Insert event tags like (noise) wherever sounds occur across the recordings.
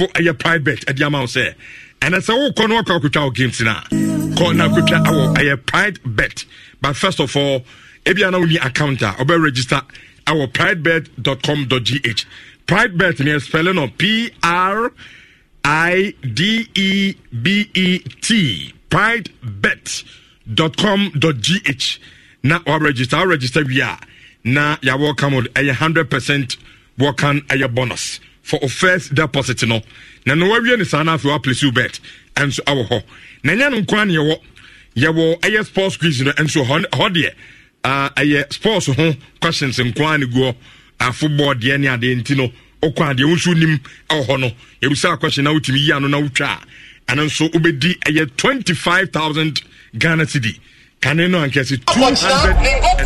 fo ɛyɛ private ɛde ama wo sɛ ɛnɛ sɛ wokɔ no wɔkɔ akotwa wo games no a kɔ na akotwa awɔ ɛyɛ pride bet but first of all ebia na woni account a ɔbɛ register awɔ pridebet.com.gh pridebet ne spelling of p r i d e b e t pridebet.com.gh na ɔbɛ register ɔbɛ register wie a na yɛ welcome ɛyɛ 100% welcome ɛyɛ bonus for offers deposit no na na wawie ne saa no afei waplace you bet ɛnso awɔ hɔ na ɛnyɛ no nkoa ne yɛwɔ yɛwɔ ɛyɛ sports quiz no ɛnso hɔ deɛ ɛyɛ sports ho questions nkoa ne guɔ ah, football deɛ ne adeɛ nti no wokɔ adeɛ wo nso nim ɛwɔ hɔ no yɛbusaa question na wotumi yi ano na wotwa a ɛno nso wobɛdi ɛyɛ 25000 ghana cedi kane no ankɛse 200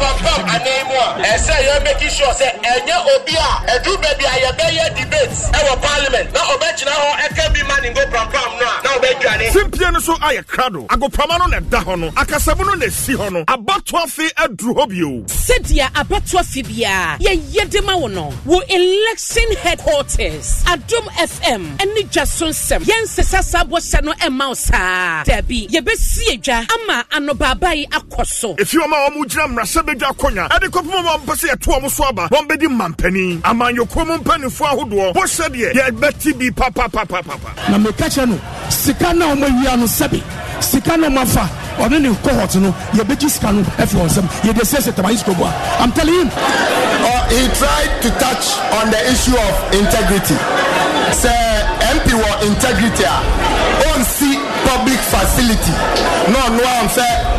ɛsɛ yɛ mɛki sure sɛ ɛnyɛ obi a ɛduru baabi a yɛbɛyɛ debate ɛwɔ parliament na ɔbɛgyina hɔ ɛka bi ma ne ngo prampram no a na ɔbɛdwane simpie no so ayɛ krado agoprama no na ɛda hɔ no akasamu no na ɛsi hɔ no abatoa fe aduru hɔ bio sɛdeɛ abatoa fe biara yɛyɛ de ma wo no wo election headquarters adom fm ɛne dwa so nsɛm yɛnsesa saa bɔhyɛ no ɛma e wo saa daabi yɛbɛsi adwa e ama anobaaba yi akɔ so ɛfi wɔm a wɔmo gyina mmarasɛbadwa akonya ɛde kɔpem ma wɔmpɛ yɛto wɔ so aba bɛdi mampanin amanyɔkuo mu ahodoɔ bɔhyɛ deɛ yɛbɛti bi papapapapa. na mɛka kyerɛ no sika na wɔn awia no sɛbi sika na wɔn afa ɔne ne cohort no yɛbɛgye sika no afi wɔn nsam yɛde siesie tamayis kuro bua i'm telling him. Uh, he tried to touch on the issue of integrity sɛ mp wɔ integrity a ɔnsi public facility na ɔnoa sɛ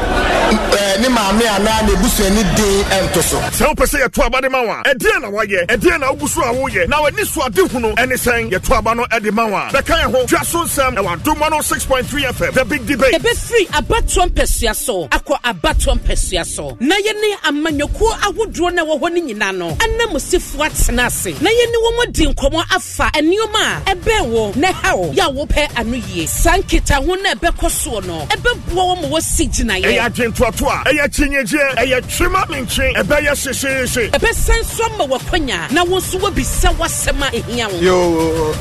ne maame anaa ne busuani den ɛnto so. sɛ wopɛ sɛ yɛto aba de ma wa ɛdeɛ na wayɛ ɛdeɛ na wogu so a na w'ani so hunu ɛne sɛn yɛto aba no ɛde ma wa bɛka yɛ ho twa so nsɛm ɛwɔ adom 106.3 fm the big debate. ɛbɛfiri abatoɔ mpɛsua so akɔ abatoɔ mpɛsua so na yɛne amanyɔkuo ahodoɔ na ɛwɔ hɔ no nyinaa no anamosifoɔ atena ase na yɛne wɔn di nkɔmɔ afa nneɛma a ɛbɛn wɔ na ɛha wɔ yɛ a wɔpɛ ano yie saa nkitaho na ɛbɛkɔ soɔ no ɛbɛboa wɔn ɛyɛ kyinyegyeɛ ɛyɛ twema menkye ɛbɛyɛ hyehyehye ɛbɛsɛn so ama wɔkwanya na wo nso wabisa woasɛm a ɛhia wo yo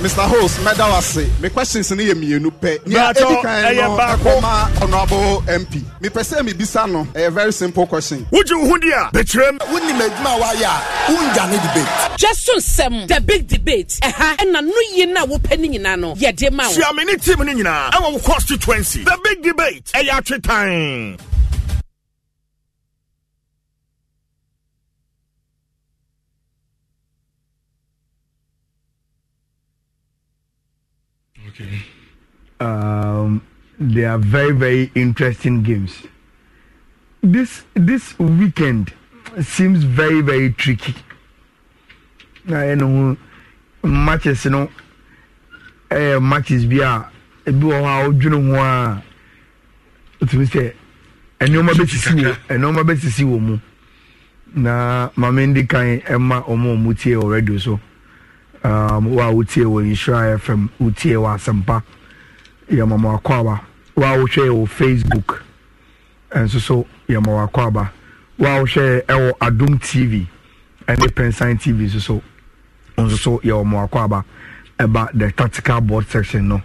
mr host mɛda w ase me questions no yɛ mmienu pɛ nea ɛdi kan ɛkɔma honorable mp mepɛ sɛ mebisa no ɛyɛ very simple question wogye wo ho di a bɛkyerɛm wonim adwuma a woayɛ a wongya ne debate gye so the big debate ɛha ɛna no yie no a wopɛ no nyinaa no yɛde ma wo siamene team no nyinaa ɛwɔ wo constituency the big debate ɛyɛ atwetan Okay. Um, they are very very interesting games. This this weekend seems very very tricky. I know eh, matches you know eh, matches bi a ebi wɔ hɔ a wodwene ho a otumi sɛ nneɛma bɛsisi wɔ nneɛma bɛsisi wɔ mu na maame ndi kan ɛma wɔn a wɔn tie wɔ radio so um, wo a wotie wɔ nhyira fm wotie wɔ asɛmpa yɛ mama wakɔaba wo a wohwɛ wɔ facebook nso so yɛ mama wakɔaba wo a wohwɛ ɛwɔ adom tv ɛne pensan tv nso so nso so yɛ mama wakɔaba ɛba the tactical board section no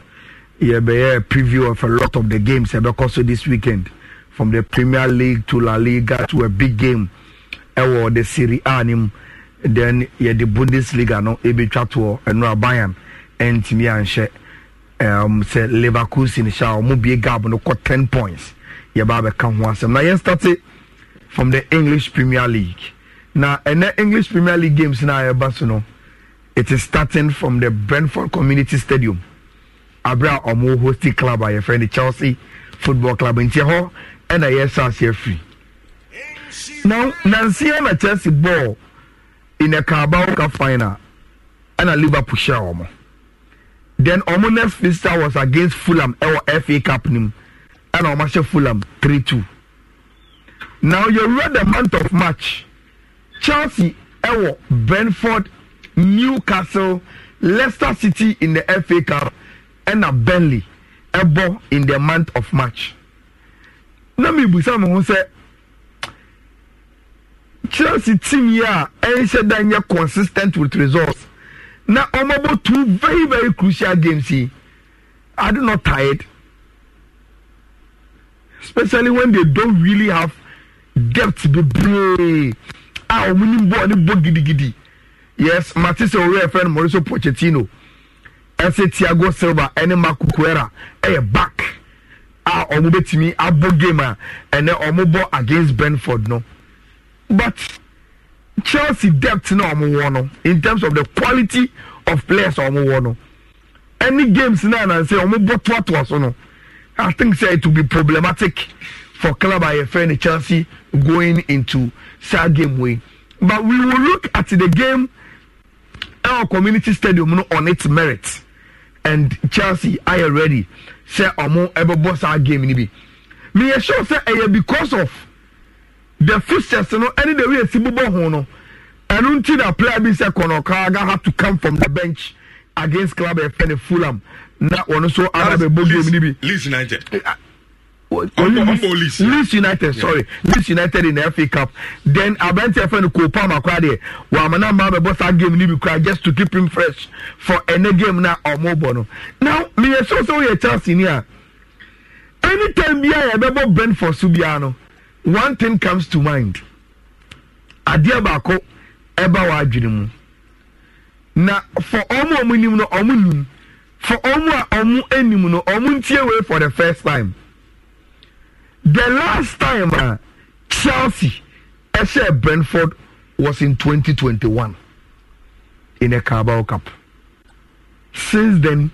yɛbɛyɛ a preview of a lot of the games ɛbɛkɔ so this weekend from the premier league to la liga to a big game ɛwɔ the serie a ne then yɛde bundesliga no ebetwa toɔ a bayern ɛntumi anhyɛ um, sɛ leverkusen hyɛ a wɔn bie gab no kɔ ten points yɛba abɛka ho asɛm na yɛn starte from the english premier league na ɛnɛ english premier league games na yɛba so no it is starting from the brentford community stadium abira a wɔn hosti club a yɛfrɛ no chelsea football club nti hɔ ɛna yɛsɛ aseɛ firi now nansi ɛna chelsea ball in a Carabao Cup final ɛna Liverpool hyɛ wɔn then wɔn next fixture was against Fulham ɛwɔ FA Cup nim ɛna wɔn ahyɛ Fulham three two now you read the month of March Chelsea Ewo, Brentford Newcastle Leicester City in the FA Cup and a Burnley Ebo in the month of March na mi busa mi ho sɛ. Chelsea team yi a ɛnhyɛ da nyɛ consistent with results na ɔmabɔ two very very crucial games yi I do not tired especially when they don't really have depth bebree a wɔn ni bɔ ne bɔ gidigidi yes matisse owurɛ fɛn mauricio pochettino ɛsɛ thiago silva ɛne marco cuera ɛyɛ back a wɔn bɛtumi abɔ game a ɛnɛ wɔn bɔ against brentford no but chelsea depth na ɔmo wɔ no in terms of the quality of players ɔmo wɔ no any games na anansi ɔmo bɔ toatoa so no i think say it will be problematic for club ayɛ fɛ ne chelsea going into saa game wey but we will look at the game our community stadium no on its merit and chelsea ayɛ ready sɛ ɔmo ɛbɛbɔ saa game ni bi meyɛ sure sɛ ɛyɛ because of the fixtures no any the way esi bobɔ ho no ɛnu ti na player bi sɛ kɔnɔkaaga had to come from the bench against club ɛfɛ ne fulham na wɔn nso ara bɛ bɔ game ni bi. leeds united. Eh, ah, oh, oh, leeds Leeds United yeah. sorry Leeds United in the FA Cup then I went to ko palm akora deɛ wàhámà náà máa bɛ game ni bi just to keep him fresh for any game now or more no now mi yɛ sɛ o sɛ o yɛ Chelsea a anytime bi a yɛ bɛ bɔ Brentford so bi a one thing comes to mind adeɛ baako ɛba wɔ adwene mu na for ɔmo ɔmo nim no ɔmo nim for ɔmo a ɔmo anim no ɔmo ntie wei for the first time the last time a chelsea ɛhyɛ brentford was in 2021 in a carabao cup since then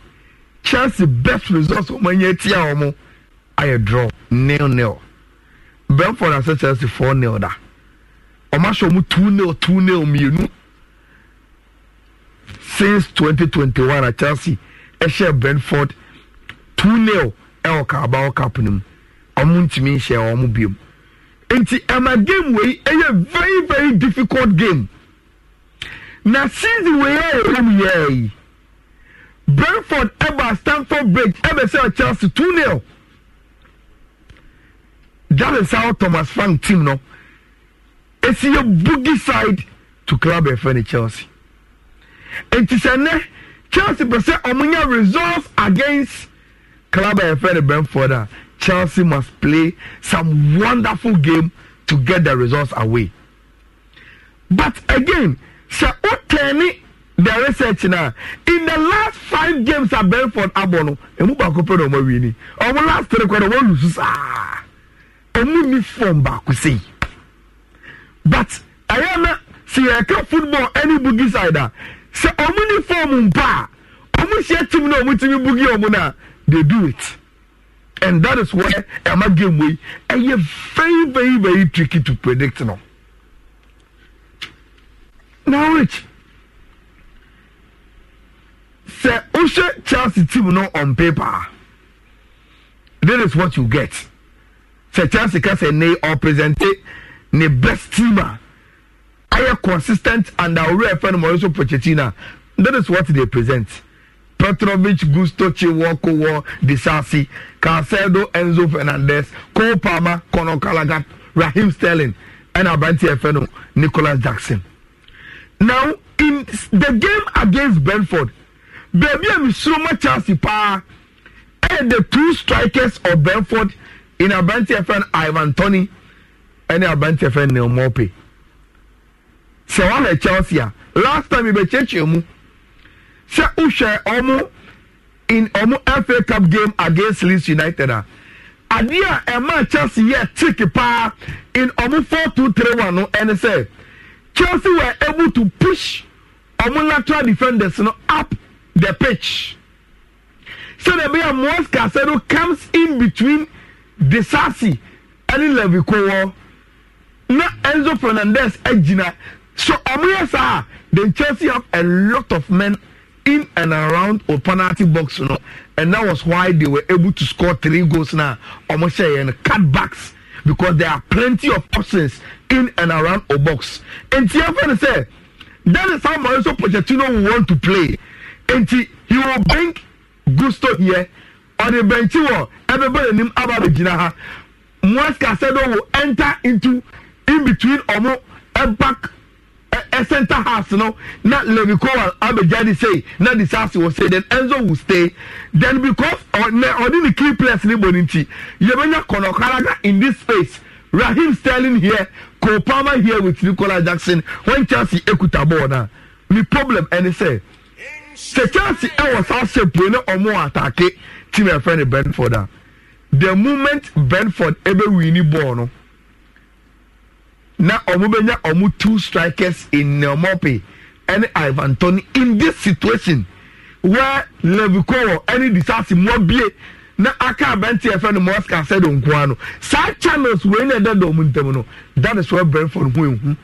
chelsea best results ɔmo anya tia ɔmo ayɛ draw nil nil brentford asɛ chelsea four nil da ɔmo ahyɛ ɔmo two nil two nil mmienu since twenty twenty one chelsea ɛhyɛ brentford two nil ɛwɔ kaabao cup no mu ɔmo ntumi nhyɛ ɔmo biom nti ɛma game wei ɛyɛ very very difficult game na season wei a ɛwɔ mu yɛ yi brentford ɛba stamford bridge ɛbɛsɛ chelsea two nil. Darren Sao Thomas Frank team no It's your boogie side to club ɛfɛ ne Chelsea nti sɛ nɛ Chelsea pɛ sɛ ɔmo nya results against club ɛfɛ ne Brentford Chelsea must play some wonderful game to get the results away but again Sir o the research now in the last five games at Brentford Abono. no emu going to win ɔmo awi last three kɔ na ɔmo lusu saa ɔmu ni fɔm baako sei but ɛyɛ na sɛ yɛka football ɛne bugi side a sɛ ɔmu ni fɔm mpa a ɔmu hyɛ tim na ɔmu timi bugi ɔmu na they do it and that is why ɛma game wei ɛyɛ very very very tricky to predict no now rich sɛ wohyɛ chelsea team no on paper this is what you get sɛ chelsea kasa ne ɔpresente ne best team a ayɛ consistent and awurɛ fɛ no ma ɔyɛ so pochettino that is what they present petrovic gusto chiwokowo disasi casedo enzo fernandez cole palmer conor callaghan raheem sterling ɛna aberanteɛ fɛ no nicholas jackson now in the game against brentford baabi a mesuroma chelsea paa ɛyɛ eh, the two strikers of brentford in aberanteɛ fɛn ivan tony ɛne aberanteɛ fɛn neil mope sɛ wahwɛ chelsea a last time ibɛkyɛkyɛ mu sɛ wohwɛ ɔmo in ɔmo fa cup game against leeds united a adeɛ a ɛma chelsea yɛ tick paa in ɔmo four two three one no ɛne sɛ chelsea were able to push ɔmo natural defenders no up the pitch so that means moise casado comes in between desasi ɛne levi kowɔ na enzo fernandez agyina so ɔmoyɛ saa then chelsea have a lot of men in and around o penalty box no and that was why they were able to score three goals na ɔmo hyɛ yɛn cutbacks because there are plenty of options in and around o box nti ɛfɛ ne sɛ that is how mauricio pochettino want to play nti he will bring gusto here ɔde bɛnkyi wɔ ɛbɛbɛ n'anim aba abɛgyina ha muas kasedo will enter into in between ɔmo ɛback ɛcenter house no na levi kowal abegyadi say na disasi wɔ say then enzo will stay then because ɔne ɔne ne key players ne bɔ ne nti yɛbɛnya kɔnɔkaraga in this space rahim sterling here cole palmer here with nicola jackson when chelsea ekuta ball na ne problem ɛne sɛ sɛ chelsea ɛwɔ saa shape ne ɔmo ataake team ɛfɛ ne benford a the moment benford ɛbɛwii ni bɔɔl no na ɔmo bɛnya ɔmo two strikers in neomope ɛne ivan tony in this situation where levikowo ɛne disasi mo bie na aka abɛnti ɛfɛ no mɔska sɛ do nkoa no saa channels wei na ɛda dɔm ntam no that is why benford ho ehu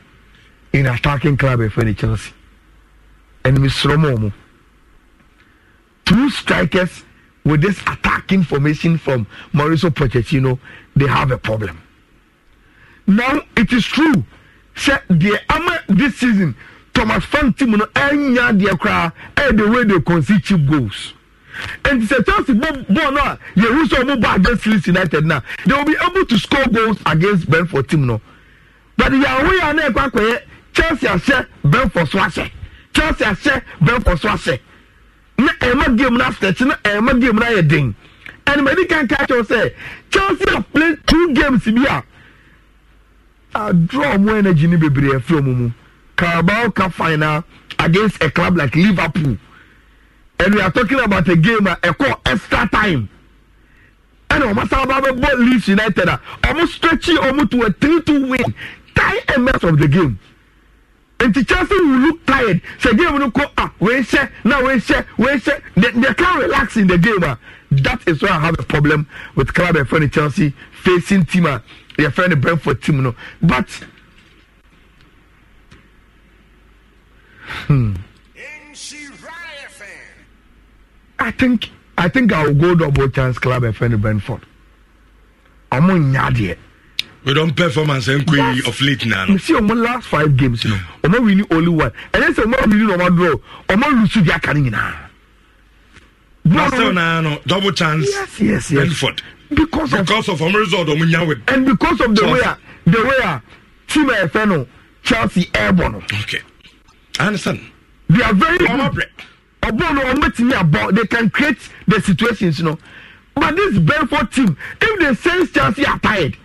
in attacking club ɛfɛ ne chelsea ɛnum srɔmɔ mo two strikers with this attack information from Mauricio Pochettino, they have a problem. Now it is true. Say the ama this season, Thomas Fanti Muno Enya the Accra, eh, the way they concede cheap goals. And say Chelsea Bona, Yeruso Muba against Leeds United now. They will be able to score goals against Benford Timno. But the way away and Chelsea are Benford Swashe. Chelsea are Benford Swashe na ɛma game no asɛkye na ɛma game no ayɛ den ɛnum ɛdi kan ka kyerɛw sɛ chelsea have playing two games bi a adraw ɔmo energy ni bebree ɛfiri ɔmo mu carabao cup final against a club like liverpool and we are talking about a game uh, a ɛkɔ extra time ɛna ɔmo asan ba bɛbɔ leeds united a ɔmo stretchy ɔmo to a three two win tie a mess of the game nti chelsea will look tired sɛ game no go ah weehyɛ na weehyɛ weehyɛ they they can relax in the game ah that is why i have a problem with club efra ne chelsea facing team ah efra ne brentford team no but. Hmm. I think I think I will go double chance club efra ne brentford. Ɔmo nya adeɛ we don performance nkwe of late na no. see ọmọ last five games no ọmọ win only one ẹ̀yẹ́ sẹ́ ọmọ win ọmọ draw ọmọ lusu di aka ni nyinaa. Marcel na no double chance yes, yes, yes. Brentford because, because of ọmọ result ọmọ nya and because of the way the way uh, team ẹ fẹ no Chelsea ẹ bọ no. okay I understand. they are very good ọbọ no ọmọ tí mi àbọ they can create the situations you know. but this Brentford team if they sense Chelsea are tired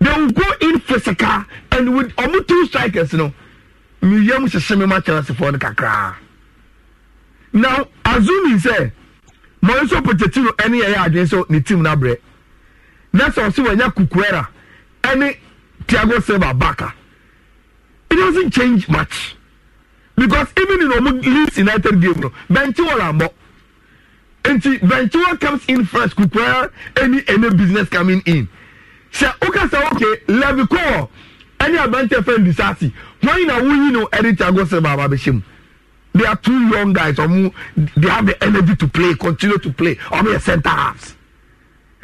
they will go in physical and with ọmọ um, two strikers no miyam sisi mi ma chelsea fọ ni kakra now assuming sẹ mọ̀nsọ́ pochettino ẹni ẹ̀yẹ adwene so ne team n'abrẹ nẹ́sọ̀ ọ̀sẹ̀ wọ̀nyẹ kukuera Any thiago silva baka it doesn't change much because even in ọmọ leeds united game no bẹ̀ntì wọ̀ làmbọ̀ nti bẹ̀ntì comes in first Kukwera. any any business coming in sɛ wokasa oke levi kowɔ ɛne abɛntɛ fɛn disasi wɔn na woyi no ɛde tiago silva aba abɛhyɛ mu they are two young guys ɔmo they have the energy to play continue to play ɔmo yɛ centre halves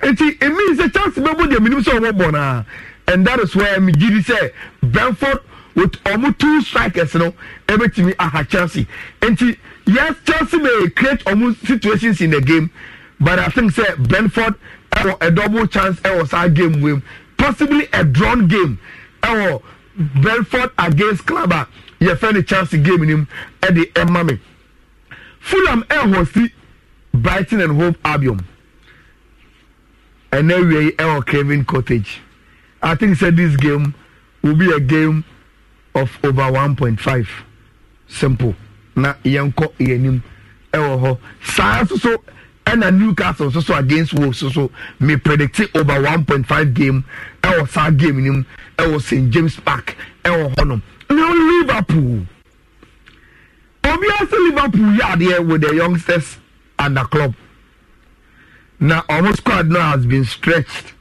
nti emi sɛ chance bɛbɔ deɛ minim sɛ ɔmo bɔ naa and that is why mi gidi sɛ benford with ɔmo two strikers no ɛbɛtumi aha chelsea nti yes chelsea may create ɔmo situations in the game but i think sɛ benford ɛwɔ a double chance ɛwɔ saa game wɛm possibly a drawn game ɛwɔ Belford against club a yɛfɛ ne chance game nim ɛde ɛma mi fulham ɛwɔ si brighton and hove albion ɛnna ewia yi ɛwɔ kevin cottage i think say this game will be a game of over one point five simple na yɛn kɔ yɛn nim ɛwɔ hɔ saa nso so. so ɛna newcastle nso so against wolves nso so me predict over one point five game ɛwɔ saa game no mu ɛwɔ st james park ɛwɔ hɔnom na liverpool obi ase liverpool yɛ adeɛ with the youngsters and the club na ɔmo squad no has been stretched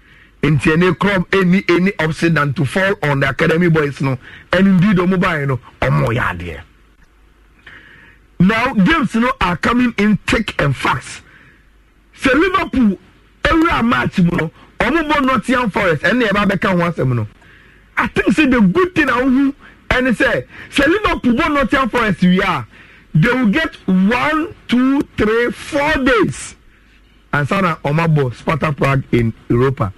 nti ɛne club ɛni ɛni option than to fall on the academy boys no and indeed ɔmo baayi no ɔmo yɛ adeɛ now games you no are coming in thick and fast sɛ liverpool ewura match mu no ɔmo bɔ nottingham forest ɛnna yɛba bɛka ho asɛm no i think say the good thing a wohu ɛne sɛ sɛ liverpool bɔ nottingham forest wie a they will get one two three four days ansa na ɔmo abɔ sparta prague in europa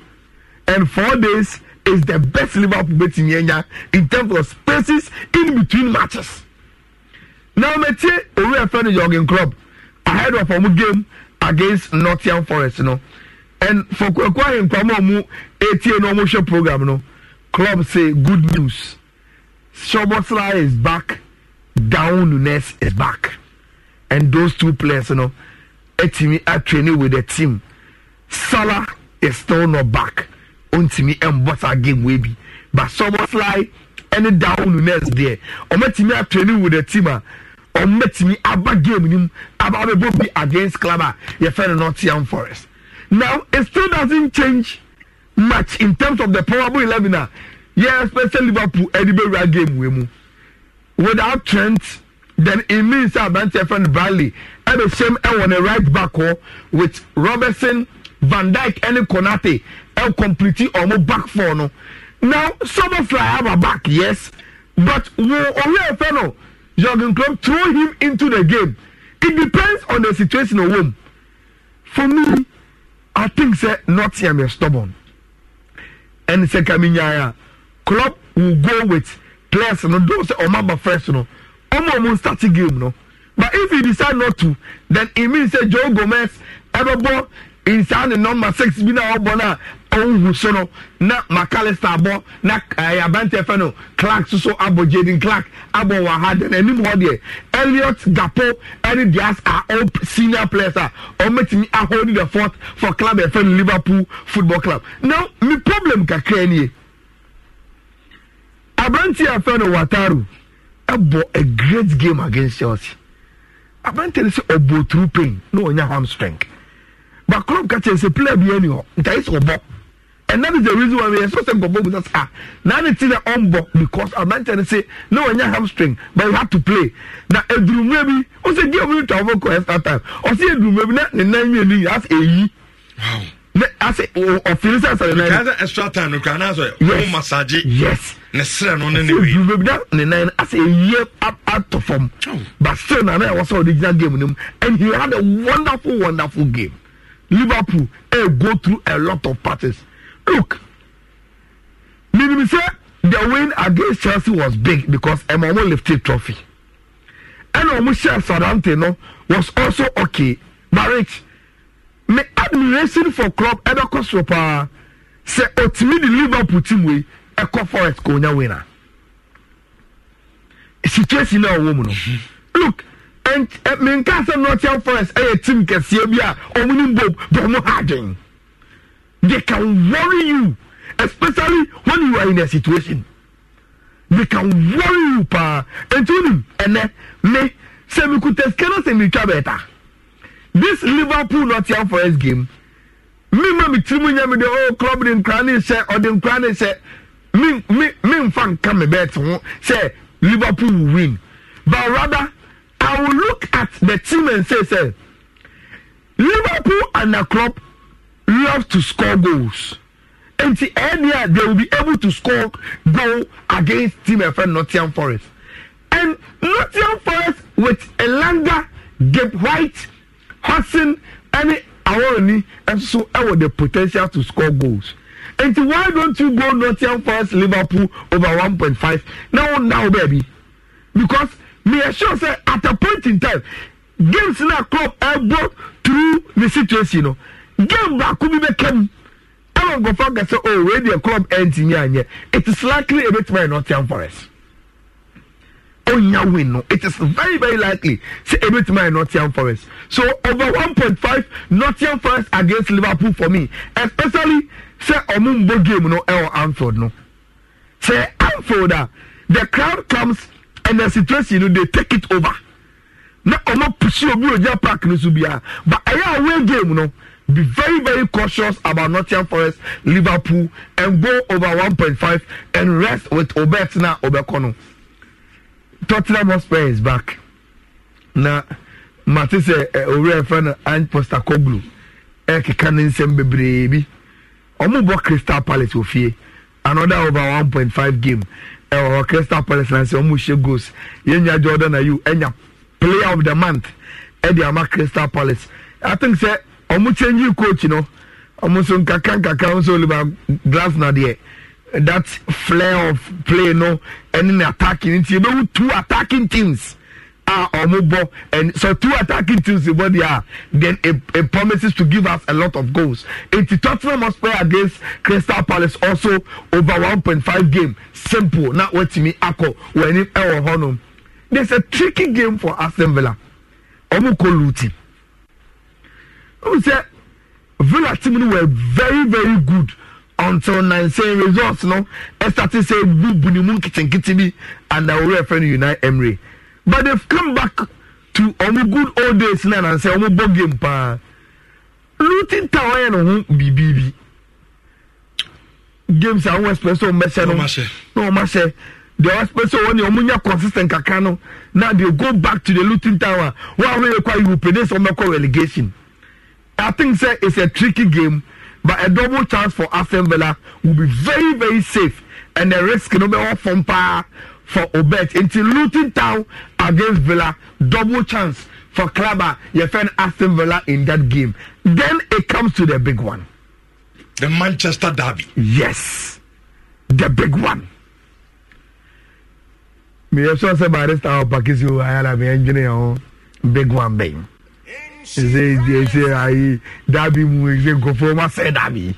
and four days is the best liverpool bet in yɛnya in terms of spaces in between matches na ɔmo etie owurɛ fɛ no jogging club ahead of ɔmo game against northern forest no and for kwahe nkwama mu etie na program no club say good news shobosla is back down nunes is back and those two players you know, etimi training with the team salah is still not back ontimi mbɔ saa game will be, but shobosla ɛne down nunes deɛ Timi etimi training with the team a. Uh, ɔmɛtumi aba game nim aba abɛbɔ bi against club a yɛfɛ no nottingham forest now it still doesn't change much in terms of the probable eleven a yɛspɛsɛ liverpool ɛde bɛwura game wɔ mu without trent then it means sɛ aberanteɛ fɛ no bradley ɛbɛhyɛm ɛwɔ ne e right back hɔ with robertson van Dyke, ɛne konate ɛkɔmpliti e ɔmo back four no now fly aba back yes but wɔn ɔwɛ fɛ no. Jurgen Klopp threw him into the game. It depends on the situation of home. For me, I think say Nottingham am stubborn. And say Kaminyaya, Klopp will go with players no don't say Omaba first no. Omo omo start the game no. But if he decide not to, then it means say Joe Gomez ever ball nsaa ne nɔmba six bi na ɔbɔ no a ɔnhu so no na macalister abɔ na ɛyɛ eh, abante fɛ no clark soso abɔ jaden clark abɔ wɔ ha de na hɔ deɛ elliot Gapo, ɛne dias are all senior players a ɔmɛtumi aholding the fourth for club ɛfɛ no liverpool football club now me problem kakra nie abante ɛfɛ no wataru ɛbɔ a great game against chelsea abante no sɛ ɔbɔ through pain na ɔnya hamstring but club ka kyerɛ sɛ player bi ani hɔ nkae sɛ ɔbɔ and that is the reason why we yɛsɛ sɛ nkɔbɔ mu sɛ saa na ne ti sɛ ɔmbɔ because say no se ne hamstring but you had to play na adurummerɛ bi wo say di ɔmu twa wobɛkɔ extra time ɔse adurummerɛ bi na ne nan mmienu yi asɛ ɛyi ne asɛ ɔfiri sɛ asɛ ne nan kasɛ extra time no kura n'asɔ wɔn masaje yes ne srɛ no ne ne wei adurummerɛ bi na ne nan asɛ ɛyie atɔ fam but still na na ɛwɔ sɛ ɔde original game no mu and he had a wonderful wonderful game liverpool eh, go through a lot of parties look meaning say the win against chelsea was big because emomo lifted trophy and omusha sarante no was also okay marriage me admiration for club edokosoro paa sɛ otimi the liverpool team wei ɛkɔ forest kò nya winner situation na ɔwɔ mu no look menka sɛ northern forest ɛyɛ eh, team kɛseɛ bi a ɔmo ne bob bɛ ɔmo they can worry you especially when you are in a situation they can worry you paa nti nim ɛnɛ me sɛ mekuta sika na sɛ metwa bɛta this liverpool northern forest game mi ma mi tirimu nya mi de o club de nkura ne hyɛ ɔde nkura ne hyɛ mi mi mi nfa nka mi bɛɛ ti ho sɛ liverpool win but rather. I will look at the team and say, say Liverpool and the club love to score goals. And the area they will be able to score goal against team FN Nottingham Forest. And Nottingham Forest with Elanga, Gabe White, Hudson, and Aoni, and so have the potential to score goals. And why don't you go Nottingham Forest Liverpool over 1.5? Now, now, baby. Because be assured say at a point in time games na club ɛbɔ through the situation no game baako bi bɛka mu ɛna nkɔfra ka sɛ oh wei deɛ club ɛntumi anyɛ it is likely ebetuma yɛ nɔtiam forest onya win no it is very very likely say ebetuma yɛ Nottingham forest so over one point five nɔtiam forest against liverpool for me especially say ɔmo mbɔ game no ɛwɔ anfield no say anfield Ah, the crowd comes. And the situation no they take it over na ɔmo pusi obi ogya park no so bia but ɛyɛ away game no be very very cautious about nottingham forest liverpool and go over one point five and rest with obet na obekono tottenham hotspur is back na mate sɛ eh, owurɛ fɛ no an postakoglu ɛkeka eh, ne nsɛm bebree bi ɔmo bɔ crystal palace ofie another over one point five game ɛwɔ crystal palace na sɛ ɔmo hyɛ goals yɛnya jordan ayew ɛnya player of the month ɛde ama crystal palace i think sɛ ɔmo change coach no ɔmo nso nkakra nkakra nso oliver glass na deɛ that flare of play no ɛne ne attacking nti ebewu two attacking teams a ɔmo bɔ and so two attacking teams bɔ deɛ a ah, then it, it promises to give us a lot of goals nti tottenham play against crystal palace also over one point five game simple na wɔtumi akɔ wɔn anim ɛwɔ eh, oh, hɔnom there is a tricky game for aston villa ɔmo kɔ luti ɔmo sɛ villa team no were very very good until nansen results no ɛsate sɛ bubu ne mu nketenkete bi and na wɔrɛ fɛ no united emirates but they've come back to ɔmo good old days na na sɛ ɔmo bɔ game paa lutin ta ɔyɛ no ho biribiibi games a wɔn expect sɛ ɔmo bɛhyɛ no na ɔmo ahyɛ deɛ ɔmo expect sɛ wɔn deɛ ɔmo nya consistent kakra no na they go back to the lutin town a wɔn ahoyɛ kɔ europe ne sɛ ɔmo bɛkɔ relegation i think say it's a tricky game but a double chance for aston villa will be very very safe and the risk no bɛ wɔ fam paa for Obet nti Luton Town against Villa double chance for Clubber yɛfɛn Aston Villa in that game then it comes to the big one. The Manchester derby. Yes, the big one. mìyẹ sọ sẹ barista ọ pakisi o ayala mi ẹnjini yẹn o big one bẹyìn ẹsẹ ẹsẹ ayi dabi mu ẹsẹ nkọfọ ọmọ sẹ dabi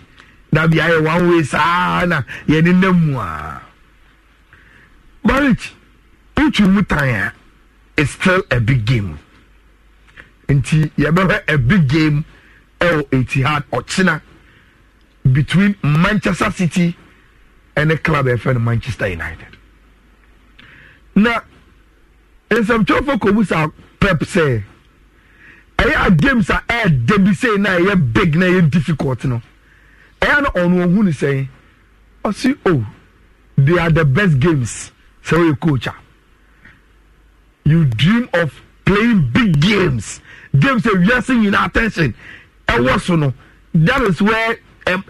dabi ayẹ one way saa na yẹn ni nẹ mu aa. Barrett, ntwi mu tan a still a big game nti yɛbɛhwɛ a big game ɛwɔ etihad ɔkyena between manchester city ɛne club ɛfɛ no manchester united na nsɛmtwerɛfo kɔbusa pep sɛ ɛyɛ a games a ɛɛda bi sei na ɛyɛ big na ɛyɛ difficult no ɛyɛ no ɔno ɔhu ne sɛn ɔsi oh they are the best games sɛ woyɛ coach a you dream of playing big games games a wiase nyinaa attention ɛwɔ so no that is where um,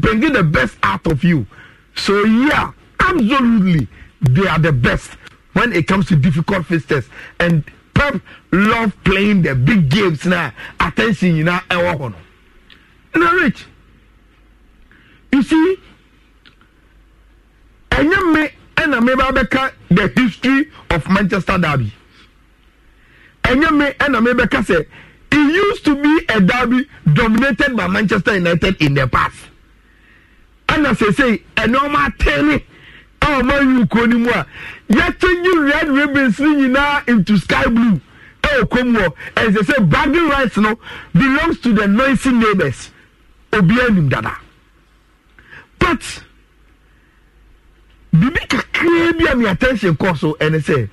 bringing the best out of you so yeah absolutely they are the best when it comes to difficult fixtures and pep love playing the big games na attention nyinaa ɛwɔ hɔ no na rich you see ɛnyɛ me ɛna meba bɛka the history of manchester derby ɛnyɛ me ɛna mebɛka sɛ it used to be a derby dominated by manchester united in the past ɛna sesei ɛna ɔmo atene a ɔmo ayi kuro no mu a yɛkyɛnyi red ribbons no nyinaa into sky blue ɛwɔ kɔn mu hɔ ɛn sɛ bragging rights no belongs to the noisy neighbours Obi nim dada but biribi kakraa bi a mi attention kɔ so ɛne sɛ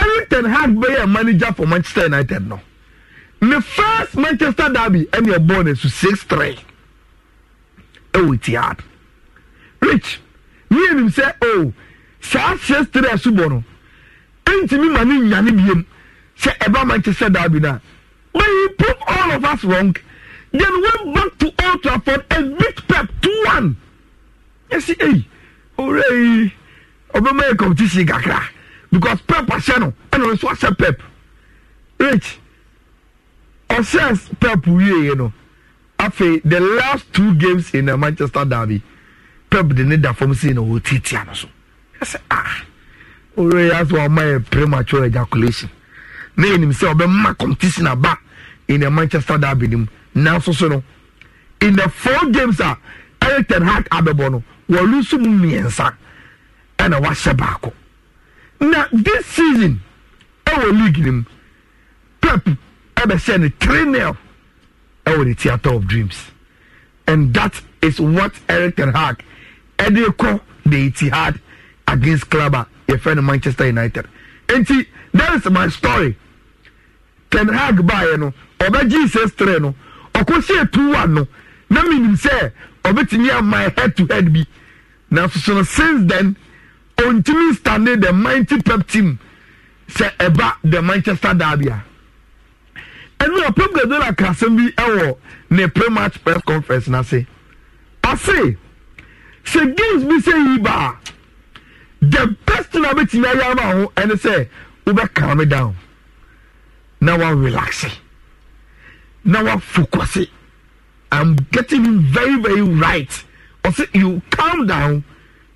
Erik ten Hag bɛyɛ manager for Manchester United no ne first Manchester derby ɛne ɛbɔɔ ne so six three ɛwɔ Etihad rich mi yɛ nim sɛ o oh, saa six three ɛso bɔ no ɛntumi ma ne nyane biem sɛ ɛba Manchester derby na but he prove all of us wrong then went back to Old Trafford and beat Pep two one ɛsi ɛyi. Hey, owurɛ yi ɔbɛma yɛ competition kakra because pep ahyɛ no ɛna ɔno nso ahyɛ pep rich ɔhyɛ pep wieeɛ no afei the last two games in the manchester derby pep de ne da fam sei na wɔtitia no so ɛsɛ ah owurɛ yi asɛ ɔma yɛ premature ejaculation na yɛnim sɛ ɔbɛma competition aba in the manchester derby nim nanso so no in the four games a ah, eric ten hag abɛbɔ no wɔlusu mu mmiɛnsa ɛna wahyɛ baako na this season ɛwɔ league no mu pep ɛbɛhyɛ no three nil ɛwɔ the theatre of dreams and that is what eric ten hag ɛde kɔ the etihad against club a yɛfrɛ no manchester united nti that is my story ten hag baayɛ no ɔbɛgye six three no ɔkɔ si etu one no na minim sɛ ɔbɛtumi my head to head bi na soso no since then ontumi stande the mighty pep team sɛ ɛba the manchester derby a ɛnu a pep guardiola ka asɛm bi ɛwɔ ne pre-match press conference n'ase ase sɛ games bi sɛ yi ba the best thing a bɛ tìmɛ ayé ama ho ɛne sɛ wobɛ calm down na wa relax na wa focus i'm getting very very right ɔsɛ you calm down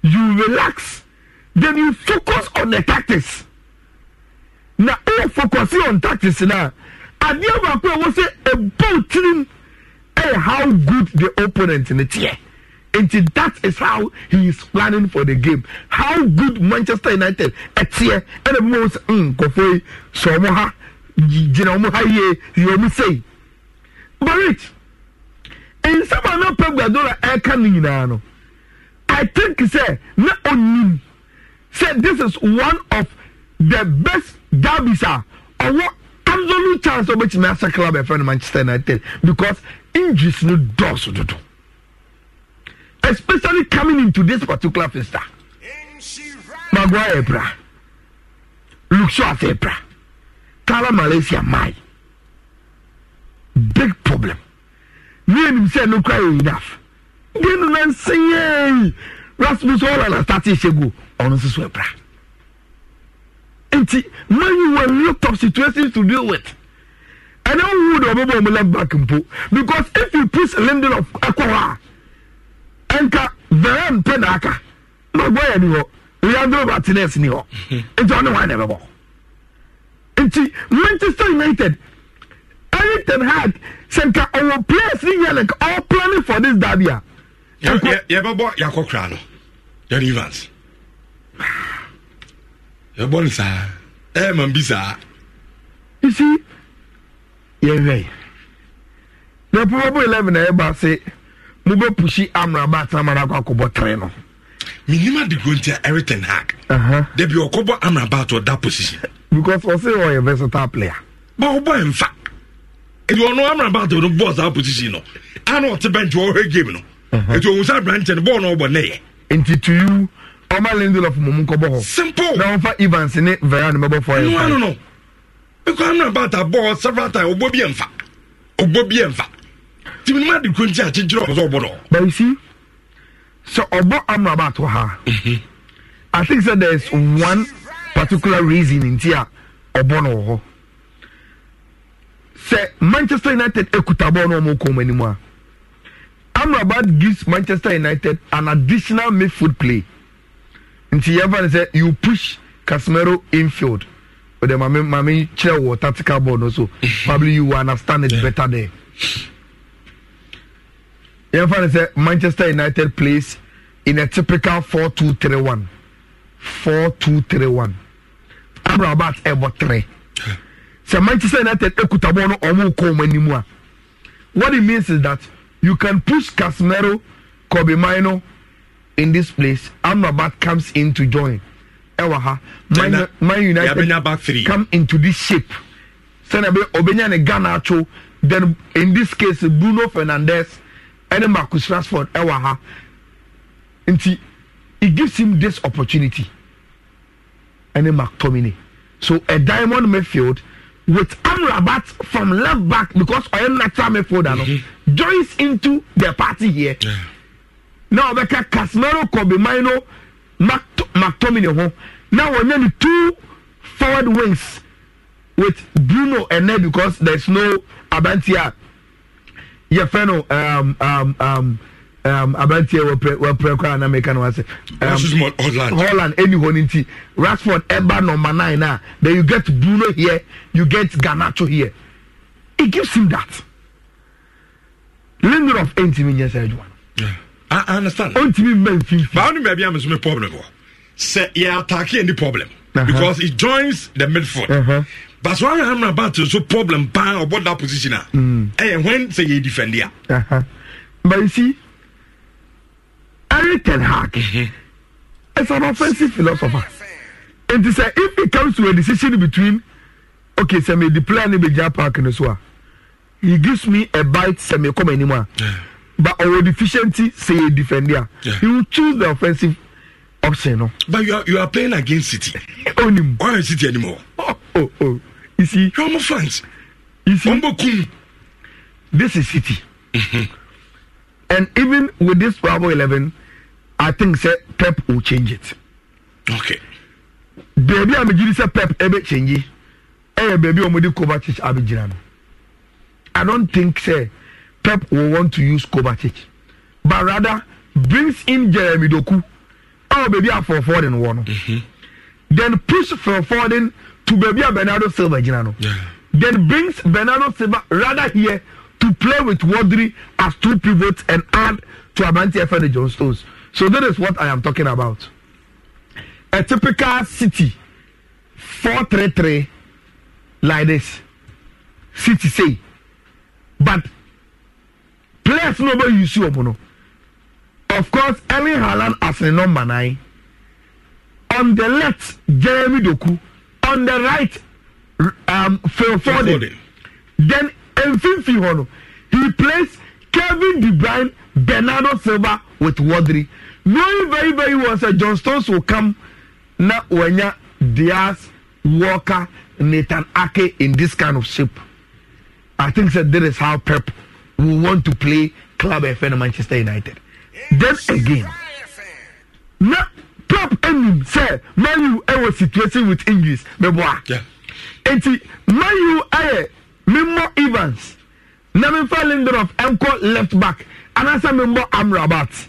you relax then you focus on the tactics na ɛyɛ e focus on tactics na adeɛ baako a wɔsɛ ɛbɔ tirim ɛyɛ how good the opponent ne teɛ nti that is how he is planning for the game how good manchester united ɛteɛ ɛna mu wɔn sɛ nkɔfo yi sɛ ɔmo ha gyina ɔmo ha yie yɛ ɔmo sɛ yi but rich nsɛm a na pep guardiola ɛka no nyinaa no i think sɛ na onim sɛ this is one of the best derbies a ɔwɔ absolute chance ɔbɛtumi asa club ɛfɛ no manchester united because injuries no dɔɔso dodo especially coming into this particular festa maguire bra luke shaw bra kala malaysia mai big problem yéènim sẹ ẹnu kura yìí daf dénú náà nsẹyìn rasmus ọlọlá sátì ìṣègùn ọ̀run sísọ ẹ̀bra nti man you were real top situations to deal with ẹni wọn wúwo de ọbẹ bọ ọmọ left back mpo because if you put Lindelof ẹkọ hɔ a ẹnka veren pẹ na aka na ọgbọ yẹ ni hɔ Leandro Martinez ni hɔ (laughs) nti ɔne wọn na ɛbɛ bɔ nti Manchester United Eric ten Hag sɛnka ɔwɔ players ne yɛ like all planning for this derby a. yɛbɛbɔ yakɔ kura no yɛne evans yɛbɔ no saa ɛyɛ ma bi saa. isi yɛhwɛ na probable eleven na ɛba se mobɛpusi amraba atamara akɔ akɔbɔ tre no minima de go ntia everything hack dabi ɔkɔbɔ amraba to that position because ɔse ɔyɛ versatile player ba ɔbɔ ɛmfa nti ɔno amrabat no bɔɔ saa position no ana ɔte bench ɔhwɛ game no nti ɔhu sɛ aberantɛ no bɔɔl no ɔbɔ nɛyɛ nti to you ɔma lindelof mom nkɔbɔ hɔ simple na ɔmfa evans ne vera no bɛbɔ fɔyɛ no no, no ɛkɔ amrabat abɔɔ several time ɔbɔ bi ɛmfa ɔbɔ bi ɛmfa tìmí ni maa di kúrò nkyɛn akyekyere ɔsɔ ɔbɔ dɔ. bẹẹ si sɛ ɔbɔ amrabat wɔ ha mm-hmm. i think say there is one particular reason nti a ɔbɔ no wɔ hɔ sɛ manchester united ekuta bɔɔl na ɔmo kɔn mu anim a amrabat gives manchester united an additional midfield play nti yɛfa ne sɛ you push casemiro infield ɔdɛ maame maame kyerɛ wɔ tactical ball no so (laughs) probably you will understand it better there yɛfa ne sɛ manchester united plays in a typical four two three one four two three one amrabat ɛbɔ three sɛ manchester united ekuta bɔɔl no ɔmo kɔn mu anim a what it means is that you can push casemiro kobe maino in this place amrabat comes in to join ɛwɔ ha man, united come into this shape sɛnɛ bɛ ɔbɛnya ne ghana ato then in this case bruno fernandez ɛne marcus rashford ɛwɔ ha nti it gives him this opportunity ɛne mctominay so a diamond midfield with Amrabat from left back because Oyem natural midfielder no mhm. joins into the party here. Now we ọbẹka Casemiro Kobbimino McTominay ho Now we ni two forward wings with Bruno and Ned because there is no abantia Yeah, no. Um, um, um, um, aberanteɛ wɔpɛ koraa na meka no wasɛ um, holland ɛni hɔ no nti rasford ɛba number nine a then you get bruno here you get ganacho here it gives him that lindelof ɛntimi eh, nyɛ sɛ adwuma no ɔntimi mma mfimfi baa no baabi a me so me problem wɔ sɛ yɛ atake any problem uh-huh. because he joins the midfield uh-huh. but so ayɛ hamra to so problem pan about that position a ɛyɛ mm. eh, when say yɛ defend a uh-huh. but you see Eric Ten Hag is an offensive philosopher. And say if it comes to a decision between okay, say me the plan in the park in the he gives me a bite, say me come anymore. But our deficiency say a defender. Yeah. He will choose the offensive option. No? But you are you are playing against City. (laughs) Only why is City anymore? Oh oh oh. You see, you are my fans. You see, Ombokum. this is City. Mm-hmm. and even with this Bravo 11, i think say pep will change it okay baabi a megyiri sɛ pep ɛbɛ change ɛyɛ eh, baabi a wɔde kovacic abɛgyina no i don't think say pep will want to use kovacic but rather brings in jeremy doku Oh, baby, a for four wɔ one. mm-hmm. then push for four forwarding to baby, a bernardo silva gyina no yeah. then brings bernardo silva rather here to play with wadri as two pivots and add to abanti efene john stones So that is what I am talking about. A typical city, four three three, like this. City say. But players nobody you see no. Of course, Erling Haaland as a number nine. On the left, Jeremy Doku. On the right, um, Phil Foden. Then, Mfimfi Hono. He plays Kevin De Bruyne, Bernardo Silva with Wadri very very very well sɛ john stones will come na wanya diaz walker nathan ake in this kind of shape i think that this is how pep will want to play club fn manchester united then again na pep enim sɛ mayu ɛwɔ situation with injuries mɛboa nti mayu ayɛ mimmo evans na mimfa lindelof ɛnkɔ left back anaasɛ mimmo amrabat.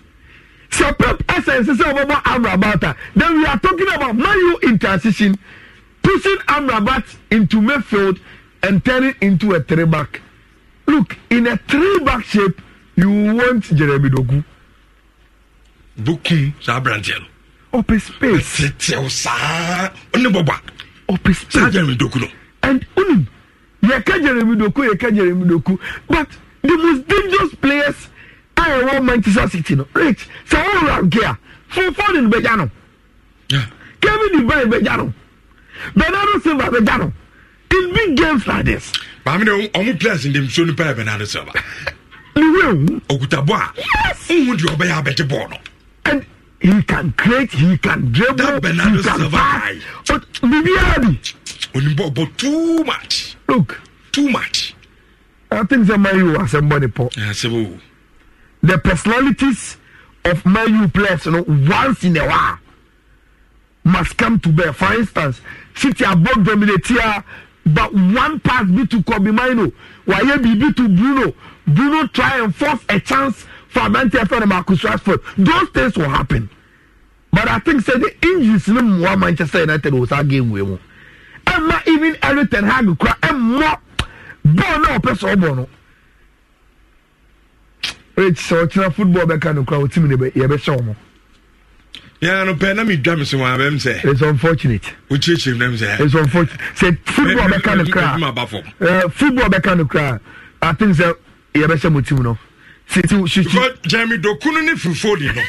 Shapep essence is about Amrabat. Then we are talking about Mayu in transition, pushing Amrabat into midfield and turning into a three back. Look, in a three back shape, you want Jeremy Dogu. Buki Sabrantel. Open space. Open space. Jeremy Dogu. And Unum, mm, Yaka Jeremy Doku, Yaka Jeremy Doku. But the most dangerous players a yɛwɔ manchester city no rich sɛ wowura nke a fofone no bɛgya no kevin Bruyne bɛgya no bernardo silva bɛgya no in big games like this maamene ɔmo players ndemsuo no pɛɛ bernardo silva newewu (laughs) ɔkuta bɔ a wohu deɛ ɔbɛyɛ abɛgye bɔɔ no and he can create he can dribble that bernardo silva guy biribiara bi onimbɔ bɔ too much look too much i think sɛ ma yi wɔ asɛmbɔ ne pɔ asɛbɔ the personalities of Man U players you know, once in a while must come to bear. For instance, City above dominate here, but one pass be to Kobe Mino, Waye be to Bruno. Bruno try and force a chance for Manchester United and Marcus Rashford. Those things will happen. But I think say the injuries in more Manchester United was a game we won. And not even Eric Ten Hag, and more. Bono, person, Bono rich sɛ ɔtena football bɛka no kora ɔtumi ne yɛbɛhyɛ wɔ mo yɛn no pɛ na mi dwa mi so wɔn abɛm sɛ. it's unfortunate. o kyerɛkyerɛ mi na mi sɛ. it's unfortunate sɛ football bɛka no kora ɛɛ football bɛka no kora i think sɛ yɛbɛhyɛ mo team no. sisi sisi. because jeremy dokunu ni fufoli no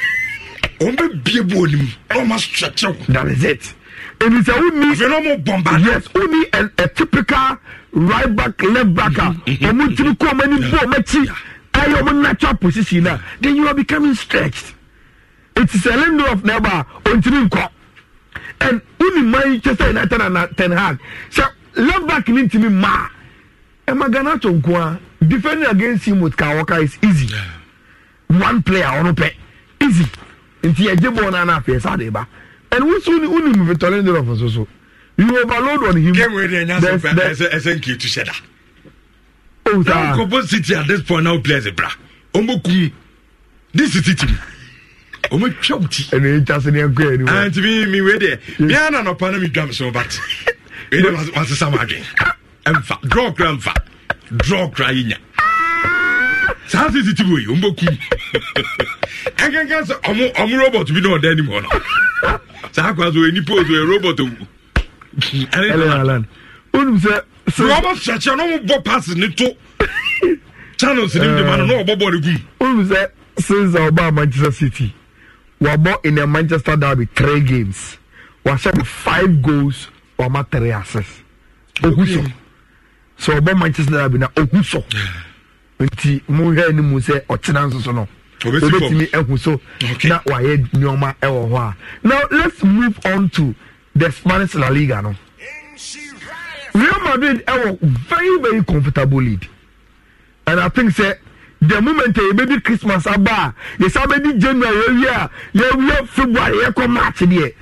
wọn bɛ bie bu onim ɔn ma stretch wo. that is it. ebi sɛ o ni. afei n'omu bɔnba. yes o ni a typical right back left back a ɔmu tiri kɔ ɔmu ani bɔ ɔmu akyi ɛyɛ your natural position na then you are becoming stretched It's a window of never on ontiri nkɔ and wuni manchester united and ten hag So left back ni ntumi maa ɛma ghana to nko a defending against him with kawaka is easy one player on pɛ easy nti ɛgye bɔɔl naa naa fɛ saa de ba and wusu ni wuni mu victor lindelof nso so you overload on him. game wey dey yan so pɛ ɛsɛ ɛsɛ nketu hyɛ da. nkɔbɔ city at this point now players bra ɔmo kum this city team ɔmo twɛ wo ti. ɛnna etwa se ne nkɔ yɛ ni wa. ɛnti ah, mi mi wei deɛ mi a nana pa na mi dwam so but wei deɛ wa sisan ma adwene ɛnfa draw kura nfa draw kura yi nya saa city team wo kum ɛnkankan sɛ ɔmo ɔmo robot bi na ɔda anim hɔ saa akwa so enipa ozo robot sɛ. robert kyerɛkyerɛ na ɔmobɔ pass ne to (laughs) channels ne mdema no na ɔbɔ bɔɔde gum wohu sɛ since a manchester city wabɔ in a manchester derby three games wahyɛ no five goals wama three assists oku sɔ sɛ ɔbɔ manchester derby na oku sɔ nti mohwɛ no mu sɛ ɔkyena nso so no obɛtumi ahu eh, so na wayɛ nneɔma ɛwɔ eh, hɔ a now let's move on to the spanish la liga no Real Madrid ɛwɔ very very comfortable lead and I think sɛ the moment eh, a baby Christmas aba a yɛsa bɛdi January yɛwie a yɛwie February yɛkɔ March deɛ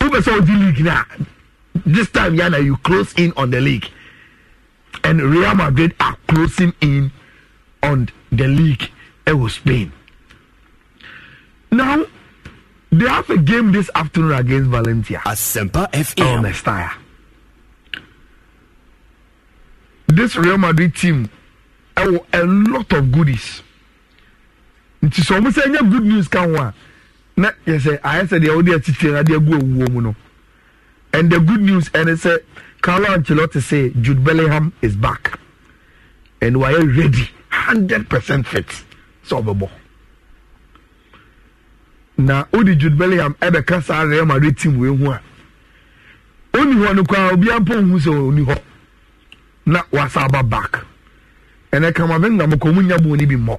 wobɛ sɛ wodi league na this time yana you close in on the league and Real Madrid are closing in on the league ɛwɔ eh, Spain now they have a game this afternoon against Valencia. Asempa FM. On oh, this real madrid team ɛwɔ a lot of goodies nti sɛ ɔmo sɛ ɛnyɛ good news ka ho a na yɛsɛ ayɛ sɛ deɛ ɔde akyikyiri na deɛ gu owuo mu no and the good news ɛne sɛ carlo ancelotti say jude bellingham is back and wɔayɛ ready hundred percent fit sɛ ɔbɛbɔ na odi jude bellingham ɛbɛka saa real madrid team wei ho a ɔni hɔ no koraa obiara mpɔ ohun sɛ ɔni hɔ na wasa aba back ɛnɛ kamavinga mo kɔn mu nya buoni bi mɔ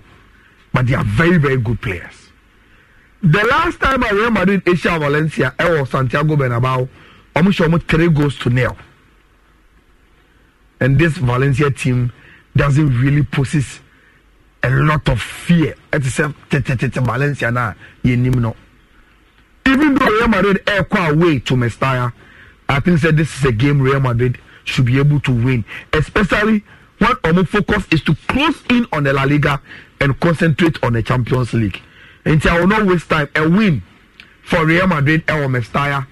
but they are very very good players the last time a real madrid asia valencia ɛwɔ santiago bernabao wɔn hyɛ wɔn three goals to nil and this valencia team doesn't really possess a lot of fear ɛte sɛ tetetete valencia na yɛ nim no even though real madrid ɛɛkɔ away to mestaya i think say this is a game real madrid should be able to win, especially when our focus is to close in on the La Liga and concentrate on the Champions League. And I will not waste time. A win for Real Madrid and Mestaya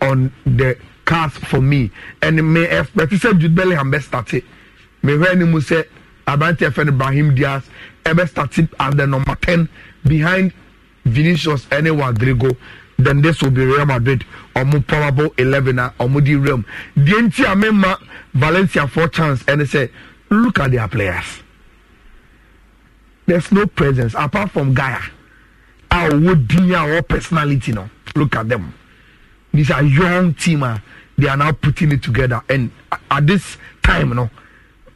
on the cast for me. And may expect said Jude Bellingham best start it. May when him say Abante FN Brahim Diaz ever started as the number 10 behind Vinicius and Rodrigo then this will be Real Madrid ɔmo probable eleven a ɔmo di real The entire a Valencia four chance and ɛne say, look at their players there's no presence apart from Gaia Our ɔwɔ din a personality no look at them these are young team a ah. they are now putting it together and at this time no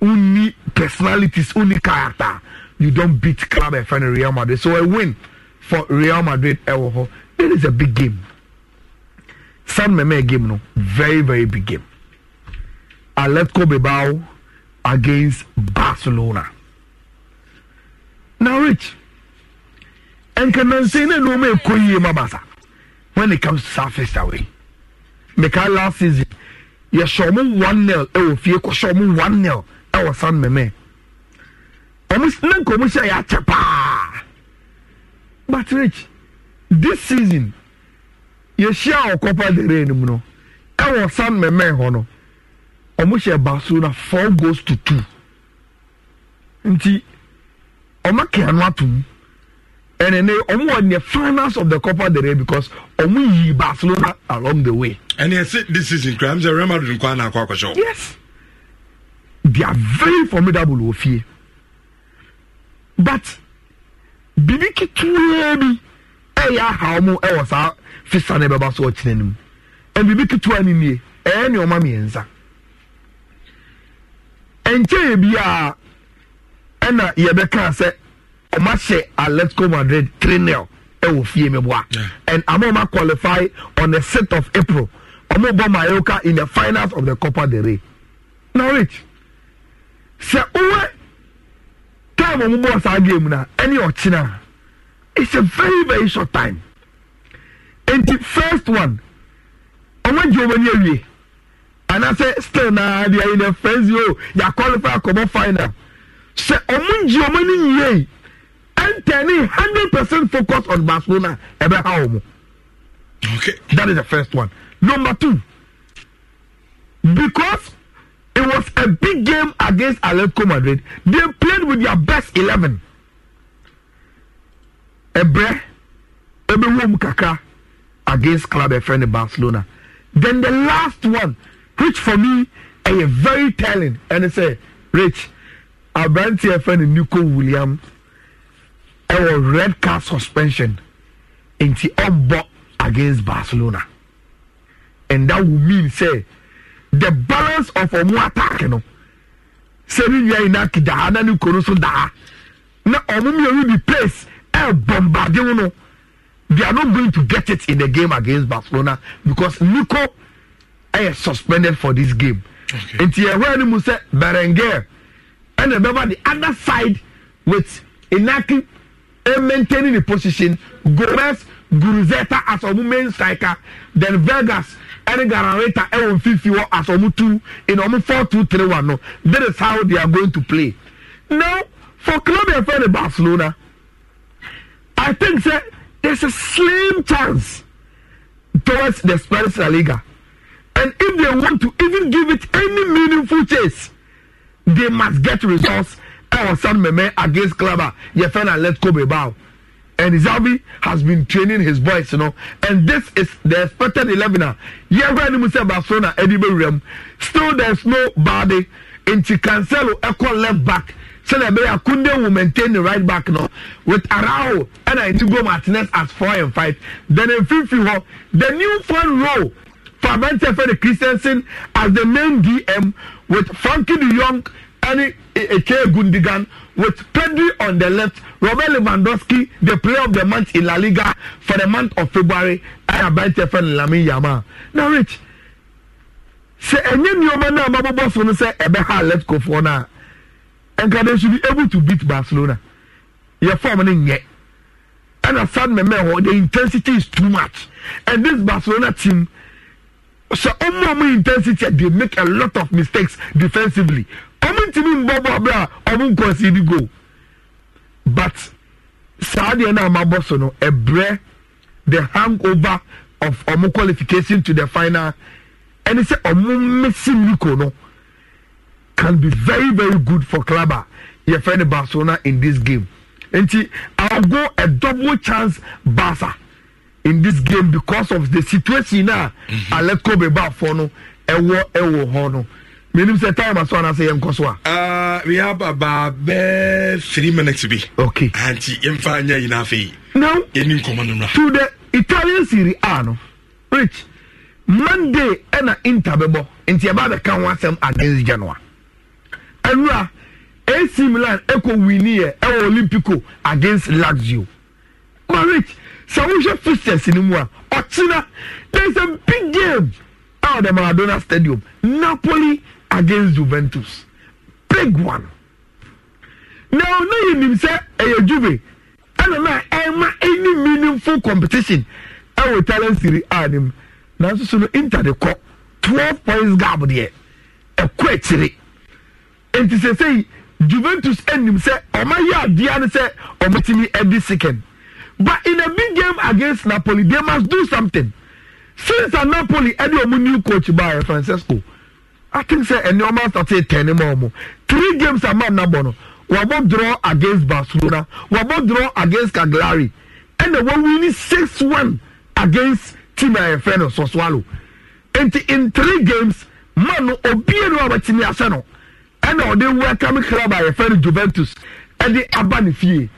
only personalities only character you don't beat club efenni Real Madrid so a win for Real Madrid ɛwɔ It is a big game. San Meme game, no, very, very big game. Atletico Bilbao against Barcelona. Now, Rich, and can I say no me koyi mabasa when it comes to surface away? Make our last season, yes, show me one nil, e oh, fear, show me one nil, e our San Meme. Almost none commercial, ya chapa. But Rich this season yɛhyia ɔkɔpa dere no mu no ɛwɔ san mɛmɛn hɔ no ɔmo hyɛ baaso na four goals to two nti ɔmo kɛ ano atum ɛnɛ ne ɔmo wɔ near finals of the copper the rain because ɔmo yi barcelona along the way. ɛnni ɛsɛ this season kura ɛmu sɛ real madrid nkwa na akɔ akɔsɔ. yes they are very formidable wɔ fie but bibi ketewa bi ɛyɛ aha wɔn ɛwɔ saa fisa na ɛbɛba so ɔkyerɛ no mu ɛnbibi ketewa ni nie ɛyɛ ne ɔma mmiɛnsa nkyɛn bi a ɛna yɛbɛka sɛ ɔma hyɛ atletico madrid three nil ɛwɔ fie mi boa and ama ɔma qualify on the sixth of april ɔmo bɔ mayoka in the finals of the copa del rey na rich sɛ owó time ɔmo bɔ saa game na ɛne ɔkyena it's a very very short time and the first one ọmọ jẹ ọmọ ní ẹwie anase still na di ayi na fẹnsi o yà qualify akọbọ final sẹ ọmọ jẹ ọmọ ní yie ẹntẹni hundred percent focus on barcelona ẹbẹ ha ọmọ okay that is the first one number two because it was a big game against atletico madrid they played with their best eleven ɛbrɛ ɛbɛwɔ mu kakra against club ɛfrɛ barcelona then the last one which for me is eh, a very telling and ɛne eh, sɛ rich aberanteɛ ɛfrɛ no nico william a eh, red card suspension in nti ɔmbɔ against barcelona and that would mean say the balance of ɔmo attack no sɛ ne nyɛ yina kidaa na ne kuro so daa na ɔmo mmienu di place ɛbɔmbade wo no they are not going to get it in the game against barcelona because nico ɛyɛ suspended for this game And ɛhɔ berenguer ɛna the other side with inaki maintaining the position gomez guruzeta as ɔmo main striker then vegas and garanreta ɛwɔ mfimfin hɔ as ɔmo two in ɔmo four two three one no that is how they are going to play now for club efere barcelona. I think sir, there's a slim chance towards the Spanish La Liga. And if they want to even give it any meaningful chase, they must get results. Our son Meme against Clubber, Yefen and Let's Go bow, And Izabi has been training his boys, you know. And this is the expected 11er. Yefen Musa Barcelona, Eddie Still, there's no body. Into Cancelo, Echo left back sɛdeɛ ɛbɛyɛ akunde will maintain the right back no with arao ɛna ɛti go martinez as four and five then mfimfin hɔ the new front row for abɛntɛfɛ christensen as the main dm with frankie de jong ɛne eke gundigan with pedri on the left robert lewandowski the player of the month in la liga for the month of february ɛna abɛntɛfɛ lamin Yama. na rich sɛ ɛnyɛ nneɛma naa ma bɔbɔ so no sɛ ɛbɛha left kofoɔ naa nka they should be able to beat barcelona yɛ form no nyɛ ɛna san mɛmɛ hɔ the intensity is too much and this barcelona team so ɔmo oh, ɔmo intensity they make a lot of mistakes defensively ɔmo ntumi mbɔ bɔ abira ɔmo nkɔsi di goal but saa deɛ no a mabɔ the hangover of ɔmo um, qualification to the final and ɛne sɛ ɔmo missing niko no can be very very good for clubber yɛfrɛ no barcelona in this game nti i'll go a double chance barca in this game because of the situation na mhm. aleko bebaafo no Ewo ewo hɔ Minimum menim sɛ time aso anaasɛ yɛnkɔ so a ah, we have about bɛɛ three minutes be. okay anti yɛmfa nyɛ nyinaa afei now yɛni nkɔmmɔ no mmra to the italian serie a no which monday ɛna inter bɛbɔ nti ɛba bɛka ho asɛm against genoa ɛnura AC Milan ɛkɔ wini yɛ ɛwɔ Olympico against Lazio marich sɛ wohwɛ fixtures no mu a ɔkyena there is a big game at the Maradona Stadium Napoli against Juventus big one na ɔno yɛ nim sɛ ɛyɛ Juve ɛna na ɛma any meaningful competition ɛwɔ Italian Serie A nim nanso so no Inter de kɔ twelve points gap deɛ ɛkɔ akyire nti sɛsɛyi juventus anim sɛ ɔmayɛ adeɛ no sɛ ɔbɛtumi adi second but in a big game against napoli they must do something since a napoli ɛde ɔmo new coach baayɛ francesco i think sɛ ɛne ɔmo asate ten ma ɔmo three games a man nabɔ no wabɔ draw against barcelona wabɔ draw against cagliari ɛna win six one against team a yɛfrɛ no sɔswalo nti in three games man no obiara a wɔbɛtumi asɛ no ɛna ɔde welcome club a yɛfɛ no juventus ɛde aba ne fie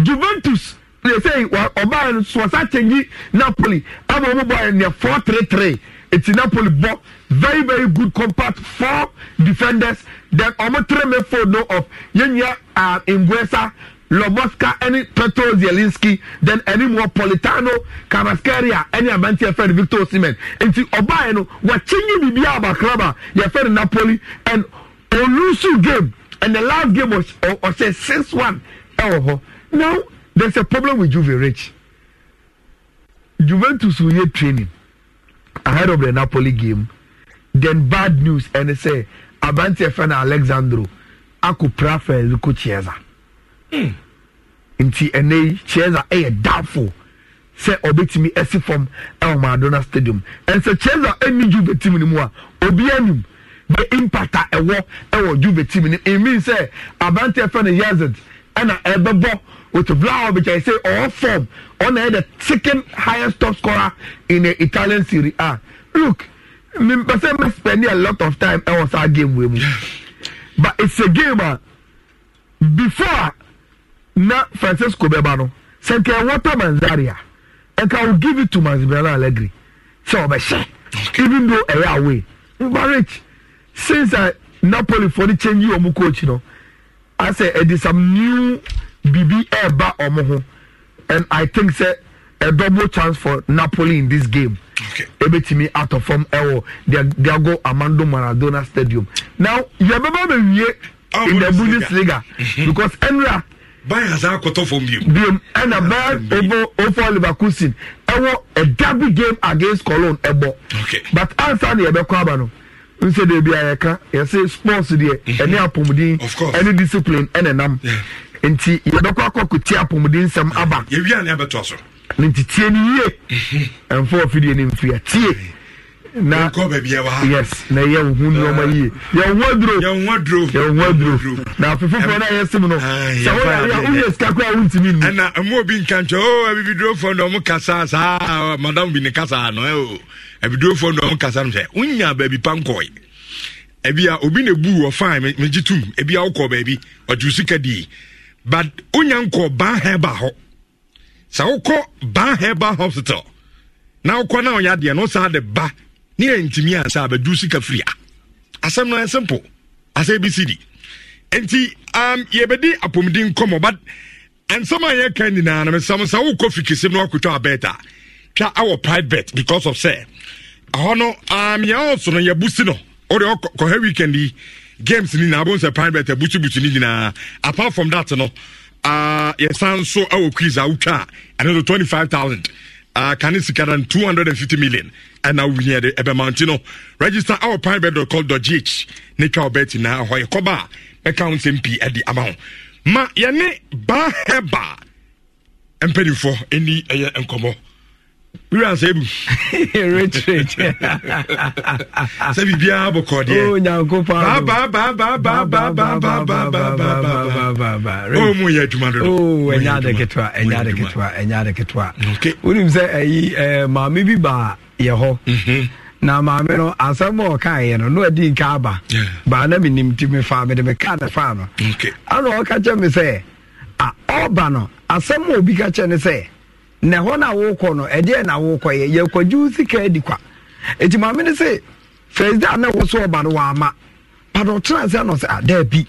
juventus yɛ sɛ ɔbaa no sɔsa kyɛnji napoli ama ɔmo bɔ ɛnea four three three eti napoli bɔ very very good compact four defenders then ɔmo three four no of yɛnyia uh, nguesa loboska ɛne petro zielinski then ɛne mɔ politano kamascaria ɛne abanti yɛfɛ no victor osimhen nti ɔbaa yɛ no wɔkyɛnji bibi a aba club a yɛfɛ no napoli and olusu game and the last game was ọsẹ six one ẹwọ hɔ now there is a problem with juve rich juventus yẹ training ahead of the napoli game then bad news ẹni sẹ abante ẹfẹ na alexandro akọ prafel kọ chiesa nti ẹnẹ yi chiesa ẹ eh, yẹ doubtful sɛ ɔbɛtumi ɛsi fam ɛwɔ maradona stadium ɛnsɛ chiesa ɛni juve team ni mu a obi anim the impact a ɛwɔ ɛwɔ juve team no it mean sɛ aberanteɛ fɛ no yazid ɛna ɛbɛbɔ with vlahovic i say all form ɔna yɛ the second highest top scorer in the italian serie a look mi pɛ mi spend a lot of time ɛwɔ saa game wɛ mu but it's a game ah, a before na francisco bɛba no sɛ nkɛ wɔtɔ manzaria nka i will give it to manzibirana allegri sɛ ɔbɛhyɛ even though ɛyɛ away rich since uh, napoli for the change wɔn coach know, i say it is some new bibi ɛɛba wɔn ho and i think say a double chance for napoli in this game Okay. Maybe ebetumi okay. ato they ɛwɔ go amando maradona stadium now you remember wie oh, in the bundesliga mm-hmm. because enra. bayern has san akoto fam biom. biom ɛna bayern over ofo leverkusen ɛwɔ eh, oh, a derby game against cologne ɛbɔ. Eh, okay but ansa ni yɛbɛkɔ aba no nsɛ deɛ bi a yɛka yɛsɛ sports deɛ mhm. ɛne apɔmuden ɛne discipline ɛne nam nti yɛbɛkɔ akɔ kɔtie apɔmuden nsɛm aba nti tie ne yie mhm. ɛmfa ɔfidie ne mfiri atie na nkɔ baabi ɛwɔ ha yes na yɛ wo nneɛma ah. yie yɛ aduro na afe foforɔ no a no ah, sɛ sika ɛna obi oh, na ɔmo kasa saa madam bi ne kasa eh, oh. na ɔmo kasa no sɛ wonya baabi obi na ebu wɔ fan megye tum baabi sika but nkɔ ban hɔ sɛ ban hospital na na ne yɛntumi ansa abɛdu sika firi a asɛm no simple asɛ bi nti um, yɛbɛdi apɔmuden nkɔmmɔ but nsɛm a yɛka nyinaa no mesɛm sɛ wokɔ fikisɛm no wakotɔ abɛt a twa awɔ private because of sɛ ɛhɔ no um, yɛwɔ so no yɛbu no wode kɔhɛ weekend yi games ni nyinaa bɛhu private abutubutu no nyinaa apart from that no uh, yɛsan so awɔ quiz a wotwa a ɛno so 25000 uh, kane sika no 250 million ɛna wonya de ɛbɛmante no register our private ne ka wobɛti na hɔ na hoye a mɛka wo nsɛm pii ɛde ama ho ma yɛne baa hɛ for any ɛni eh, eh, ɛyɛ wura sɛ biribiaa bɔkɔdeɛmu yɛ adwuma dodoɛnyadeketewa sɛ ayi maame bi baa yɛ hɔ na maame no asɛm a ɔkaeɛ no na ɔdi nka aba baa na menim ti mefaa mede meka ne faa no ana ɔka kyɛ me sɛ ɔba no asɛm a obi ka kyɛ ne sɛ na ɛhɔ no a wokɔ no ɛdeɛ na wokɔyɛ yɛkɔgyew sika adi kwa ɛnti maame no se firsda a na ɛwɔ so ɔba no waama padɔtena sɛ no sɛ adaa ah, bi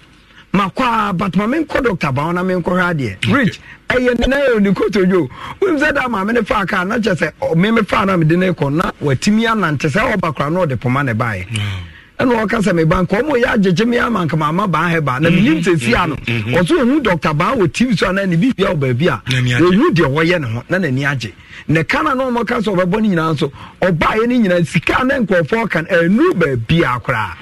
makɔ a but maame nkɔ dɔkta ba na menkɔhwɛ adeɛ rich ɛyɛ nena yɛ ne kotodwo wonim sɛ daa maame no faa kaa na kyɛ sɛ meme faa no a mede no kɔ na watumi anante sɛ ɔba kora na ɔde poma ne baeɛ mm. ɛna ɔka sɛ meba nka ɔma yɛ agyegye me ama nka maama baa ha baa na menim mhm, sɛ sia no ɔso ɔhu dɔkta baa wɔ tv so anaa ne bi hia wɔ baabi a ɔhu deɛ wɔyɛ ne ho na n'ani agye na kana na ɔmɔka sɛ ɔbɛbɔ no nyinaa nso ɔbaeɛ no nyinaa sika na nkurɔfoɔ ka no ɛnu baabia koraa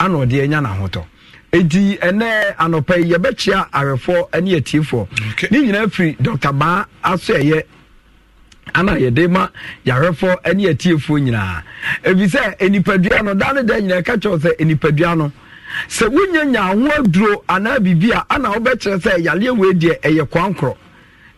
ana ɔde anya n'ahotɔ eti ɛnɛ anɔpa yi yɛbɛkyia awɛfoɔ ne atiefoɔ ne nyinaa firi dɔkta baa aso ɛyɛ ana yɛde ma yɛahwɛfoɔ ne yɛtiefoɔ nyinaa ɛfiri sɛ nipadua no daani no da nyinaa ɛka kyɛw sɛ enipadua no sɛ wonya nya ho aduro anaa biribi a ana wobɛkyerɛ sɛ yareɛ wee deɛ ɛyɛ kwankorɔ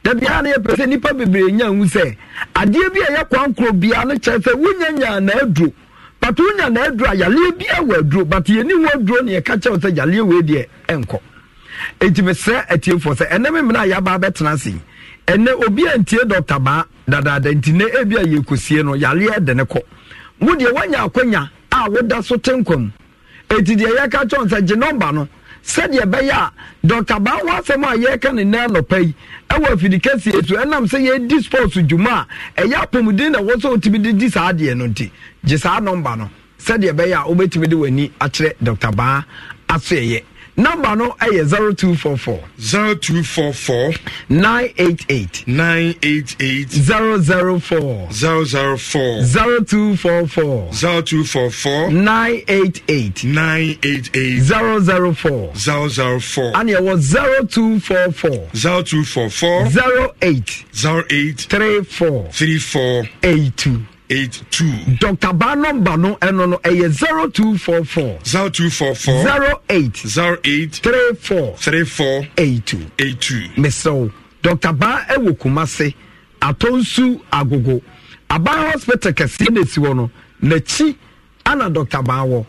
da biara no yɛpɛ sɛ nipa bebree nya ahu sɛ adeɛ bi a ɛyɛ kwankorɔ biara no kyerɛ sɛ wonya nya naaduro but wonya naaduro a yareɛ bi a wɔ aduro but yɛni ho aduro ne yɛka kyerɛw sɛ yareɛ wee deɛ ɛnkɔ enti mesrɛ atiefoɔ sɛ ɛnɛ me mmena a yɛaba bɛtena se yi ɛnɛ obi a ntie dɔkta baa dadaada ntine na ebi a yɛkɔsie no yaleɛ de ne kɔ mo deɛ wanya akwanya a woda so te nkwa eti deɛ yɛka kyɛw sɛ gye nɔmba no sɛdeɛ ɛbɛyɛ a dɔkta baa ho asɛm a yɛreka ne nnɛ nɔpa yi ɛwɔ afidi kɛseɛ so ɛnam sɛ yɛdi spɔts dwuma a ɛyɛ apɔmuden na ɛwɔ sɛ wotumi de di saa deɛ no nti gye saa nɔmba no sɛdeɛ ɛbɛyɛ a wobɛtumi de w'ani akyerɛ dɔkta baa aso ɛyɛ Number no ɛyɛ eh, zero two four four. zero two four four. nine eight eight. nine eight eight. zero zero four. zero zero four. zero two four four. zero two four four. nine eight eight. nine eight eight. zero zero four. zero zero four. and it was zero two four four. zero two four four. zero eight. zero eight. three four. three four. eight two. 0244 dr ba number no ɛno eh, no ɛyɛ 0244 0244 08 08 34 34 82 82 mesrɛw dr ba ɛwɔ kuma se atonsu agogo aban hospital kɛseɛ na ɛsi hɔ no n'akyi ana dr ba wɔ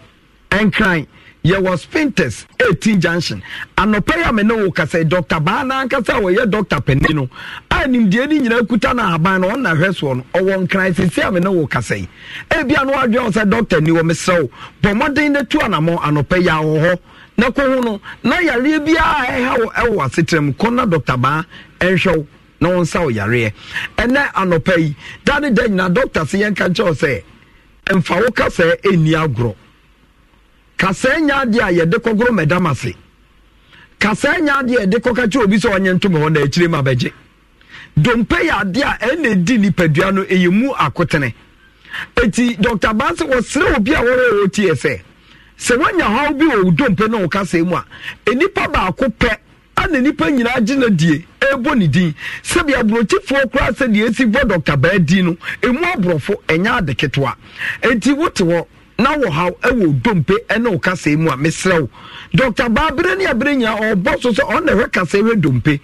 ɛnkran yɛwɔ spintex 18 junction anɔpɛ yi a mɛ ne wo kasa dr baa n'ankasa wɔyɛ no a nimdeɛ ni nyinaa kuta na aban na ɔna hwɛ soɔ no nkran sisi a kasa yi ebi ano dr ni wɔn srɛw bɔn mɔden tu anamɔ anɔpɛ na ko ho no na yareɛ biara a ɛha wɔ ɛwɔ mu na dr baa na wɔn nsa wɔ dr si yɛn ka sɛ mfawo kasaa nya adeɛ a yɛde kɔgoro mɛdam ase kasaa nya adeɛ a yɛde kɔka kyerɛ obi sɛ ɔnye ntoma hɔ na akyire mu abɛgye dompe yɛ adeɛ a ɛna di nipadua no ɛyɛ mu akotene eti dr bansi wɔsrɛ obi a wɔrɛ wɔ tie sɛ sɛ wanya haw bi wɔ dompe no kasa mu a nipa baako pɛ ɛna nipa nyinaa gye na die ɛbɔ ne din sɛbi aburokyifoɔ koraa sɛ deɛ esi bɔ dr baa din no emu aborɔfo ɛnya ade eti wote hɔ na wɔ haw ɛwɔ dompe ɛne wo kaseɛ mu a mesrɛ wo dɔkta baa bere ne abere nyinaa ɔbɔ so sɛ ɔnna ɛhwɛ kaseɛ hwɛ dompe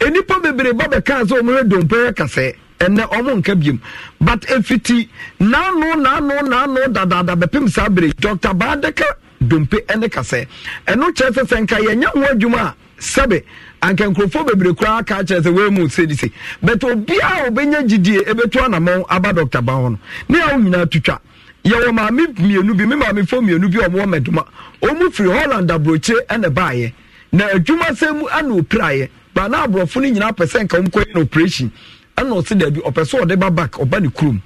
nnipa bebree ba bɛkaa sɛ ɔmo hwɛ dompe hwɛ kaseɛ ɛnɛ ɔmo nka biom but efiti naano naano naano dadaada bɛpem saa bere dɔkta baa deka dompe ɛne kaseɛ ɛno kyerɛ sɛ sɛ nka yɛnyɛ ho adwuma a sɛbe anka nkurɔfoɔ bebree koraa ka kyerɛ sɛ wɔamu sɛdi se but obiara a ɔbɛnya gyidie ɛbɛtu anamɔn aba dɔkta baa hɔ no ne a wo nyinaa tutwa yɛwɔ maame mmienu bi me maamefo mmienu bi a ɔmo wɔ mɛdoma ɔmo firi holland aburokye ɛna baayɛ na adwuma sɛ mu ɛna opiraayɛ baana no nyinaa nka ɔmo kɔyɛ na operation ɛna ɔsi dɛbi ɔpɛ ɔde ba back ɔba ne kurom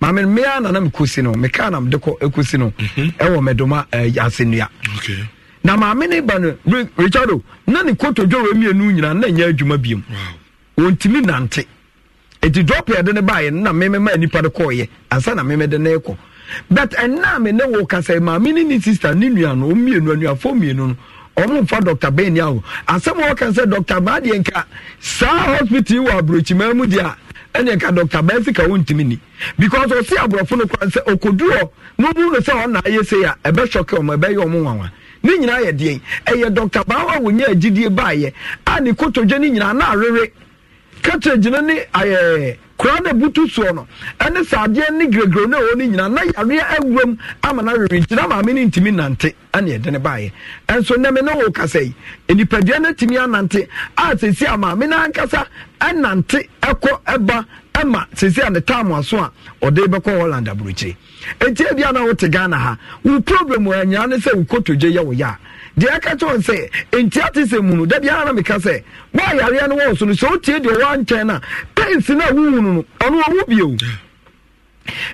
maame mmea na nam kosi no nam de kɔ no mhm. ɛwɔ na maame ne ba no na ne kotodwe wɔ mmienu nyinaa na nyɛ adwuma biem wɔntumi nante eti na but ɛnna mi ne wo kasa yi maame ni ne sista ne nua no enu mmienu anuafo mmienu no wɔn mfa dɔkta bɛn ni asɛm a sɛ nka saa hospital wɔ aburokyimaa mu ɛnna nka wɔn ntumi ni because ɔsi no kwan sɛ no sɛ ayɛ se a ɛbɛ shɔke wɔn ɛbɛ yɛ wɔn nwanwa ne nyinaa yɛ deɛ ɛyɛ baawa nyɛ agyidie a ne kotodwe ne nyinaa na arere kɛtɛ gyina ne ayɛɛ koraa na ebutu soɔ no ɛne saadeɛ ne gregoro na ɛwɔ no nyinaa na yareɛ awuram ama no awere nti maame ne ntumi nante ɛne ɛde ne baeɛ ɛnso nnɛme ne wo kasa yi nipadua no atumi anante a sisi a maame no ankasa ɛnante ɛkɔ ɛba ɛma sisi a ne taamu aso a ɔde bɛkɔ holland aburokyire eti ebi a na wote ghana ha wo problem wɔ nyinaa ne sɛ wo kotodwe yɛ wo yɛ a deɛ aka kyɛ wɔn sɛ nti ate sɛ mu no da biara na meka sɛ woayareɛ no wɔ so no sɛ wotie deɛ ɔwɔ nkyɛn no a pɛnsi no a wowu no no ɔno ɔwu bio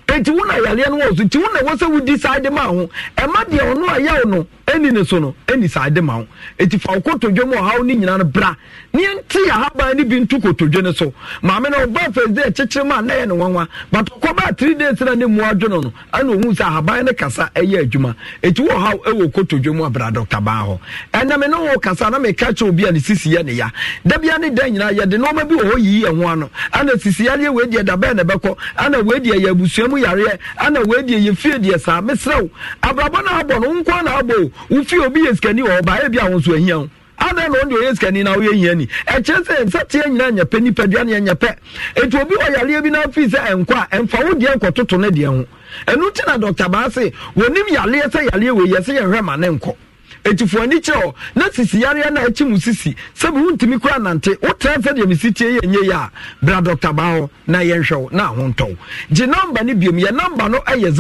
eti wo na yaleɛ no wɔ so ti wo na wɔ sɛ wodi saa de ma ho ɛma deɛ ɔno ayɛ wo no ɛni ne so no ɛni saa de ma ho eti fa kotodwe mu ɔhaw ne nyinaa no bra neɛ nti ahaban ne bi nto kotodwe ne so maame na ɔba fɛs de mu a na yɛ ne nwanwa but ɔkɔba three days na ne mu adwo no no ɛna ohun sɛ ahaban ne kasa ɛyɛ adwuma eti wo ɔhaw ɛwɔ kotodwe mu abra dɔkta baa hɔ ɛnam ne wo kasa na meka kyerɛ obi a ne sisi yɛ ne ya dabea ne dan nyinaa yɛde nneɛma bi wɔ hɔ yiyi ɛho ano sisi yɛ ne wei deɛ dabɛn na ɛbɛkɔ ɛna wei abusua mu yareɛ ana wɔadie yɛ fie deɛ saa meserɛw abrabɔ na abɔ no nkoa na abɔ wo fie obi yɛ sikani wɔ ɔbaeɛ bi a wo nso ahia wo adan na ɔde ɔyɛ sikani na ɔyɛ hia ni ɛkyerɛ sɛ nsateɛ nyinaa nyɛpɛ nipadua ne ɛnyɛpɛ etu obi wɔ yareɛ bi na afii sɛ ɛnkɔ a ɛmfa wo deɛ nkɔtoto ne deɛ ho ɛno nti na dɔkta baase wɔnim yareɛ sɛ yareɛ wɔ yɛ sɛ yɛhwɛ ma ne nkɔ ɛtifo ani kyerɛ hɔ na sisi yareɛ no akyi mu sisi sɛbi wontumi kora nante wotra sɛdeɛ mesitie yɛ nyɛ yɛ a bra dɔkta ba hɔ na yɛnhwɛ wo na ahontɔ wo gye namba no biom yɛ namba no ɛyɛ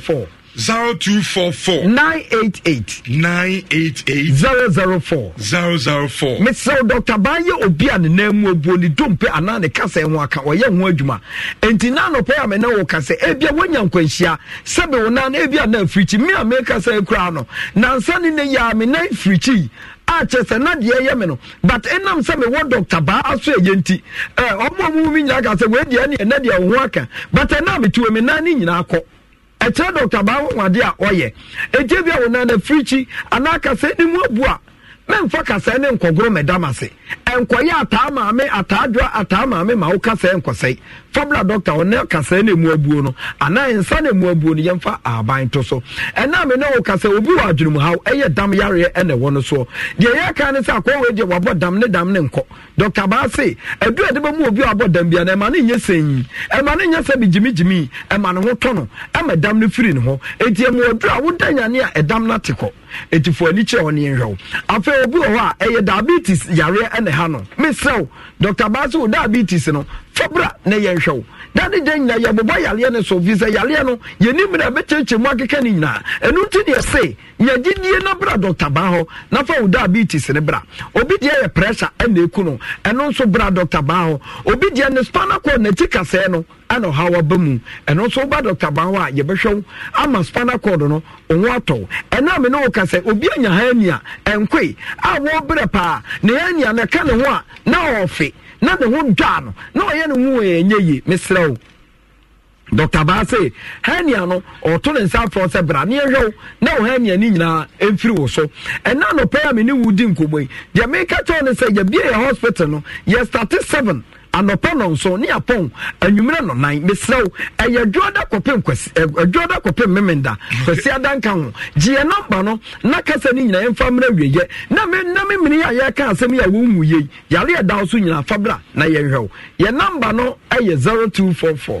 four zero two four four nine eight eight nine eight eight zero zero four zero zero four. mesrɛ dɔkta baa yɛ obi a ne nan mu abuo ne dompe anaa ne kasa ho aka ɔyɛ ho adwuma enti na anɔpɛ a mene wo ka sɛ ebia woanya nkwanhyia sɛbe wo naa na ebia na afirikyi me a meka sɛ koraa no nansa ne ne yɛ a me nan firikyi akyɛ sɛ na deɛ ɛyɛ me no but ɛnam sɛ mewɔ dɔkta baa aso ɛyɛ nti ɔmo a mumu mi nyinaa ka sɛ wɔadi ɛne ɛnɛ deɛ wo ho aka but ɛna metuo me nan ne nyinaa kɔ ɛkyerɛ dr baahohoade a ɔyɛ ɛgye bi a wɔnana firikyi anaa kasɛ ne mu abu a memfa kasɛe ne nkɔgoro mɛdam ase ɛnkɔyɛ ataa maame ataadwa ataa maame ma wo kasɛe nkɔsɛe fabula doctor ɔne kasaa na emu abuo no anaa nsa na emu abuo no yɛmfa aban to so ɛna mi na ɔkasa obi wɔ adwenem ha ɛyɛ dam yareɛ ɛna ɛwɔ no deɛ yɛ kan ne sɛ akɔwɔ deɛ wabɔ dam ne dam ne nkɔ doctor baase edu a de bɛ mu obi wabɔ dam bia na ɛma ne nyɛ sɛn ɛma ne nyɛ sɛ bi gyimigyimi ɛma ne ho tɔ no ɛma dam ne firi ne ho eti emu odu a woda nyane a ɛdam na te kɔ eti ani kyerɛ ɔne nhwɛw afei obi wɔ hɔ a ɛyɛ diabetes yareɛ ɛna ha no mesrɛw dr baasi wo diabetes no fabra na yɛn hwɛ wo dade den nyina yɛbobɔ yaleɛ no so fi sɛ yaleɛ no yɛnim na ɛbɛkyerɛkyerɛ mu akeka no nyinaa ɛno nti deɛ se yɛgyidie no bra dɔkta baa hɔ na fa wo diabetes ne bra obi deɛ yɛ pressure ɛna ɛku no ɛno nso bra dɔkta baa hɔ obi deɛ ne spinal cord n'akyi kasɛɛ no ɛna ɔhaw aba mu ɛno nso woba dɔkta baa hɔ a yɛbɛhwɛ wo ama spinal cord no ɔho atɔ ɛna me ne wo ka obi anya hernia ɛnkoe a wɔbrɛ paa ne hernia na ɛka ne ho a na ɔɔfe na ne ho dwaa no na ɔyɛ ne ho ɛnyɛ yie mesrɛ wo dr baa sɛ no ɔto ne nsa afrɛ sɛ bra ne yɛhwɛ wo na wo hernia no nyinaa ɛmfiri wo so ɛna anɔpɛ a mene wo di nkɔmmɔ yi deɛ meka kyɛw ne sɛ yɛbie yɛ hospital no yɛstate 7 anɔpɛ no nso ne apɔn anwummerɛ no nan mesrɛ wo ɛyɛ dwoada kɔpem dwoada kɔpem memenda kwasi adanka ho gyeɛ namba no na kasa no nyina yɛmfa mmerɛ awieyɛ na memene yɛ a yɛka asɛm yɛ a wɔnwu yei yare ɛda wo so nyina fa bra na yɛnhwɛ wo yɛ namba no ɛyɛ 0244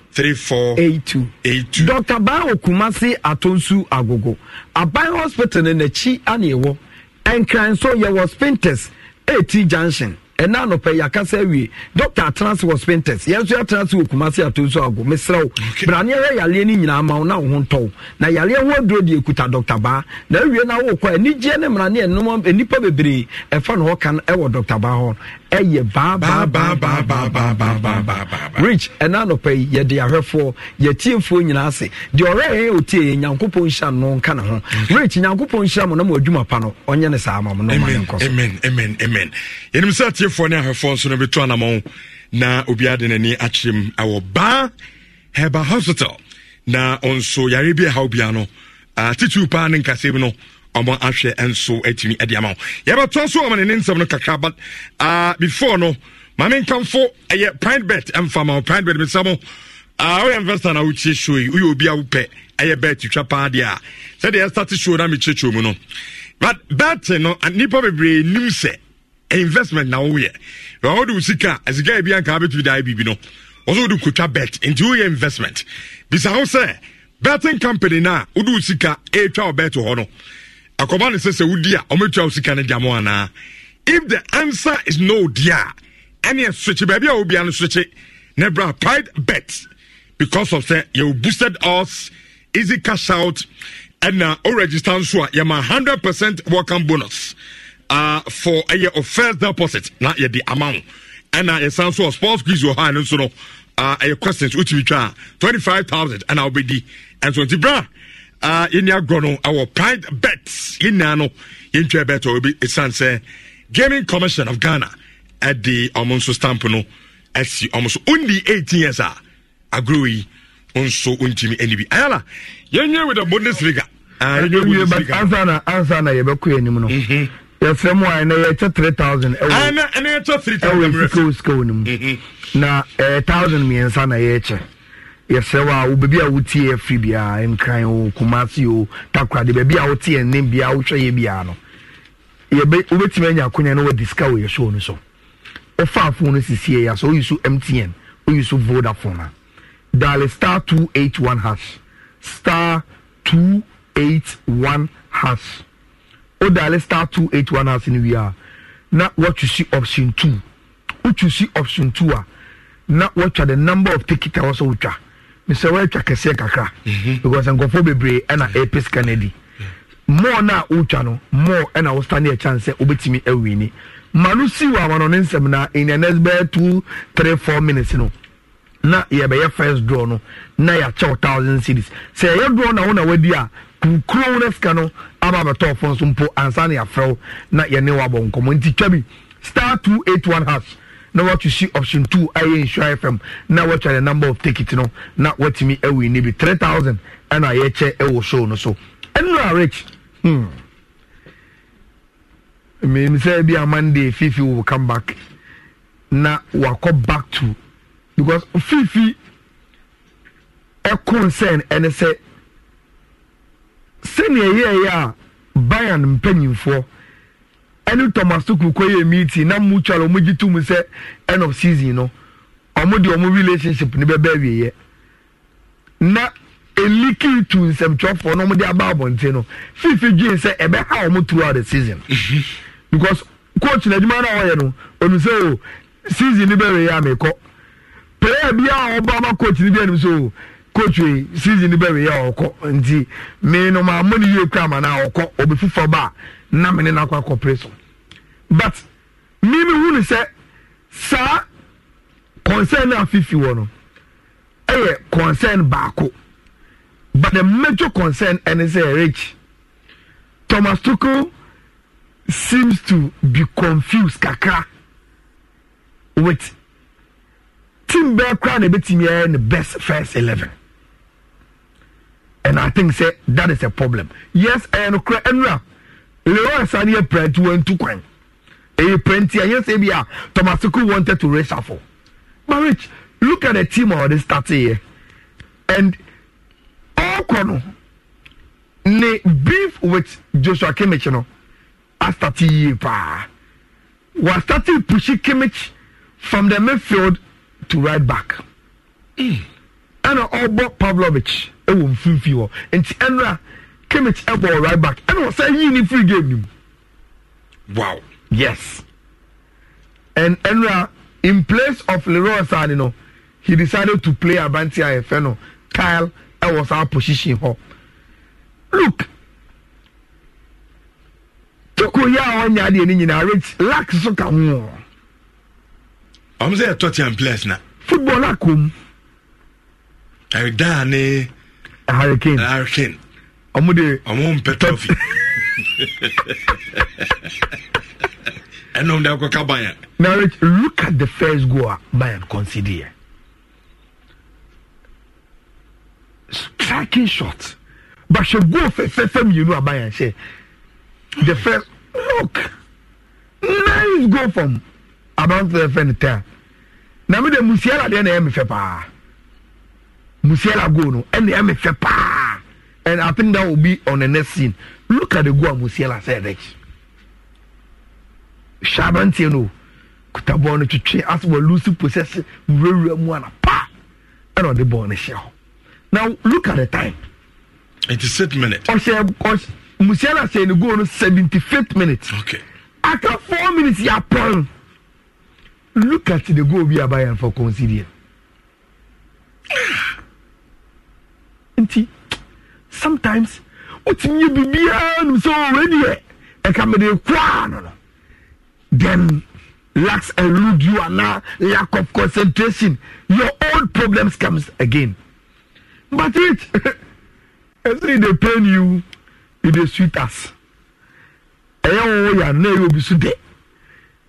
three four eight two eight two. dr bayo kumasi atonsu agogo aban hospital ne n'akyi ana ɛwɔ nkran so yɛwɔ spintex eighty junction ɛna anɔpɛ yakasa awie dr atenase wɔ spintex yɛn nso atenase wɔ kumasi atonsu agogo mesrɛw braneɛ yɛ yaleɛ no nyinaa ma wo na wo ho ntɔw na yaleɛ ho aduro deɛ kuta dr baa na awie na wokɔ anigyeɛ ne mmara ne ɛnoma nnipa bebree ɛfa ne hɔ ka no ɛwɔ dr baa hɔ ɛyɛ baabaabaabaabaabaabaaba rich ɛna anɔpɛ yi yɛde ahwɛfoɔ yɛtiefoɔ nyinaa ase deɛ ɔrɛ yɛn otie yɛ nyankopɔn nhyira no nka ne ho rich nyankopɔn nhyira mo na mo adwuma pa no ɔnyɛ ne saa ma mo na ɔma amen amen amen yɛnim sɛ atiefoɔ ne ahwɛfoɔ nso no bɛto anamɔ na obiara de n'ani akyerɛ mu ɛwɔ baa heba hospital na ɔnso yare bi ɛhaw bia no atitiri paa ne nkasɛm no ɔmo ahwɛ nso atumi de ama wo yɛbɛtoa so ɔmo ne ne nsɛm no kakra but uh, before no maame nkamfo ɛyɛ pride bet ɛmfa ma wo pride bet mesɛ mo uh, woyɛ investor na wotie show yi woyɛ obi a wopɛ ɛyɛ bet twa paa deɛ a sɛdeɛ ɛstarte show no mekyerɛkyerɛ mu no but bet no nnipa bebree nim sɛ investment na woyɛ wɔwode wo sika asika bi anka wobɛtumi daa biribi no wɔsɛ wode kotwa bet nti woyɛ investment bisa wo sɛ betting company na a wode wo sika ɛtwa wo bet hɔ no akɔba ne sɛ sɛ wodi a ɔmɛtua wo sika no gyamo anaa if the answer is no deɛ a ɛne ɛsokye baabi a wobia no sokye na bra pride bet because of sɛ yɛwo boosted us easy cash out ɛna o register nso a yɛma 100 percent welcome bonus uh, for ɛyɛ uh, first deposit na yɛde ama wo ɛna yɛsan so sports quiz wɔ hɔ a no nso no ɛyɛ questions wotumi twa a 25000 ɛna wobɛdi ɛnso nti bra uh, ah, yɛni agorɔ no ɛwɔ pride bet yɛnaa no yɛntwa bet ɔ bi ɛsiane sɛ gaming commission of ghana ɛde ɔmo nso stamp no ɛsi ɔmo so ondi 18 years a agorɔ yi nso ntumi ani bi ayala yɛnyɛ with the bundesliga ansana ansana yɛbɛkɔ anim no mhm. yɛsrɛ mu a ɛnɛ yɛkyɛ 3000 ɛwɔ ah, sikawsikawno mu mhm. na 1000 eh, mmiɛnsa na yɛkyɛ yɛsrɛ wo a wo baabi a wotie afiri biaa nkran o kumase o takorade baabi a wote ɛnem biaa wohwɛ yɛ biaa no wobɛtumi anya akonya no wadiska wɔ yɛhyɛw no so wofa no sisie yɛ sɛ woyi so mtn woyi so vodafone a dale star 281 hash star 281 hash wo dale star 281 hash no wie a na woatwusi option 2 wotwusi option 2 a na wɔatwa the number of ticket a wɔ sɛ wotwa mesɛ woatwa kɛseɛ kakra mhm. because nkɔfoɔ bebree ɛna ɛpɛ sika no adi mɔɔ no a wotwa no mɔɔ ɛna wo stane ɛkyane sɛ wobɛtumi awini ma no si wɔ amanɔ ne nsɛm no in the next bɛyɛ 2 minutes no na yɛbɛyɛ first draw no na yɛakyɛw thousand series sɛ ɛyɛ draw na wo na wadi a kuro no sika no aba bɛtɔɔfo nso mpo ansa na yɛafrɛw na yɛne wabɔ nkɔmmɔ nti twa bi star 281 hash na wɔatwisi option two ayɛ nsura fm na wɔatwa the number of ticket no na wɔatumi awi eh, ne bi three thousand ɛna yɛkyɛ ɛwɔ show no so ɛnura rich hmm. mmemme sɛ bi a fifi will come back na wakɔ back to because fifi ɛconcern ɛne sɛ sɛnea ɛyɛɛyɛ a bayan mpanyimfoɔ ɛne thomas tukunkɔ yɛ meeting na mutual ɔmo gye mu sɛ end of season no ɔmo de ɔmo relationship ne bɛbɛ awieɛ na eliki tu nsɛmtwerɛfoɔ na ɔmo de aba abɔnten no fifi dwen sɛ ɛbɛha ɔmo throughout the season because coach na adwuma no ɔyɛ no ɔnu sɛ o oh, season ne bɛwɛ yɛ amekɔ player bi a ɔba ama coach ne bi anim sɛ o oh, coach wei season ne bɛwɛ yɛ ɔkɔ nti me no maa mo ne yie kura ma na ɔkɔ obi foforɔ ba a na me ne no akɔ akɔpere so but mímí hu ni sɛ saa concern na fifi wɔ no ɛyɛ concern baako but the major concern ɛne sɛ rich thomas tuchel seems to be confused kakra with team bɛɛ koraa na ebetumi ɛyɛ ne best first eleven and i think say that is a problem yes ɛyɛ no kura ɛnura leon sani yɛ pɛrɛtiwɛntu kwan a plenty. I hear say yeah, Thomas wanted to reshuffle. But Rich, look at the team already started here, and all corner ne beef with Joshua Kimmich no, I started pa. Was starting pushing Kimmich from the midfield to right back. Mm. And all but Pavlovich, it will feel fewer. And Enra Kimmich elbow right back. And was saying you need free game. Wow. Yes. And Enra, uh, in place of Leroy Sane, no, he decided to play Abanti AFN. Kyle, that was our position. Ho. Look, Toko ya on ya de ni nyina rich lack so ka ho. Am say Tottenham players na. Football akom. Ai da ne Hurricane. Hurricane. Omo de omo mpetofi ɛnom de akɔka bayern now look at the first goal a bayern concede here striking shot but she go fɛfɛɛfɛ mmienu a bayern hyɛ the first look nice goal from abanto fɛ ne taa na mi de musiala de na ɛyɛ mi fɛ paa musiala goal no ɛna ɛyɛ mi fɛ paa and i think that will be on the next scene look at the goal musiala sɛ ɛdɛkyi hyɛ no kuta bɔɔl no twitwi ase wɔ lusi posɛsi wurawura mu ana pa ɛna ɔde bɔɔl no hyɛ hɔ now look at the time. eighty six minutes. ɔhyɛ ɔhyɛ musiala sɛ ne goal no seventy fifth minute. okay. after four minutes yɛ apɔn look at the goal bi abayɛ for considian. nti sometimes wotumi yɛ biribiara nu sɛ ɔwɔ aniɛ ɛka mede koraa no no then lacks elude you and now lack of concentration your own problems comes again but it every it dey pain you it dey sweet us ɛyɛ wɔn yɛ anɛ yɛ obi so dɛ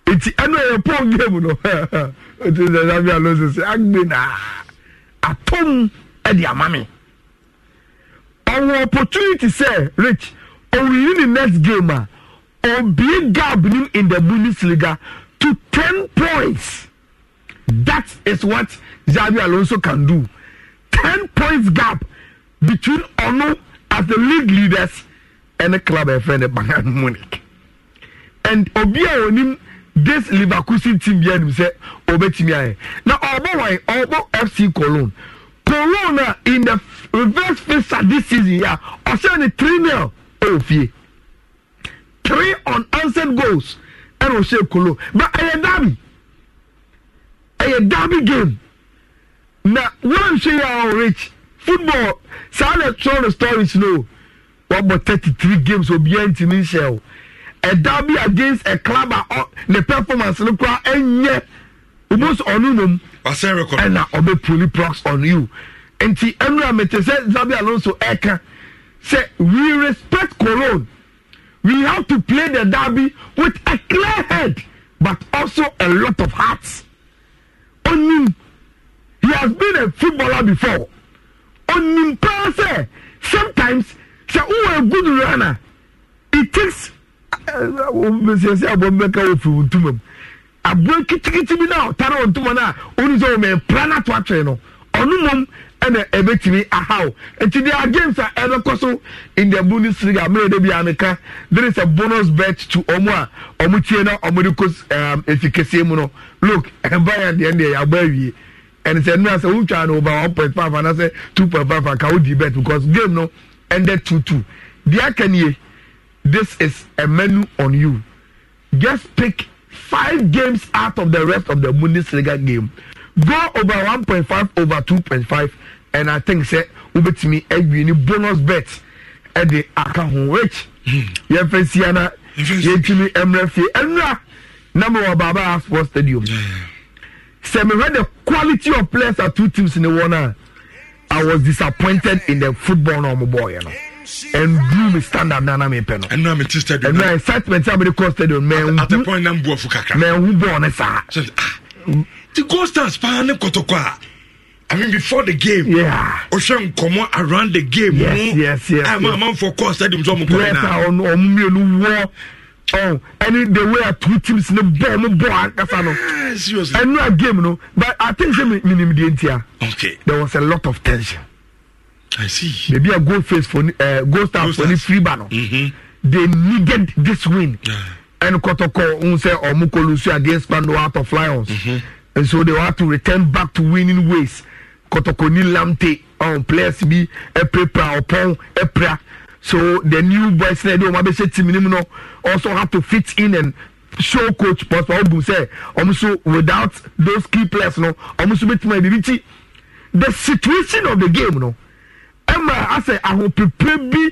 eti ɛnu ɛyɛ pɔn game no ɛti sɛ ɛsɛ abia lɔsɛ sɛ agbe na atom ɛdi ama mi ɔwɔ opportunity sɛ rich ɔwɔ yi ni next game a. Uh, obie gap nim in the Bundesliga to ten points. That is what Xabi Alonso can do. Ten points gap between Ono as the league leaders and the club friend Bayern Munich. And obie onim this Leverkusen team bi anim sɛ obetumi ayɛ. Na ɔbɔ wɔn ɔbɔ FC Cologne. Cologne uh, in the reverse fixture this season ya ɔsɛ ne 3-0 ɔwɔ fie three unanswered goals ɛna ɔhyɛ kolo but ɛyɛ derby ɛyɛ derby game na wɔnhwɛ yɛ a rich football saa na ɛtɔ no stories no wɔabɔ thirty three games obiara ntumi nhyɛ o a derby against a club a ne performance no koraa ɛnyɛ almost ɔno nom ɛna ɔbɛpuli prox on you nti ɛnura mete sɛ zabi alonso ɛka say we respect cologne we have to play the derby with a clear head but also a lot of heart onim he has been a footballer before onim paa sɛ sometimes sɛ wowɔ a good runner it takes sɛsɛ abɔ bɛka wɔfiri wo ntoma mu aboa kitikiti bi na ɔtare wɔ ntoma no a ɔnu sɛ wɔmɛmpra no ato atwee no ɔno mmom ɛna ɛbɛtumi ahaw nti there are games a ɛbɛkɔ so in the bundesliga mmerɛ de bi ameka there is a bonus bet to ɔmo a ɔmo tie na ɔmo de kɔ efi kɛseɛ mu no look (laughs) bayern deɛ deɛ yabɔ awie ɛn sɛ nnua sɛ wotwa no ba one point five anasɛ two point five aka wodi bet because game no ended two two deɛ aka nie this is a menu on you just pick five games out of the rest of the bundesliga game go over one point five over two point five and i think sɛ wobɛtumi awie eh, ne bonus bet ɛde aka ho which hmm. yɛmfa sia eh, na yɛntumi mmerɛ fie ɛnura na mewɔ baaba sports stadium sɛ mehwɛ the quality of players at two teams ne wɔ no a i was disappointed in the football na ɔmo bɔɔyɛ no and drew me standard na na me pɛ no ɛnura mi ti stadium ɛnura excitement a mi de kɔ stadium mɛ nhu mɛ nhu bɔɔl ne sa. ti goal stars paa ne kɔtɔkɔ a. I mean, before the game, yeah, Ocean come around the game, yes, yes, yes. I'm ah, yes. a man for course, I didn't come yes, ah, on war. Oh, and the way two teams in the ball, ah, no ball, eh, Kasano. Seriously, and no game, no, but I think the minimum the entire okay, there was a lot of tension. I see, maybe a goal face for uh, goal star for the free banner. They needed this win, and Kotoko, Unse, or oh, Mukolusia against Pando out of Lions, mm-hmm. and so they had to return back to winning ways kɔtɔkɔni lamte ɔn players bi ɛpirapira ɔpɔn ɛpira so the new boys na ɛde wɔn abɛhyɛ team nim no also had to fit in and show coach pɔsɔ ɔgum sɛ wɔn so without those key players no wɔn so bɛtuma ebi bi ti the situation of the game no ɛmɛ asɛ ahopepere bi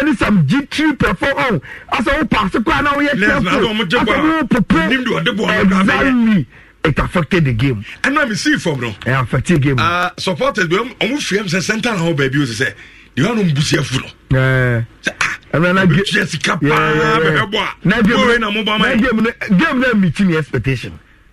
ɛne sam gtri pɛfɔ ɔn asɛ wɔn paase kora na wɔyɛ careful asɛ wɔn pepere exactly it affected the game. ɛna mi see fam no. ɛ affected game. Ah, supporters bi ɔmu fi ɛmu sɛ center na ɔbɛ bi o sɛ de wa n'omu busi ɛfu no. ɛɛ eh. ah, ɛmɛ na game ɛbɛtua sika paa bɛbɛ bɔ a. na game na game na game na mi ti mi expectation.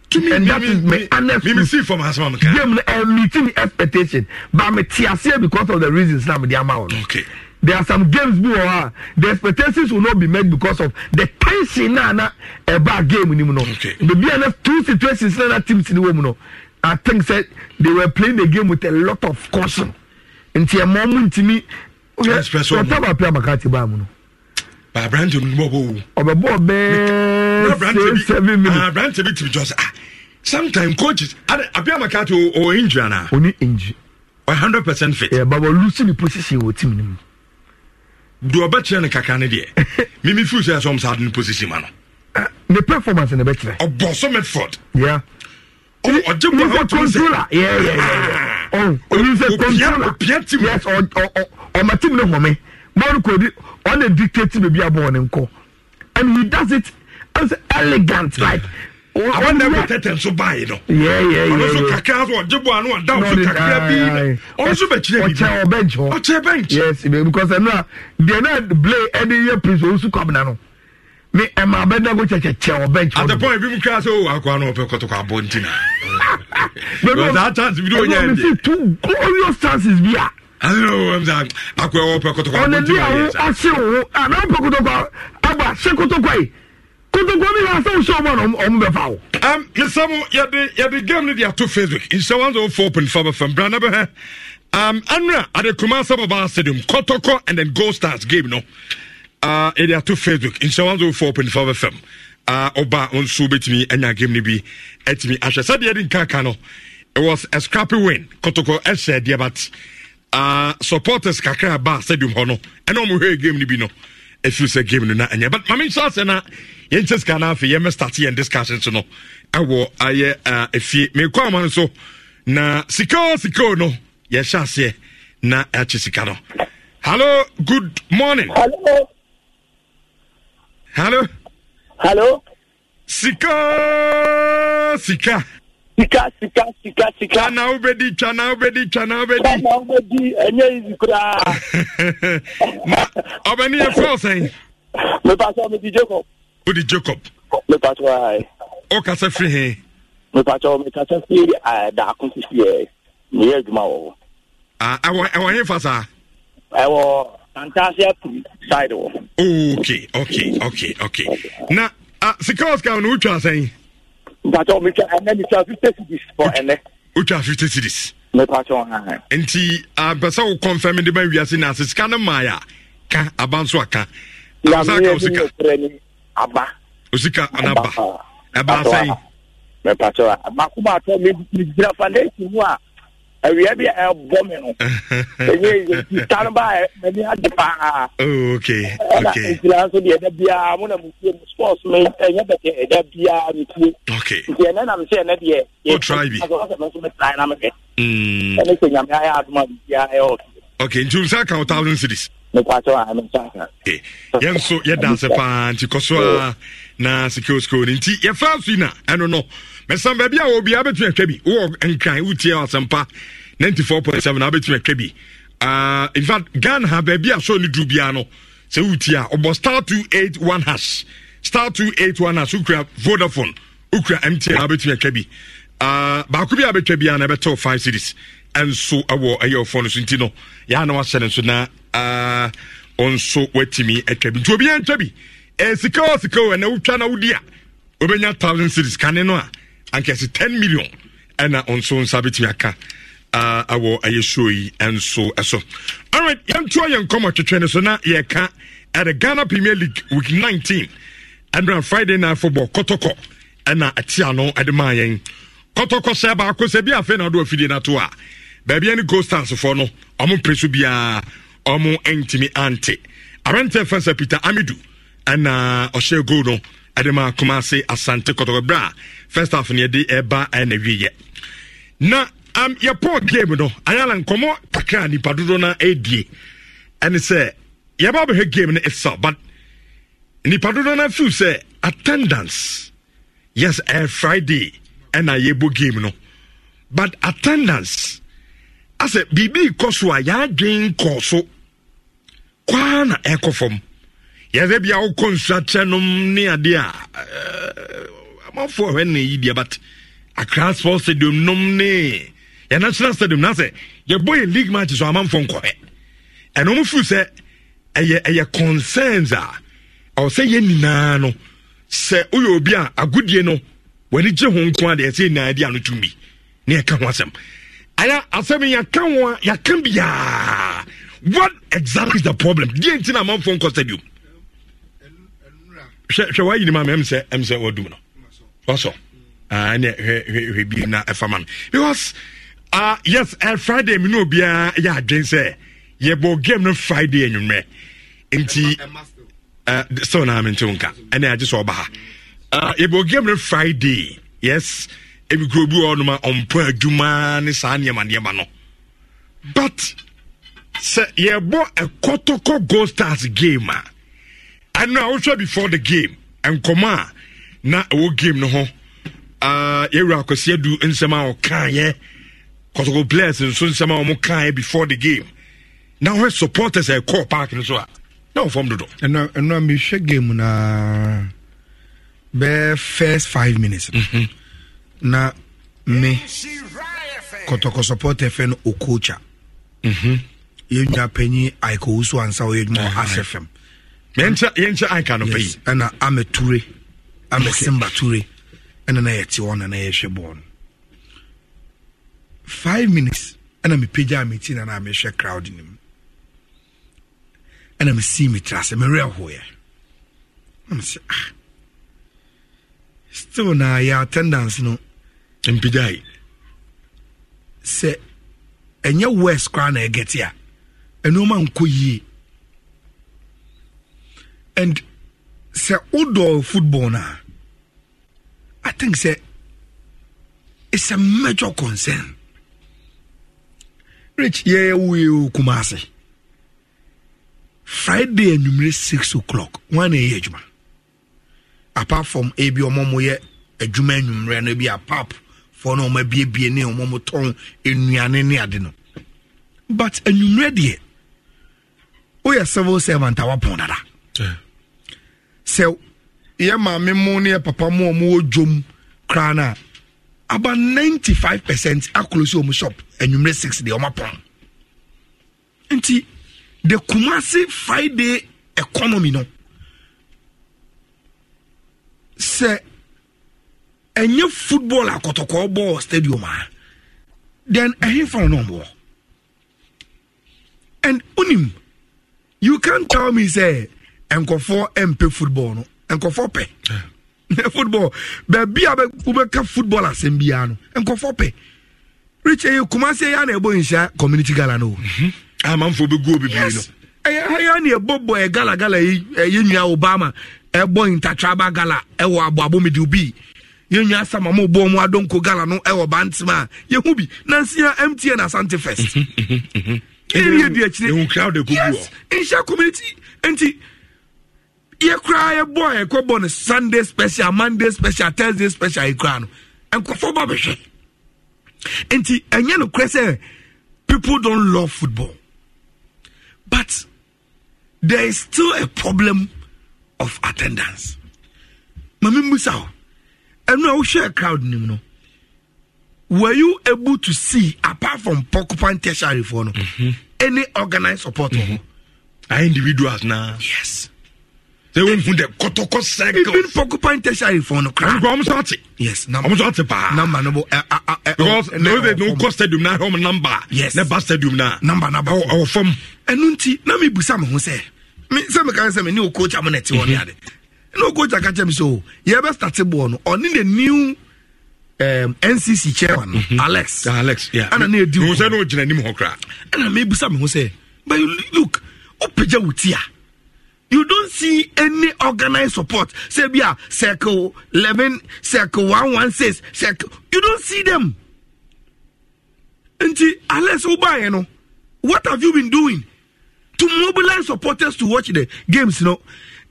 Tumi and that mi, is my honest mi, mi, see from asma mi game na ɛ mi ti expectation but mi ti ase because of the reasons na mi di ama okay there are some games bi wɔ hɔ the expectations will not be met because of the tension na na ɛba game ni mu no beebi a na two situations na na teams ni wɔ mu no i think say they were playing the game with a lot of caution nti ɛmɔ mu ntumi ɔtá bá pẹ́ àmàkàtì bá mu no. aberante mu bɔ bɔwɔ. ɔbɛbɔ bɛɛ seven minutes. Ah, aberante bi tìbi jɔ sɛ ah sometimes coaches abia àmàkàtì o o injury ana. o ni injury. one hundred percent fit. ɛ baba lusi ni position wo team ni mu deɛ ɔbɛkyerɛ no kakra no deɛ (laughs) mimi firi sɛ ɛsɛ ɔm saa de no posisi ma no ne performance na bɛkyerɛ ɔbɔ so medford ɔgye (laughs) bɔopia tim ɔma tim no home mɔno kɔdi ɔna dictate baabi abɔɔ ne nkɔ and he does it as elegant like abanda protected nso bae no ɔno nso kakra so ɔgye boa no ɔda so kakra bi no ɔno nso bɛkyerɛ bi ɔkyɛ bench hɔ ɔkyɛ bench yes baby, because ɛno a deɛ na blay ɛde yɛ prince ɔnsu kwabena no ne ɛma abɛda ko kyɛkyɛkyɛ wɔ bench hɔ at the point bi mu kra sɛ o akɔ ano ɔpɛ kɔtɔ kɔ abɔ nti na (laughs) bɛbi ɔsaa chance bi de ɔnyɛ ɛdeɛ two glorious chances bi a akɔ ɛwɔ pɛ kɔtɔ kɔ abɔ nti na ɔnyɛ saa ɔnadi awo ase wo a na ɔpɛ kɔtɔ kɔ aba se kɔtɔ kɔ yi kotokomi yà sẹ ọsẹ ọmọ náà ọmọ bẹ fa o. ẹm yẹsẹmu yẹdi four point five fm brana bɛ hɛ um, anra ade kumasa baba stadium kɔtɔkɔ and then gold stars game no uh, ah, yɛde ato facebook nhyɛ one zero four point five fm ɔba ah, uh, nso bɛtumi anya game no bi atumi ahwɛ sɛdeɛ yɛde nkanka it was a scrappy win kɔtɔkɔ ɛhyɛ but uh, supporters kakra ba stadium hɔ no ɛna ɔmo hwɛ game no bi no ɛfiri sɛ game no na ɛnyɛ but maame nhyɛ ase na yɛnkyɛ sika no afei yɛmɛ start yɛn discussion so no ɛwɔ ayɛ efie mekɔ ama no so na sika o sika o no yɛhyɛ aseɛ na ɛkye sika no hello good morning hello hello hello sika sika sika sika sika sika twa na wobɛdi twa na wobɛdi twa na wobɛdi twa na wobɛdi ɛnyɛ easy koraa (laughs) na ɔbɛni yɛ fɛl sɛn mepasɛ medi jacob wode jacob mepatɔ wokasa firi he mepatɔ mekasa firi daako sisiɛ meyɛ adwuma wɔ hɔ ɛwɔ he fa saa ɛwɔ antaseɛ pum side wɔ ok ok ok ok na uh, sika oscar no wotwa asɛn mepatɔ metwa ɛnɛ metwa 50 cities fɔ ɛnɛ wotwa 50 cities mepatɔ ha nti ampɛ sɛ wo confirm de ba wiase na ase sika no maayɛ a ka aba nso aka abasa ka wo sika aba osika anaba ɛba asɛn mɛpatɔ a baako baatɔ mi mi gyina foundation mu a awia bi ɛbɔ mi no ɛnyɛ sika no ba mɛni adi paa ok ok ɛna nsira nso deɛ ɛda biara mo na mo tie mo sports mi ɛnyɛ bɛtɛ ɛda biara mi tie ok nti ɛnɛ nam sɛ ɛnɛ deɛ o try bi ɛnɛ sɛ ɛnɛ try na mi kɛ ɛnɛ sɛ nyamea yɛ aduma bi biara ɛyɛ ɔkè ok nti o nsa kan o thousand series. Eh, yɛn nso yɛda ase paa nti kɔ so a na sikio sikio no nti yɛfa so yi na ɛno no mɛsan baabi a obiara bɛtumi atwa bi wowɔ nkran wotie asɛmpa 94.7 na wobɛtumi atwa bi ah, in fact ghana ha baabi a sɛ ne duru biara no sɛ wotie a ɔbɔ star 281 hash star 281 hash wokura vodafone wokura mtn na wobɛtumi atwa bi ah, baako bi a bɛtwa biara na ɛbɛtɛw 5 series ɛnso ɛwɔ ɛyɛ ɔfɔ no so nti no yɛa na wahyɛ no nso na a ɔnso watumi atwa bi nti obiara ntwa bi sika wɔ sika wɔ na wotwa na wodi a wobɛnya thousand series kane no a ankɛse ten million ɛna ɔnso nsa bɛtumi aka awɔ ɛyɛ show yi nso so alright yɛntoa yɛn nkɔmmɔ twetwe no so na yɛka ɛde ghana premier league week 19 ɛnra friday night football kɔtɔkɔ ɛna ɛte ano ɛde maa yɛn kɔtɔkɔ sɛ baako sɛ bi afei na ɔde afidie no ato a baabi ne gold stars foɔ no ɔmo pere so biara ɔmo ntumi ante aberanteɛ fɛn sɛ peter amidu ɛna ɔhyɛ goal no ɛde ma kumase asante kɔtɔkɔ bra first half no yɛde ɛba ɛna wiyɛ na um, yɛpɔɔ game no ayala nkɔmmɔ kakra nipa dodoɔ no ɛdie ɛne sɛ yɛba bɛhwɛ game no itself but nipa dodoɔ no afiw sɛ attendance yes ɛyɛ friday ɛna yɛbɔ game no but attendance asɛ biribi kɔ so a yɛadwen kɔɔ so kwaa na ɛkɔ fam yɛsɛ bia wokɔ nsuakyerɛ nom ne adeɛ a amanfoɔ ɛhɔ ne yi deɛ but akra sport stadium nom ne yɛ national stadium na sɛ yɛbɔ yɛ league match so amanfoɔ nkɔhɛ ɛno mo firi sɛ ɛyɛ ɛyɛ concerns a ɔwɔ sɛ yɛ nyinaa no sɛ woyɛ obi a agodie no w'ani gye ho nko a deɛ ɛsɛ nyinaa di ano tumi ne yɛka ho asɛm ɛyɛ asɛm yɛka ho a yɛka biaa what exactly is the problem deɛ nti na amanfoɔ nkɔ stadium hwɛ hwɛ wayi ni ma mɛ sɛ ɛm sɛ ɔdum no ɔsɔ ɛnɛ hwɛ hwɛ hwɛ bi na ɛfa ma no because ah uh, yes uh, friday mi na obiara yɛ adwen sɛ yɛbɔ game no friday anwummerɛ eh, nti ɛɛ eh, still na mi nti nka ɛnɛ agye sɛ ɔba ha ɛɛ yɛbɔ game no friday yes ebi kuro bi wɔ hɔ nom a ɔmpɔ adwuma ne saa nneɛma nneɛma no but sɛ yɛbɔ ɛkɔtɔkɔ gold stars game a ɛno a wohwɛ before the game nkɔmɔ a na ɛwɔ game no ho uh, yɛwura akɔsi adu nsɛm a ɔkaeɛ kɔtɔkɔ players nso nsɛm a wɔn kaeɛ before the game na wɔn supporters a ɛkɔɔ park no so a na wɔn fam dodo. ɛnna ɛnna mehwɛ game na bɛɛ first five minutes mm -hmm. na me kɔtɔkɔ supporter fɛ no okocha. Mm -hmm yɛnwa panyi aiko so ansa ɔyɛ adwuma wɔ ahyɛ fam yɛnkyɛ aika no pɛyi ɛna ama ture ama simba ture ɛna na yɛte hɔ na na yɛhwɛ bɔɔl no five minutes ɛna mepagya a meti na na mehwɛ crowd no mu ɛna mesii me tra sɛ merɛhoeɛ na mesɛ ah. still na yɛ attendance no mpagyae sɛ ɛnyɛ west koraa na ɛgɛte a nneɛma nkɔ yie and sɛ wodɔ football no a i think sɛ it's a major concern rich yɛyɛ woyɛ kuma ase friday anwummere six o'clock wọn na ɛyɛ adwuma apart from ebi ɔmo mo yɛ adwuma anwummere no bi apap fo na ɔmo abiebie ne ɔmo mo tɔn nnuane ne ade no but anwummere deɛ woyɛ civil servant a wapɔn dada sɛ yɛ maame mu ne yɛ papa mu a wɔwɔ dwom koraa no a aba 95 percent akolosi wɔn shop anwummerɛ six deɛ wɔapɔn nti the kumasi friday economy no sɛ ɛnyɛ football akɔtɔkɔɔ bɔɔ stadium a then ɛhefa no na ɔmwɔ and wonim you can't tell me sɛ nkɔfoɔ mpɛ football no nkɔfoɔ pɛ (laughs) football baabi a wobɛka football asɛm biara no nkɔfoɔ pɛ rich ɛyɛ kumase yɛ ana ɛbɔ nhyia community gala no mm-hmm. amanfoɔ ah, bɛguo bebree no ɛyɛ eh, ha yɛ ana ɛbɔ bɔ ɛ gala gala ɛyɛ eh, nua obama ɛbɔ eh, ntatraba gala ɛwɔ aboabo mede bi yɛnua asam ama ɔbɔ mu adonko gala no ɛwɔ bantam a yɛhu bi nansia mtn asante first mm-hmm, mm-hmm, ɛnneɛ di akyire yes nhyɛ community nti yɛkora yɛbɔ a yɛkɔbɔ no sunday special monday special thursday special yɛkora no nkɔfɔ ba bɛhwɛ nti ɛnyɛ no korɛ sɛ people don't love football but there is still a problem of attendance Mamimusa, mbusa o ɛnu a wohyɛ crowd nim no were you able to see apart from porcupine tertiary for no mm-hmm. any organized support mm-hmm. are individuals now yes they won't put the kotoko circle even porcupine tertiary for no crap i'm sorry yes number i'm sorry pa number no uh, uh, uh, because uh, no they eh, no stadium na home number yes na bus stadium na number na ba our form enu nti na me busa me ho se me se me kan se me ni o coach am na ti won ya de no coach aka so ye be start ball no oni the new um, ncc chairman mm-hmm. alex ah, alex yeah ɛna ne edi wɔn sɛ ne ogyina anim hɔ kora ɛna mɛ ebusa mi ho sɛ but you look o pagya wo ti a you don't see any organized support say bi a circle eleven circle one one six circle you don't see them nti alex o baa yɛ no what have you been doing to mobilize supporters to watch the games you no. Know?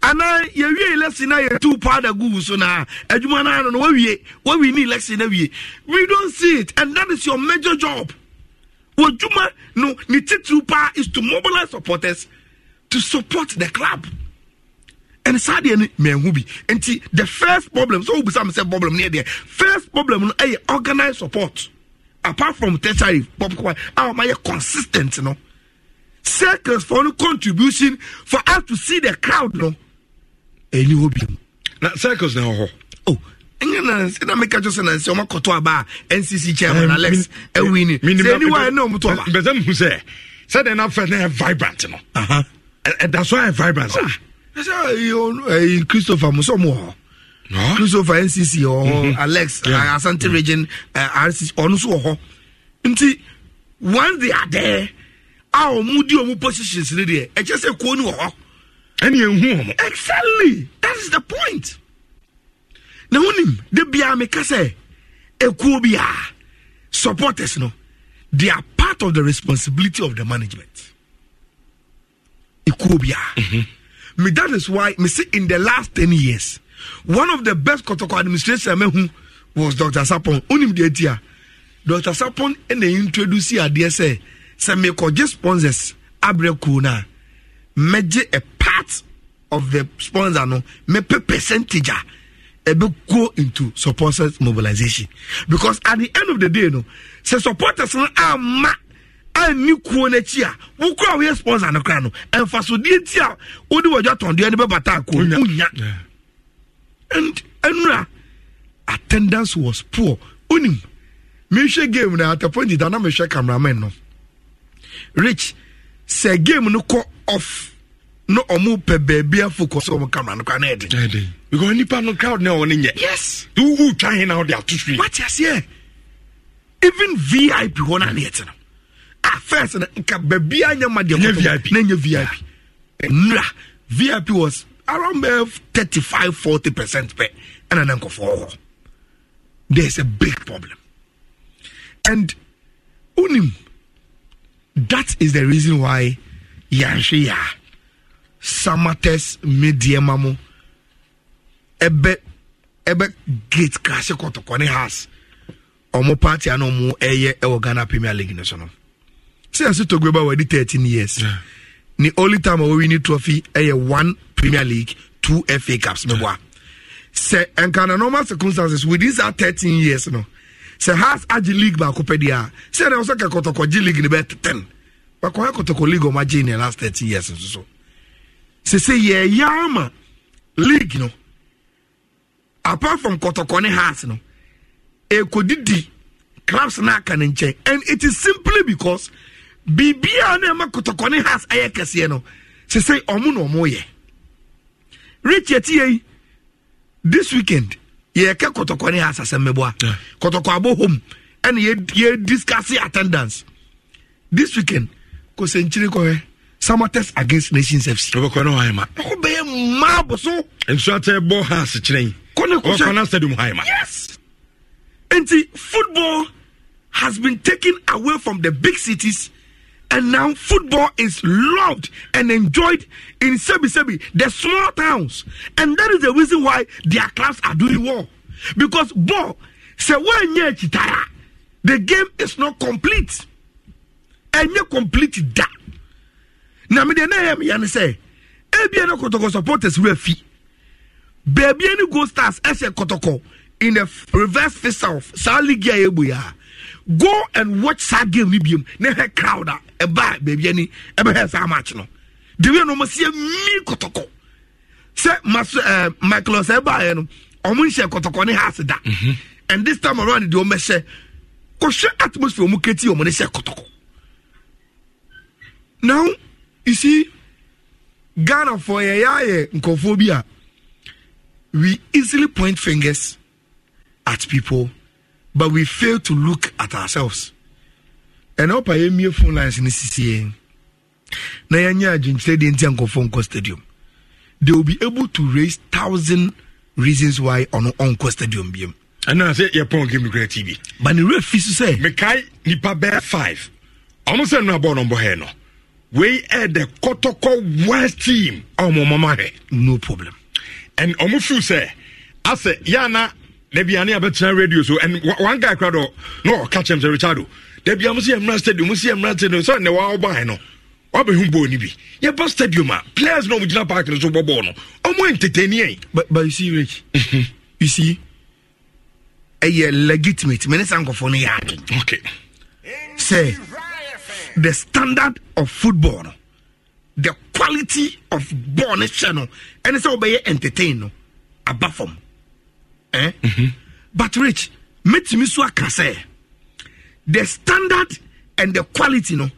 anaa yɛwie election na yɛtu powder gu so na adwuma no ano no wawie wawie ne election na wie we don't see it and that is your major job wɔdwuma no ne titiri paa is to mobilize supporters to support the club and sadeɛ no mɛnhu bi nti the first problem so wobisa me sɛ problem ne ɛdeɛ first problem no ɛyɛ organized support apart from tertiary popcorn a wɔmayɛ consistent no circles for contribution for us to see the crowd no ɛni hɔ bi. na circles na wɔ hɔ. o oh. ɛnyɛ na sɛ na meka kyerɛ sɛ na nsɛ ɔma kɔtɔ aba ncc chairman eh, alex ɛwi ni sɛ ɛni wa ɛna ɔmo tɔ aba. bɛsɛ muhu sɛ sɛdeɛ na fɛ na yɛ vibrant no ɛda so ayɛ vibrant a. Oh. ɛsɛ ɛyi eh, eh, christopher muso mu wɔ hɔ christopher ncc wɔ mhm. alex asante mm. region rcc ɔno so wɔ hɔ nti once they are there a ɔmo di ɔmo positions ni deɛ ɛkyɛ sɛ kuo ni wɔ hɔ ɛne ɛnhu wɔn. exactly that is the point na wonim de bia meka sɛ ekuo bia supporters no they are part of the responsibility of the management ekuo bia mm-hmm. me that is why me say in the last ten years one of the best kotoko administration mehu was dr sapon onim de etia dr sapon ɛna introduce adeɛ sɛ sɛ mekɔgye sponsors abrɛ kuo no a mɛgye part of the sponsor no mepe percentage a ebe go into supporters mobilization because at the end of the day no sɛ supporters no ama anni kuo n'akyi a wokura woyɛ sponsor no kora no ɛmfasodeɛ ti a wode wɔdwa tɔndeɛ no bɛbata akoo wonya and ɛnura attendance was poor onim mehwɛ game no at a point da na mehwɛ cameraman no rich sɛ game no kɔ off na ɔmo pɛ baabi afokɔ sɛ ɔmo camera no kora na ɛden because nipa no crowd na ɔwɔ ne nyɛ yes wowu twa he na ɔde ato hwee wate aseɛ even vip hɔ na ane ɛte no a first na nka baabi anyɛ ma deɛ na nyɛ vip nnura vip was around bɛ five forty percent pɛ ɛna na nkɔfoɔ hɔ there is a big problem and unim that is the reason why yɛanhwe yɛa samates mediema mu ɛbɛ ɛbɛ gate krashe kɔtɔkɔne house ɔmo party a na ɔmo ɛyɛ ɛwɔ ghana premier league ne so no sɛ ɛsɛ togbe ba wɔde thirteen years Ni only time a wɔwi ni trophy ɛyɛ one premier league two fa caps mɛ bɔ a sɛ nkana normal circumstances within saa thirteen years no sɛ house agye league baako pɛ deɛ a sɛ ɛna wɔsɛ kɛ kɔtɔkɔ gye league ne bɛ ten wakɔyɛ kɔtɔkɔ league ɔmo agye in the last thirteen years nso so sese yɛɛyɛ ama league no apart from kɔtɔkɔ ne hearts no ekodidi clubs na aka ne nkyɛn and it is simply because biribiara na ɛma kɔtɔkɔ ne hearts ɛyɛ kɛseɛ no sese ɔmo na ɔmo yɛ rich yɛti yɛ yi this weekend yɛɛkɛ kɔtɔkɔ ne hearts asɛmɛboa kɔtɔkɔ abɔ home ɛna yɛ yɛ discuss attendance this weekend kɔsɛnkyiri kɔhɛ saboteurs against nations fc. ọkọ náà wàá ma. ọkọ bẹẹ máa bọ so. nsuatẹ bọ ha asikyerẹ yin. kọ́ni kò sẹ́ ọkọ náà stadium ha ma. yes nti football has been taken away from the big cities and now football is loved and enjoyed in Sebi Sebi, the small towns. And that is the reason why their clubs are doing well. Because ball, se the game is not complete. And you complete that na mede na ɛyɛ meyɛ ne sɛ ebia no kɔtɔkɔ supporters wura fi baabia ne gold stars ɛhyɛ kɔtɔkɔ in the reverse face off saa league a yɛbu yɛ a go and watch saa game no biom na hɛ crowd a ɛba baabia ni ɛbɛhɛ saa match no de wei no ɔmasiɛ mi kɔtɔkɔ sɛ mas ɛɛ michael ɔsɛ ɛbaayɛ no ɔmo nhyɛ kɔtɔkɔ ne haase da mhm. and this time around deɛ ɔmɛhyɛ kɔhwɛ atmosphere ɔmo keti ɔmo ne hyɛ kɔtɔkɔ now you see ghana for yɛyɛ ayɛ nkɔfoɔ bi a we easily point fingers at people but we fail to look at ourselves ɛna ɔpa yɛmmie phone lines no sisie na yɛnyɛ adwenkyerɛ deɛ nti a nkɔfoɔ nkɔ stadium they will be able to raise thousand reasons why ɔno ɔnkɔ stadium biam ɛna sɛ yɛpɔn game no kura tv but ne werɛ fi so sɛ mekae nipa bɛɛ five ɔno sɛ no abɔɔ no mbɔhɛ no wei yɛ the kɔtɔkɔ west team a ah, wɔn mama hɛ. no problem. and wɔn feel sɛ asɛ yana dabi ani abɛtena radio so and one guy kura dɔ oh, no, ɔka kyɛm sɛ richardo dabi amu si emira stadium mu si emira stadium sɛ ne wa ɔba yɛn no wabɛhu bɔɔl ni bi yɛba stadium a ah, players na wɔn gyina park no so bɔ bɔɔl no wɔn entertain yɛn. Eh. but but you see rich mm-hmm. you see ɛyɛ eh, legitimate mɛ ne sa nkɔfɔ ne yɛ adi. okay. sɛ the standard of football no the quality of ball no hyɛ no ɛne sɛ wobɛyɛ entertain no aba fam eh? mm-hmm. but rich mɛtumi so aka sɛ the standard and the quality no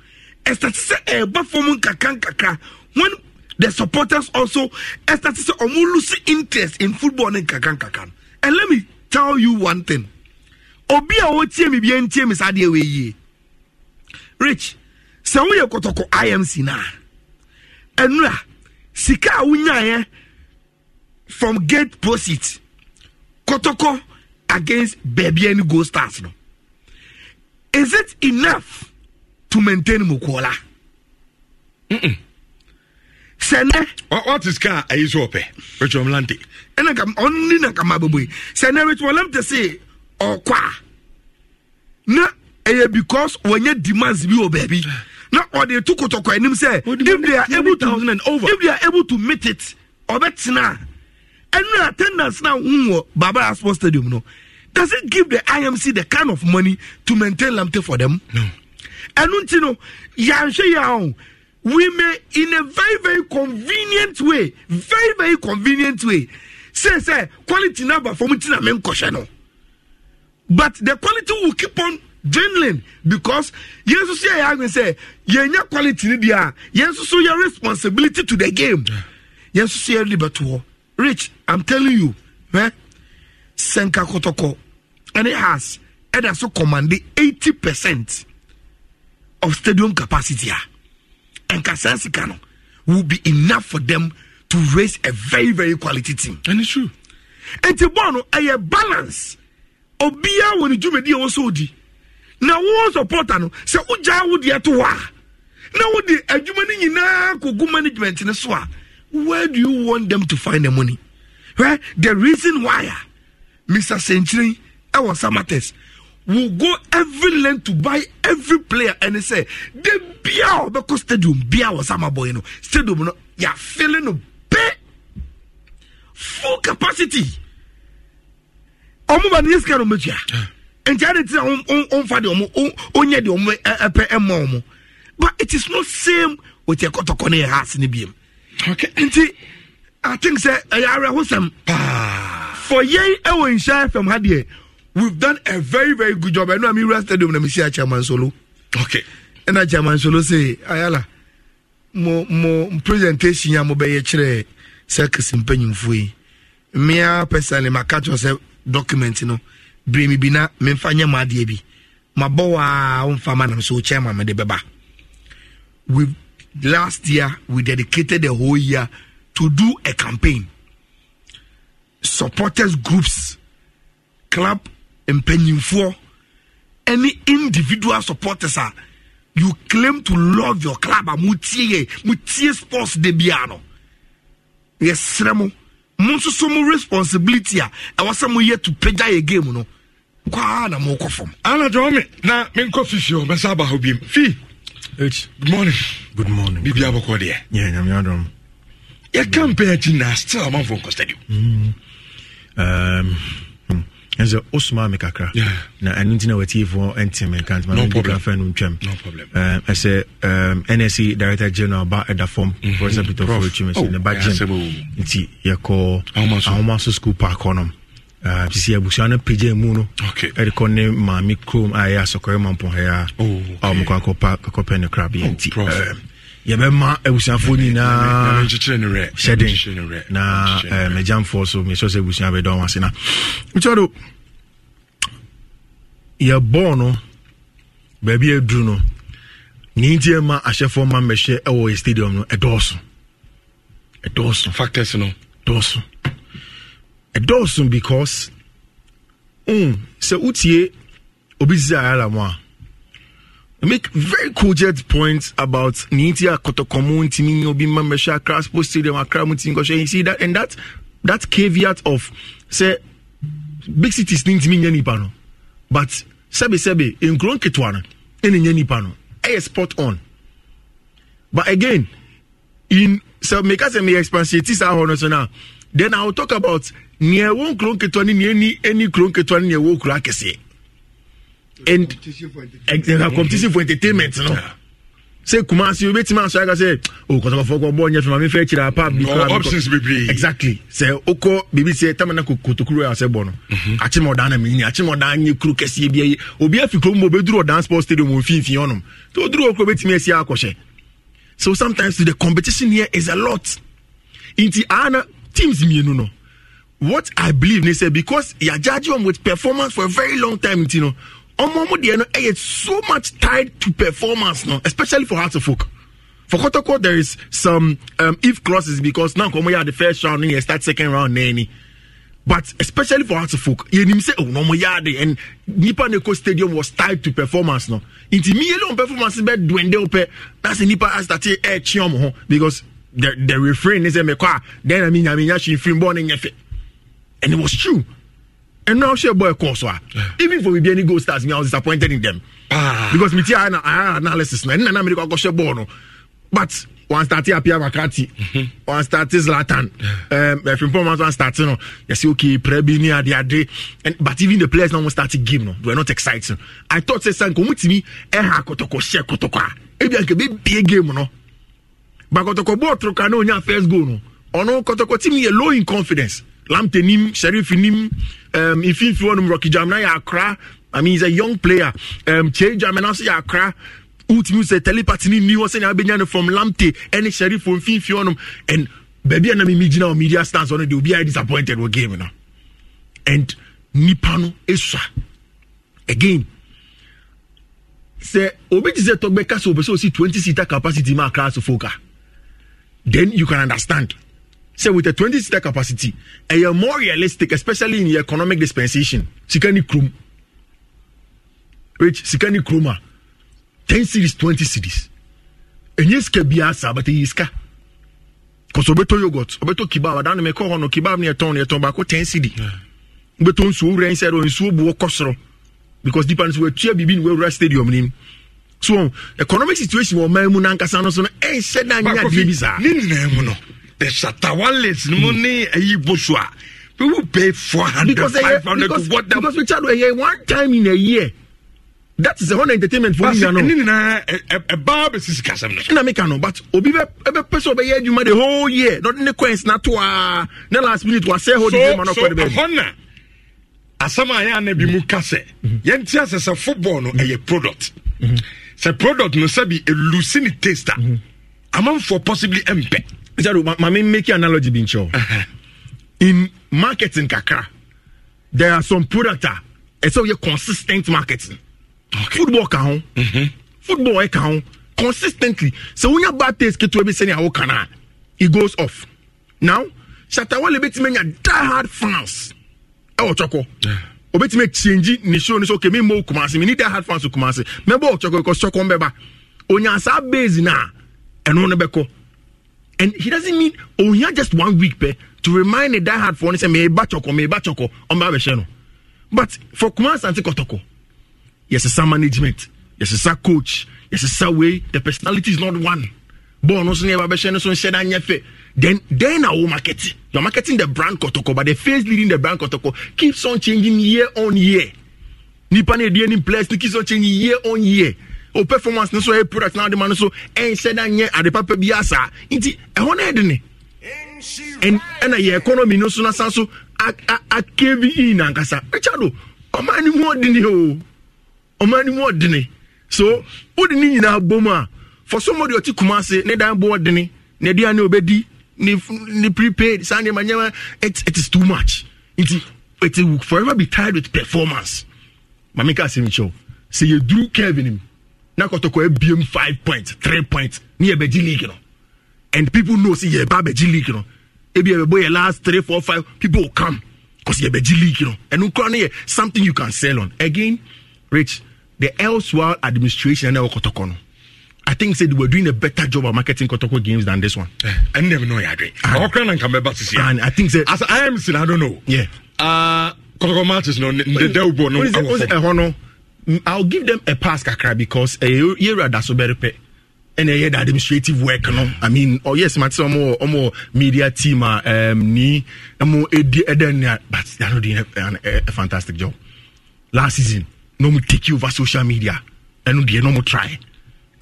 ɛstate sɛ ɛɛba fam nkakrankakra when the supporters also ɛstate sɛ ɔmo lose interest in football no nkakrankakra no and let me tell you one thing obi a wɔtie me bia ntie me saa deɛ wɔyie rich sɛ woyɛ kɔtɔkɔ imc no a ɛno a sika a wonyaeɛ from gate proceed kɔtɔkɔ against baabia ne gold stars no is it enough to maintain mukuola sɛ nɛ ɔte sika a ayi so ɔpɛ rachel mlante ɛna ka ɔne na kama bɛbɔ yi sɛ nɛ rachel mlante se ɔkɔ a na ɛyɛ because wɔnyɛ demands bi wɔ baabi eh na ɔde tu kotɔkɔ anim sɛ if they are able to and over if they are able to meet it ɔbɛtena ɛnu attendance na hun wɔ babara sports stadium no does it give the imc the kind of money to maintain lamte for them. No. ɛnu ti no yanhwɛ yi ahun we may in a very very convenient way very very convenient way say say quality number for me ti na me nkɔhwɛ no but the quality will keep on genuine because yẹn soso yẹ yàgbẹ sẹ yẹn nya quality ni di a yẹn soso yẹ responsibility to the game yẹn soso yẹ de bẹto hɔ rich i'm telling you hɛ eh? sɛnka kɔtɔkɔ ɛne has ɛda so commande eighty percent of stadium capacity a nkasa sika no will be enough for them to raise a very very quality team. ɛni true. eti bɔɔlu ɛyɛ balance obiara wɔ ne dwumadie wɔn so di na wɔn supporter no sɛ wogya wodeɛ to hɔ a na wode adwuma no nyinaa kɔgu management no so a where do you want them to find the money well, the reason why mr senkyiri ɛwɔ samates will go every length to buy every player and say de bia ɔbɛkɔ stadium bia wɔ sama bɔ no stadium no yà fili no pɛ full capacity ɔmo ba ni yɛ sika na ɔmo tia nti ti na ɔnfa de ɔmo ɔnyɛ de ɔmo ɛpɛ ɛma ɔmo but it is not same with yɛ kɔtɔkɔ ne yɛ house ne biem okay nti i think sɛ ɛyɛ e, awerɛhosɛm paa for yɛn ɛwɔ e, nhyɛn fam ha deɛ we've done a very very good job ɛnu ami stadium na mi si akyɛnman solo okay ɛna akyɛnman solo se ayala mo mo presentation a mo bɛyɛ kyerɛ circus mpanyinfoɔ yi mmea personally ma catch us document you Know, bremi bi na memfa nyɛ ma adeɛ bi mabɔ waa womfa ma nam so wokyɛn ma mede bɛba we last year we dedicated the whole year to do a campaign supporters groups club mpanyinfoɔ any individual supporters a ah, you claim to love your club a ah, motie yɛ motie sports de bia no yɛsrɛ mo yes, mo nso responsibility a ɛwɔ sɛ mo yɛ to pagya yɛ game no kwaa na mo kɔ fam. anadwo na mi nkɔ fifi o mɛsa aba hɔ biem fi. h good morning. good morning. bibi abɔkɔ deɛ. yɛ nyame adɔm. yɛ campaign akyi na still amanfo nkɔ stadium. Mm-hmm. Um, ɛnsɛ wosoma me kakra na ɛno nti na watiefoɔ nte me nka ntimamekrafa no ntwam ɛsɛ nsc director general ba ɛda fam professor peter fortumi sɛ ne ba gyen nti yɛkɔ ahoma so school park hɔnom sisi uh, abusua no pagya mu no ɛde kɔ ne maame kurom a ɛyɛ asɔkɔɛ ma mpɔhɛ a ɔmokɔ akɔpɛ ne krabeɛ eh, nti yɛbɛma abusuafoɔ nyinaa hyɛden na magyamfoɔ so mesɛ sɛ abusua bɛdɔ wase na mekyɛ do yɛbɔɔ no baabi aduru no ne nti ma ahyɛfoɔ ma mmɛhyɛ ɛwɔ yɛ stadium no ɛdɔɔso ɛdɔɔso factors no dɔɔso ɛdɔɔso because mm, sɛ wotie obi sisi ayala mu a make very cogent point about ne nti a kɔtɔkɔmɔ ntumi nye obi ma mmɛhyɛ akra sports stadium akra mu ti nkɔhyɛ you see that and that that caveat of sɛ big cities ne ntumi nye nipa no but sebi nkuro nketewa no ɛne nya nipa no ɛyɛ spot on but again in sɛ meka sɛ meyɛ expansiati saa hɔ no so no then i will talk about nea ɛwɔ nkuro nketewa no nea ɛni ɛni kuro nketewa no nea ɛwɔ kuro akɛseɛ and competition for entertainment no. Yeah sɛ kumase wobɛtumi asɔ aka sɛ kɔsɔkɔfoɔ kɔ bɔɔ nyɛ fɛ ma mefɛ kyerɛ apa bi exactly sɛ wokɔ biribi sɛ tama na kotokuro a sɛ bɔ no mm-hmm. akyema ɔdan na menyini akyema ɔdan nyɛ kuro kɛseɛ bia yi obi afi kurom bɔ bɛduru ɔdan sport stadium wɔ mfimfini hɔnom nti ɔduru wɔ kuro bɛtumi asi akɔhyɛ so sometimes the competition here is a lot nti ana teams mmienu no what i believe ne sɛ because yɛagyagye wɔm with performance for a very long time nti you no know, ọmọ ọmọ deɛ no ɛyɛ so much tied to performance no especially for heart of folk for kotoko there is some um, if clauses because now nkɔmɔ yɛ adi first round yɛ start second round nɛɛni but especially for heart of folk yɛ nim sɛ ɔmɔ ɔmɔ yɛ adi and nipa Neko stadium was tied to performance no nti mi on lɛ performance bɛ duende pɛ na se nipa asitati ɛɛkyi ɔmɔ ho because the the refrain ne sɛ mɛ kɔ a then na mi nya mi nya si nfin bɔ ne nyɛ fɛ and it was true and now she boy Koswa. Even for Bibi any gold stars, me I was disappointed in them. Ah. Because me tia na analysis man in America go she ball no. But one start here Pierre Makati, one start Zlatan. Um Frimpong one start no. You see okay Prebi ni ade ade and but even the players now won't start game no. We're not excited I thought say Sanko mutimi e eh, ha kotoko she kotoko. Ebi anke be big game no. but kotoko ball through kan no nya first goal no. Ono oh, kotoko team ye low in confidence. Lamptey nim Sheriff nim um, mfimfini hɔnom Rocky Jamina yɛ Accra I mean he's a young player um, Thierry Jamina nso yɛ Accra wotumi sɛ telepathy ni ni hɔ sɛnea wobɛnya from Lamte. ɛne Sheriff mfimfini hɔnom and baabi a na mi gyina wɔ media stance ɔno de obiara disappointed wɔ game na. and nipa no esua again sɛ obi ti sɛ tɔgbɛ kasa obi sɛ osi twenty seater capacity ma akra asofo ka then you can understand say with a 20 seater capacity ɛyɛ more realistic especially in the economic dispensation sika krum, which sika kruma, 10 cities, 20 cities. ɛnyɛ sika biara saa but ɛyɛ sika kɔsɔ obeto yogurt ɔbɛtɔ kebab adan mi kɔ no kebab ni ɛtɔn ni ɛtɔn baako 10 city. Obeto nsuo wura nsɛ do oh, nsuo buwɔ kɔ because nipa nso wɔatua biribi ni wɔawura stadium nim so economic situation wɔ ɔman mu nankasa no so no ɛnhyɛ dan nyɛ adeɛ bi saa ne nyinaa mu no the shatawales ni mo hmm. ní ẹyí bóṣù a we will pay four hundred five hundred to what them. because richard oye one time in a year that is a whole entertainment for you now. ẹni nina ẹba bẹ sisi kasam na. ẹna mi ka no but obi bẹ ẹbẹ pẹ sọ bẹ yẹ adwuma the whole year na ọdún ní coins na to a uh, na last minute wa sẹ hold the game and ọkọ de bẹ. so so ọhọ na asam a yẹn anabi mu kasẹ mm-hmm. yẹn ti asẹ sẹ football no ẹ yẹ product mm-hmm. sẹ product no sẹbi elusi ni taster mm-hmm. amanfo possibly ẹ mpẹ richard ma, make me analogy bi nkyɛw uh-huh. in marketing kakra there are some product a ɛsɛ woyɛ consistent marketing okay. football ka ho mm-hmm. football ɛka eh, ho consistently sɛ wonya bad taste ketewa bi sɛnea woka no a it goes off now shatawale bɛtumi anya die hard fans ɛwɔ e, twɔkɔ yeah. obetumi change ni show ni so Kemi mo kumase mi ni die hard fans kumase mɛbɔ ɔtwɔkɔ because twɔkɔ mbɛba onyaa saa base na ɛno no bɛkɔ and he doesn't mean oh he had just one week pe to remind the die hard for one say me ba choko me ba choko on ba behwe but for Kumar Asante Kotoko yes it's management yes it's coach yes it's way the personality is not one born also never behwe no so nhyɛ da nyɛ fɛ then then our market you're marketing the brand Kotoko but the face leading the brand Kotoko keeps on changing year on year nipa na edie ni players keeps on changing year on year o oh, performance no so ɛyɛ eh, product na ɔde ma no so ɛnhyɛ eh, da nyɛ ade papa bi asa nti ɛhɔ no ɛde ne ɛna yɛ economy no so na san so akebi na ankasa richard o ɔman ni mu ɔdini o ɔman ni mu ɔdini so wode ne nyinaa bɔ a for somebody ɔte kuma ase ne dan bɔ ɔdini ne aduane obɛdi ne ne prepaid saa nneɛma nneɛma it it is too much nti it will forever be tied with performance maame ka asɛm kyɛw sɛ yɛduru curve no mu na kɔtɔkɔ abiem five point three point ni yɛ bɛgye league no and people know say yɛ ba bɛgye league no ebi yɛ bɛbɔ yɛ last three four five people will come cause yɛ bɛgye league no ɛnu kura no yɛ something you can sell on again rich the elsewhere administration ɛna ɛwɔ kɔtɔkɔ no. I think said we're doing a better job of marketing Kotoko games than this one. I eh, never know Yadre. I can and come And I think said as I am still, I don't know. Yeah. Uh ah, Kotoko matches no the Delbo no. Mm, I'll give them a pass kakra because a eh, year da so bɛrepɛ ɛna ɛyɛ eh, the administrative work no I mean oh yes my mate ɔmo ɔmo media team a ah, um, ni ɛmo edi ɛdɛ nea but they are doing a, a, a fantastic job last season no mo take you over social media and ɛno deɛ eh, no mo try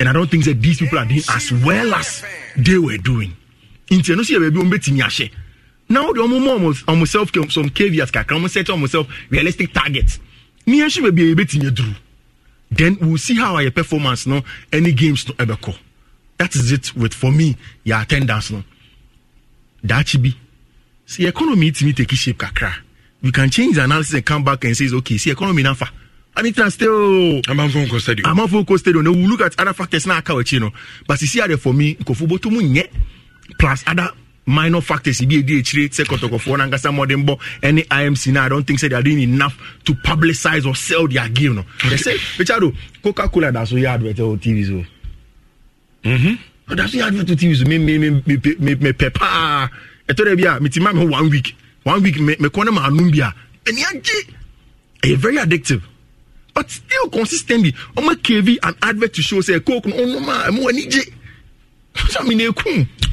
and I don't think that these people are doing as well as they were doing nti no si yɛ umbe wɔn now the ɔmo mɔ ɔmo self some caveats kakra ɔmo set on myself realistic targets near she may a bit in your drew. Then we'll see how our performance no any games no ever call. That is it with for me, your attendance no. That should be. See economy to me take shape kakra. We can change the analysis and come back and say okay, see economy nafa. I mean, still. I'm on phone stadium. I'm on phone stadium. No, we look at other factors now, No, But you see, for me, Kofubo to Munye, plus other minor factors bi edi akyire sɛ kɔtɔkɔfoɔ no ankasa mmɔden bɔ ɛne imc no i don't think sɛ they are doing enough to publicize or sell their game no they yɛ sɛ richardo coca cola da so yɛ advert wɔ tv so mm-hmm. Oh, da so yɛ advert wɔ tv so me me me me me me pɛ paa ɛtɔ dɛ bi a meti ma me ho one week one week me me kɔn ne ma anum bi a ɛni agye ɛyɛ very addictive but still consistently ɔmo kevi an advert to show sɛ coke no ɔnum a ɛmo ani gye ɔmo sɛ mi na ekum. (laughs)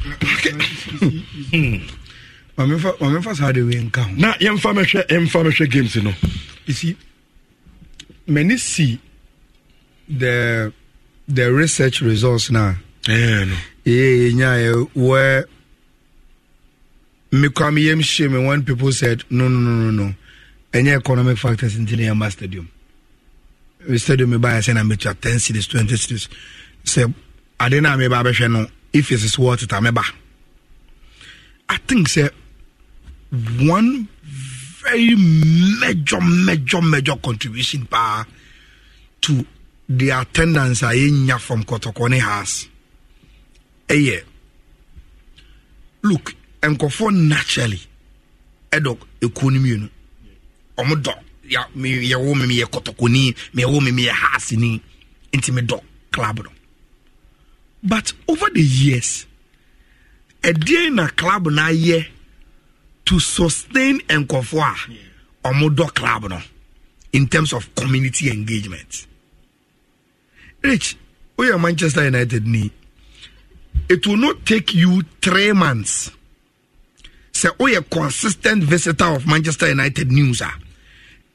mamefa hmm. saa de wei nka ho na yɛmfa mɛhwɛ yɛmfa mɛhwɛ games no ɛsi m'ani si the the research results na yeah, no. yeah, yeah, where me kwame yam shame when people said no no no no no any economic factors in the Yamba stadium the stadium me buy I said I met you 10 cities 20 cities say I didn't know me buy no if it is worth it ameba i think say one very major major major contribution pa to the attendance a yɛnya from kɔtɔkɔne house ɛyɛ eh, look nkɔfoɔ naturally edo ekuo no do mmienu ɔmo dɔ yɛwo me meyɛ kɔtɔkɔni meyɛwo me meyɛ hasi ni inti nti do club no but over the years ɛdeɛ na club na ayɛ to sustain nkɔfoɔ a ɔmo dɔ club no in terms of community engagement rich woyɛ manchester united ni it will not take you three months sɛ woyɛ consistent visitor of manchester united news a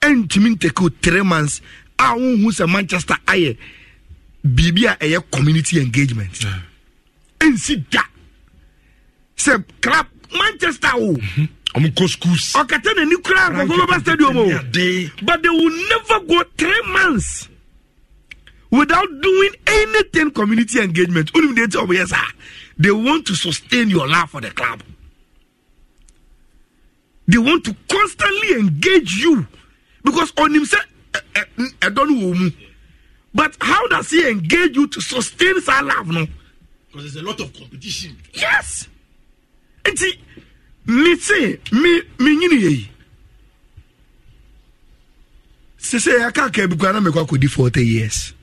ɛntumi ntake you three months a wohu sɛ manchester ayɛ biribi a ɛyɛ community engagement ɛnsi da sɛ club manchester o. Mhm. ɔmu kó schools. ɔkata n'ani kura akɔkɔrɔba stadium o but they will never go three months without doing anything community engagement only they tell me yes sir they want to sustain your love for the club they want to constantly engage you because onim sɛ ɛdɔn wɔ mu but how does he engage you to sustain that love no. because there's a lot of competition. yes nti mi se mi me nyini yɛ yi Se se aka aka ebi kura na mi kɔ akɔdi forty years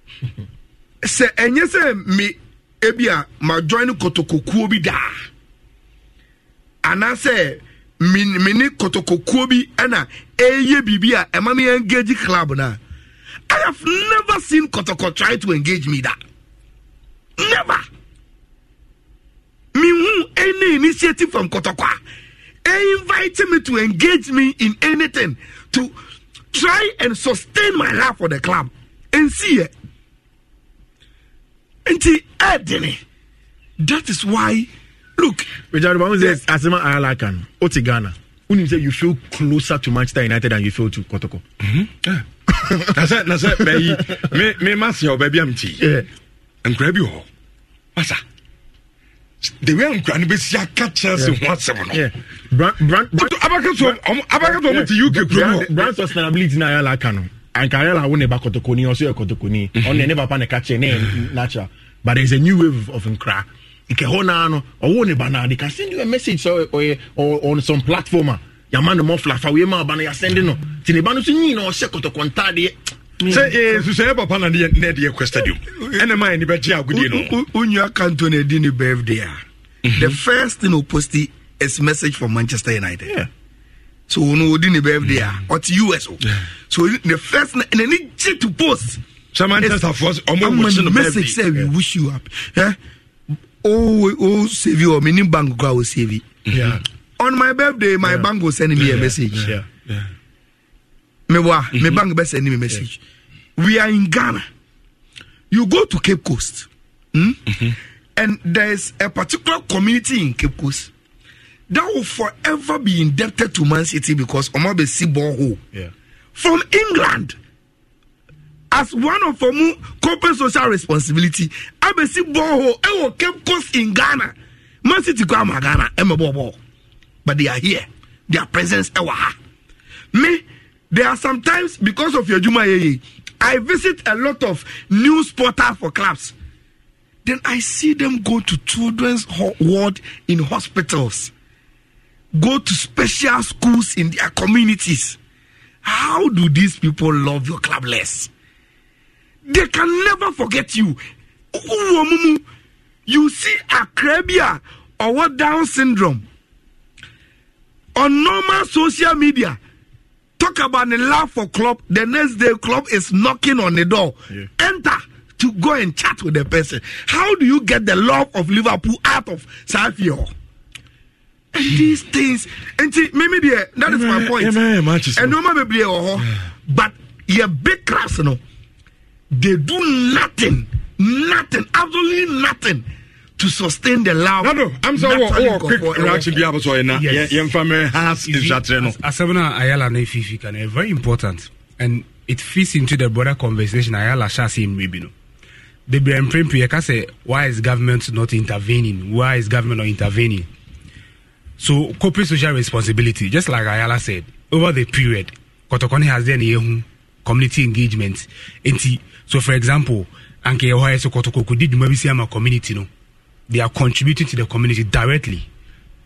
(laughs) Se enye se me ebia ma join kotokokuo bi daa anaasɛ mi mi ni kotokokuo bi ɛna eye bibia a e ɛma mi engage club na. I have never seen Kotoko try to engage me that. Never. Me who any initiative from Kotoko inviting me to engage me in anything to try and sustain my life for the club and see it. and see Edini. That is why look Richard Bamu says Asima Ayalakan, Oti Ghana. You feel closer to Manchester United than you feel to Kotoko. Mm-hmm. Yeah nasɛ nasɛ bɛyi me me ma se ɔbɛ bi am ti nkura bi wɔ hɔ masa the way nkura no bɛ si aka kyerɛ se ho asɛm no wotu abakato ɔmo abakato ɔmo ti uk kuro hɔ. brand sustainability na ayala aka no anka ayala awo ne ba kotokoni ɔso yɛ kotokoni mhm. ɔno ne papa ne ka ne natural but there is a new wave of nkura nkɛ hɔ naa no ɔwɔ ne ba naa de ka send you a message on some platformer. ah yàmá ne mɔfla afawie ma ɔba no yɛasɛnde no nti ne ba no so nyina ɔhyɛ kɔtɔkɔ ntaadeɛ sɛ susɛɛ papa na ne ɛdeɛ kɔ stadium mm-hmm. ɛne ma ɛne bɛgye agodie no wonua kanto no adi ne birthday a mm-hmm. the first thing oposti is message for manchester united yeah. so no odi ne birthday a ɔte mm-hmm. us o so the first n'ani gye to post sɛ manchester foɔ ɔmo wish no birthday message sɛ we wish you happy eh? o o save your mini bank kora o save on my birthday my yeah. bank will send me yeah. a message yeah. Yeah. Me wa, mm-hmm. my bank will send me message yeah. we are in ghana you go to cape coast hmm? mm-hmm. and there is a particular community in cape coast that will forever be indebted to man city because be si borehole yeah. from england as one of our corporate social responsibility Abe abesi borehole ɛwɔ cape coast in ghana man city kɔ ama ghana ɛmɛ bɔ but they are here. Their presence ewa. Me, there are sometimes because of your Juma I visit a lot of new portal for clubs. Then I see them go to children's ward in hospitals, go to special schools in their communities. How do these people love your club less? They can never forget you. You see Akrebia or what Down syndrome. on normal social media talk about the love for club the next day club is knocking on the door yeah. enter to go and chat with the person how do you get the love of liverpool out of safio and these things and see, maybe the, that is my point and no matter yeah. but your big class, you know they do nothing nothing absolutely nothing to sustain the love. No, no, I'm sorry. Oh, quick reaction. Be able to say now. Yes, yeah, family has is that no. Asabana Ayala na Fifi can very important, and it fits into the broader conversation Ayala Shasi in Ribino. The BMPMP, I say, why is government not intervening? Why is government not intervening? So, corporate social responsibility, just like Ayala said, over the period, Kotokoni has done a community engagement. So, for example, Anke Ohio Kotoko did see Ama community. No? they are contributing to the community directly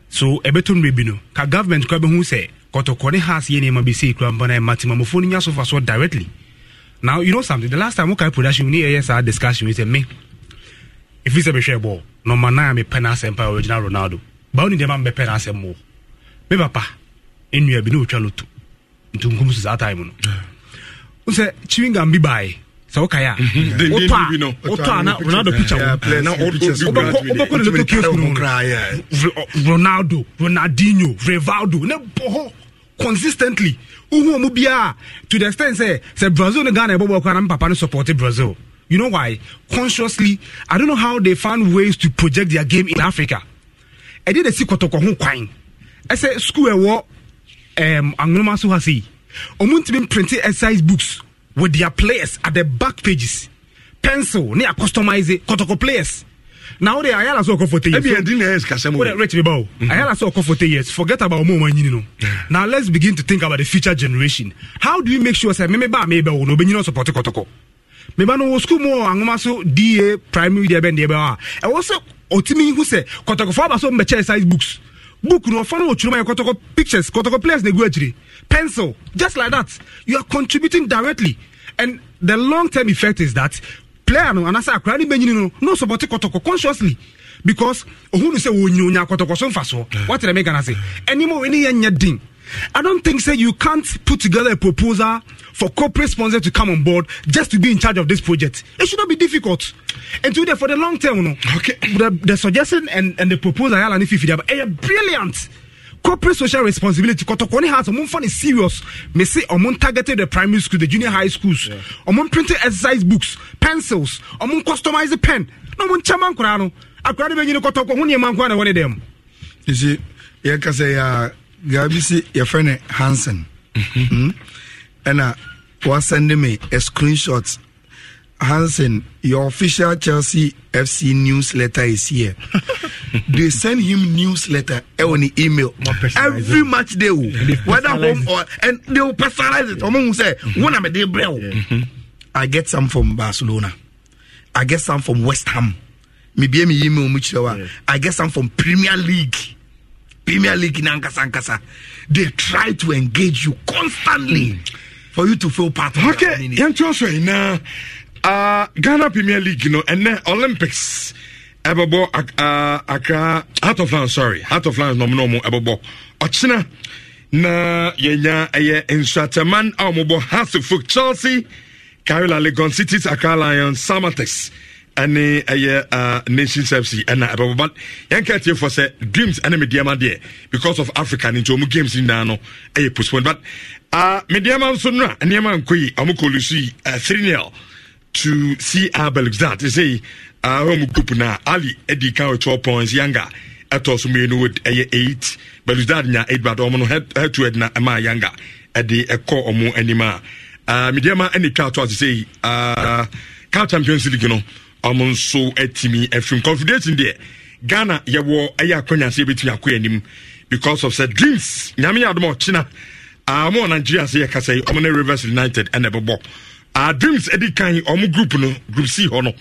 so ɛbɛtɔ no bɛbi no ka government kora bɛhu sɛ kɔtɔkɔ ne has yɛ nneɛma bi sei kura mbɔna ɛma timamofoɔ no nya so fa soɔ directly now you know something the last time wokae production ne yɛyɛ saa discussion yi sɛ me ɛfiri sɛ mehwɛ bɔɔ nɔma na a mepɛ asɛm pa original ronaldo ba wo ne deɛma mbɛpɛ no asɛm mɔ me papa nnua bi ne ɔtwa loto ntunkum so saa time no wo sɛ chewing gum bi baeɛ sɛ wokaya wotɔ ana ronaldo picture wobɛkɔ ne loto kef no ronaldo ronaldinho rivaldo ne bɔ hɔ consistently wohu mu biaa to the extent sɛ sɛ brazil ne ghana ɛbɔbɔ kɔ ana mpapa no supporte brazil you know why consciously i don't know how they found ways to project their game in africa ɛde de si kɔtɔkɔ ho kwan ɛsɛ school ɛwɔ um, anwonoma so ha sei ɔmu ntimi mprinte exercise books with their players at the back pages pencil ne a customize Kotoko players Now they are ayala sɛ ɔkɔ for ten years ebi ɛdi na ɛyɛ sikasɛm o rich bi ba o ayala sɛ for ten years forget about ɔmo money, you know. now let's begin to think about the future generation how do we make sure sɛ mímí maybe we bɛ wò no obɛnyini support kɔtɔkɔ mímí no wɔ sukuu mu wɔ anwoma so da primary deɛ bɛ deɛ bɛ wa ah. e also Otimi who say Kotoko kɔtɔkɔfo aba so mbɛkyɛ size books book no fun. no ɔtwerɛ mu ayɛ pictures Kotoko players na egu akyire pencil just like that you are contributing directly. And the long term effect is that player no anasa akra ne benyini no no support kotoko consciously because ohun say wo nyi onya kotoko so mfa so what the mega na say anymore any yanya din I don't think say you can't put together a proposal for corporate sponsor to come on board just to be in charge of this project. It should not be difficult. And today, for the long term, you know, okay. the, the suggestion and, and the proposal, and if you are brilliant. corporate social responsibility kɔtɔkɔ ne heart ɔmo nfa ne serious mesi ɔmo n targeted the primary school the junior high schools ɔmo n printed exercise books pencils ɔmo n customized pen na ɔmo n kyɛn ma nkora no ni ne bɛ nyini kɔtɔkɔ ho nneɛma nko ara na ɛwɔ ne dɛm. esi yɛ kasa yɛ a gaabi si yɛfɛ ne hansen ɛna mhm. hmm? wasɛn de mi a screenshot. Hansen, your official Chelsea FC newsletter is here. (laughs) they send him newsletter eh, on the email every match day, whether home or and they will personalize it. Among say, one am a day I get some from Barcelona. I get some from West Ham. Maybe me email much I get some from Premier League. Premier League nankasa nkasa. They try to engage you constantly mm. for you to feel part of. Okay, I'm sure now. Uh, Ghana Premier League you no know, ɛnɛ Olympics ɛbɛbɔ uh, ah, Accra Heart of Lions sorry Heart of Lions nɔmu nɔmu ɛbɛbɔ ɔkyena na yɛnya ɛyɛ nsratɛman a ah, wɔbɔ Hasselhoff Chelsea Karela Legon Cities Accra Lions Samatex ɛne eh, ɛyɛ uh, Nations FC ɛna ɛbɛbɔ but yɛnka tie fɔ sɛ dreams ɛne mediama deɛ because of Africa ne nti wɔn games nyinaa no ɛyɛ postponed but uh, mediama nso no a nneɛma nkɔ yi wɔn kɔlusu yi uh, eh, 3 to see CR Belgrade. Say, uh, home group now. Ali Eddie Kao 12 points, younger. ɛtɔ so mmienu with ɛyɛ eight Belgrade nya eight but ɔmo no head to head na ɛma Yanga ɛde ɛkɔ ɔmo anim a uh, mediama any twa ato ase say uh, Car Champions League no ɔmo nso ɛtumi ɛfim confederation deɛ Ghana yɛwɔ ɛyɛ akɔnya se ebetumi akɔ anim because of sɛ dreams nyame yɛ China. ɔkyina uh, ɔmo Nigeria Say, yɛ kasa yi ɔmo ne Rivers United ɛna ɛbɛbɔ uh, dreams ɛdi kan ɔmo group no group c hɔ no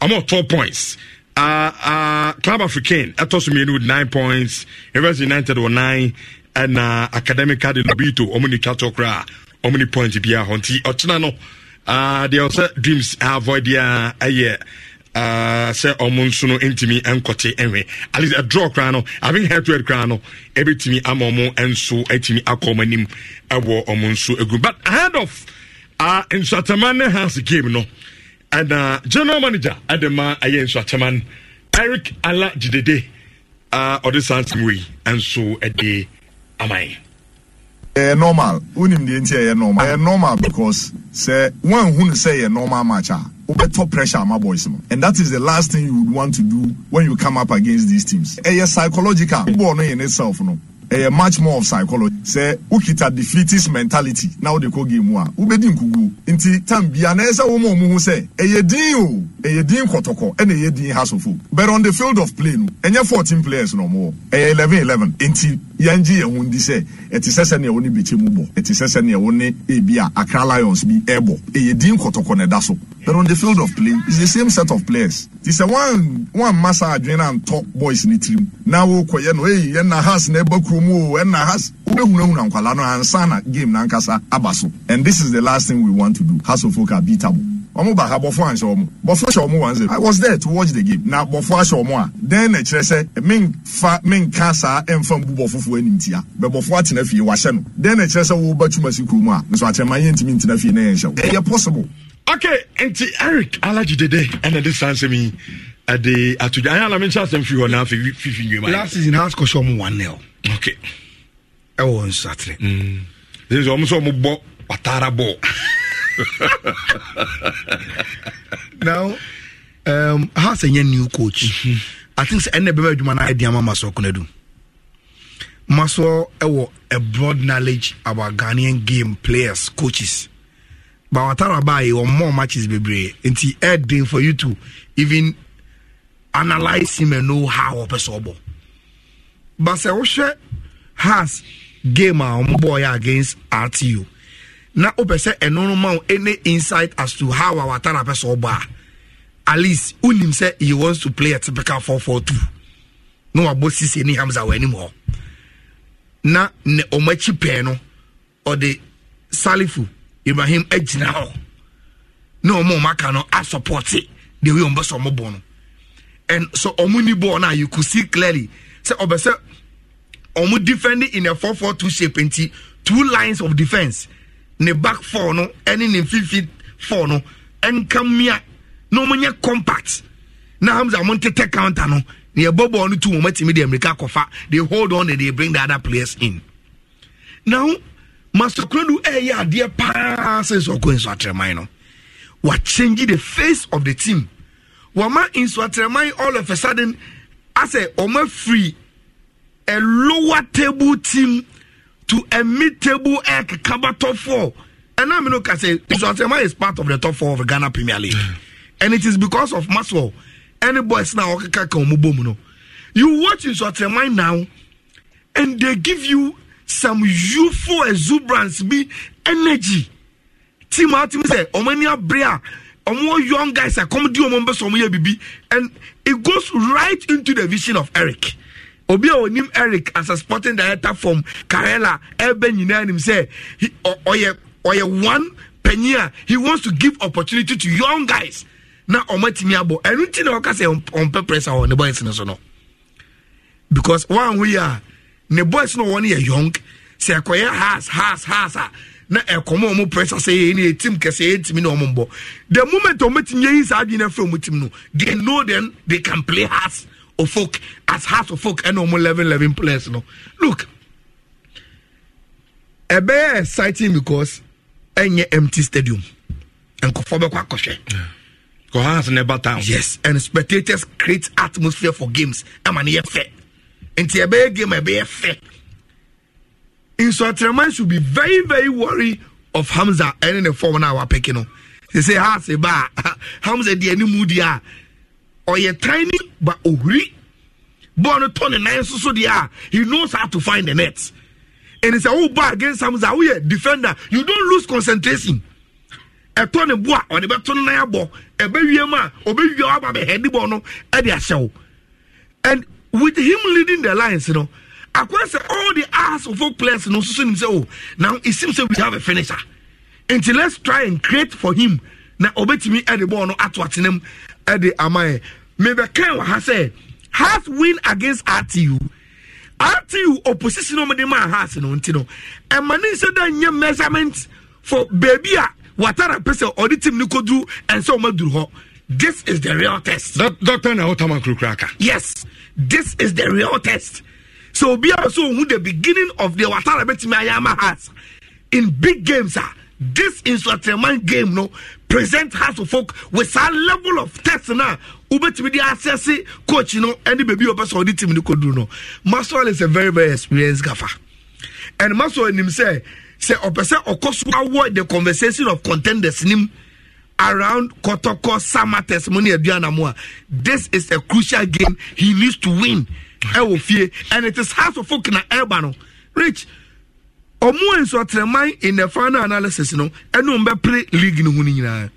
ɔmo twelve points uh, uh, club african ɛtɔ so mmienu with nine points rivers united wɔ nine ɛna academic card lobito ɔmo ni twatɔ koraa ɔmo ni point biara hɔ nti ɔkyena no uh, deɛ ɔsɛ dreams avoid deɛ ɛyɛ. Uh, ah, sɛ ɔmo nso no ntumi nkɔte nhwɛ at least ɛdrɔ koraa no having head to head koraa no ɛbɛtumi ama ɔmo nso atumi akɔ ɔmo anim ɛwɔ ɔmo nso egu but ahead of a nsatama ne hans game no ɛna general manager ɛde ma ɛyɛ nsatama no eric ala jidede a ɔde saa nsɛm wei nso ɛde aman. ɛyɛ normal wonim deɛ nti ɛyɛ normal ɛyɛ normal because sɛ wɔnhu no sɛ ɛyɛ normal match a wobɛtɔ pressure ama boys no and that is the last thing you would want to do when you come up against these teams ɛyɛ psychological football no yɛ ne self no ɛyɛ eh, much more of psychology sɛ wokita defeatist mentality na wode kɔ game a wobɛdi nkuguo nti tam bia na ɛsɛ woma ɔmu ho sɛ ɛyɛ din o oh. ɛyɛ eh, din kɔtɔkɔ ɛna ɛyɛ din hasofo but on the field of play no ɛnyɛ 14 players na ɔmowɔ ɛyɛ 11 11 nti yɛngye yɛn ho di sɛ ɛte sɛ sɛnea wo ne bɛkyɛ mu bɔ ɛte sɛ sɛnea wo ne ebi a Accra Lions bi ɛbɔ ɛyɛ din kɔtɔkɔ na ɛda so but on the field of play it's the same set of players ti sɛ wan wan masa adwene na ntɔ boys ne tirim na wokɔyɛ no ei ɛna has na ɛba kurom o ɛna has wobɛhunahuna nkwala no ansa na game na ankasa aba so and this is the last thing we want to do hasofo ka beatable ɔmo ba ha bɔfo anhyɛ ɔmo bɔfo hyɛ ɔmo one zero i was there to watch the game na bɔfo ahyɛ ɔmo a then na kyerɛ sɛ menfa menka saa ɛnfa mbu bɔfo fo anim tia bɛ bɔfo atena fie wahyɛ no den na kyerɛ sɛ wɔba tuma si kurom a nso akyɛnma yɛn ntumi ntena fie na yɛn hyɛ ɛyɛ possible. okay nti eric alaji dede ɛna de san sɛm yi ɛde atudwa anyi alami nsa asɛm firi hɔ n'afɛ fifi nwema. last season house kɔsɛ ɔmo one nil. okay ɛwɔ nsatere. ɛsɛ mm. sɛ ɔmo sɛ ɔmo bɔ watara bɔɔl. (laughs) now um, how say yẹn new coach mm-hmm. i think say ẹnna bẹbẹ adwuma náà ẹdi ama maso ọkùnrin maso ẹwọ eh, a broad knowledge about Ghanian game players coaches but our tara baayi wọn mọ matches bebree nti ẹ den for you to even analyse him and know how ọpẹ sọ ọbọ but sẹ wọ́n oh, has game a wọ́n bọ̀ yẹ against rtu na wopɛ sɛ ɛno no ma wo any insight as to how our tana pɛ sɛ ɔbɔ a at least wonim sɛ he wants to play a typical 442 na wabɔ sise ne hamsa wɔ anim hɔ na ne ɔmo akyi pɛɛ no ɔde salifu ibrahim agyina hɔ na ɔmo ɔmo aka no asɔpɔte the way ɔmo bɛ sɛ ɔmo bɔ no and so ɔmo ni bɔɔl na you could see clearly sɛ ɔbɛ sɛ ɔmo defending in a 442 shape nti two lines of defence ne back four no ɛne ne mfimfin four no ɛnka mmea na wɔn nyɛ compact na hamza wɔn tete counter no na yɛ bɔ bɔɔl no tu wɔn atumi de amerika kɔfa they hold on and they bring the other players in now master kurodu ɛyɛ adeɛ paa sɛ nsɔ ko nsɔ atɛrɛman no wa change the face of the team wama nsɔ atɛrɛman all of a sudden asɛ wɔn afiri a lower table team to a mid-table egg cover top four. And I'm going to say, Uswasema is part of the top four of the Ghana Premier League. and it is because of Maswell. Any boys now, you watch Uswasema now, and they give you some youthful exuberance, be energy. Team out, say, Omania Brea, more young guys are coming to your members from here, and it goes right into the vision of Eric obi a onim eric as a sporting director from karela ɛbɛ nyinaa nim sɛ ɔyɛ ɔyɛ one panyin a he wants to give opportunity to young guys na ɔmo atumi abɔ ɛnu ti na ɔka sɛ ɔmpɛ pressure wɔ ne boys no so no because wɔn ahoyi a ne boys no wɔn yɛ young sɛ ɛkɔyɛ has has has a na ɛkɔmɔ ɔmo pressure sɛ yɛn ni etim kɛse etimi na ɔmo bɔ the moment ɔmo ti nye yi saa adi na fɛ ɔmo no they know then they can play has of folk as heart of folk ɛna ɔmo eleven eleven players no look a ɛbɛyɛ exciting because any empty stadium nkɔfɔ bɛkɔ akɔhwɛ. kɔhans ne ba town. yes and spectators create atmosphere for games I'm an yɛ fɛ a ɛbɛyɛ game a ɛbɛyɛ fɛ nsɔtɛrɛman should be very very worried of hamza and ne form na wa pɛki They say ha ase ba (laughs) hamza di any di a ɔyɛ tiny but ohuri bɔɔl no tɔ ne nan soso deɛ a he knows how to find the net and he sɛ "Oh, bɔ against am sɛ woyɛ defender you don't lose concentration ɛtɔ ne bo a ɔde bɛto no nan abɔ ɛbɛwie mu a ɔbɛwie wo aba bɛhɛde bɔ no ɛde ahyɛ and with him leading the lines you no know, akwai sɛ all the of asofo players no soso nim sɛ o now it seems say we have a finisher Until let's try and create for him na obetumi ɛde bɔɔl no ato atenam ɛde ama yɛ mebɛkan wɔ ha sɛ hearts win against rtu rtu opposition no ɔmode maa hearts no nti no ɛma ne nsɛ da nyɛ measurement for baabi a watara pɛ sɛ ɔde tim no kɔduru ɛnsɛ ɔma duru hɔ this is the real test dɔctr na wotama kurokura ka yes this is the real test so obiara sɛ ɔhu the beginning of the watara bɛtumi ayɛ ama hearts in big games a uh, this Insulatreman game no present has to Folk with a level of test na wobɛtumi de access coach no ɛne baabi a ɔbɛsɛ ɔde tim no do. no Masol is a very very experienced gaffer and Masol nim sɛ sɛ ɔpɛ sɛ ɔkɔ so the conversation of contenders nim around Kotoko, sama testimony aduana this is a crucial game he needs to win ɛwɔ fie and it is House of Folk na ɛreba no rich ɔmo nsɔtɛnman in the final analysis no ɛnu n bɛ pere league no ho no nyinaa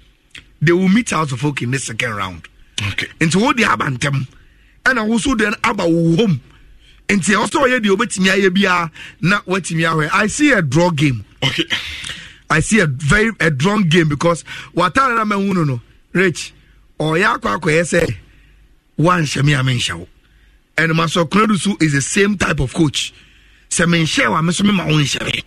they will meet out of okay in the second round okay nti wo de aba ntɛm ɛna woso de aba wo home nti ɔsɛ ɔyɛ deɛ obetumi ayɛ biara na watumi ahwɛ i see a draw game okay i see a very a drawn game because wataare na mɛhu no no rich ɔyɛ akɔ akɔyɛ sɛ wanhyɛ mi a menhyɛ wo ɛnum asɔ kunadu is the same type of coach sɛ menhyɛ wa me so mema wo nhyɛre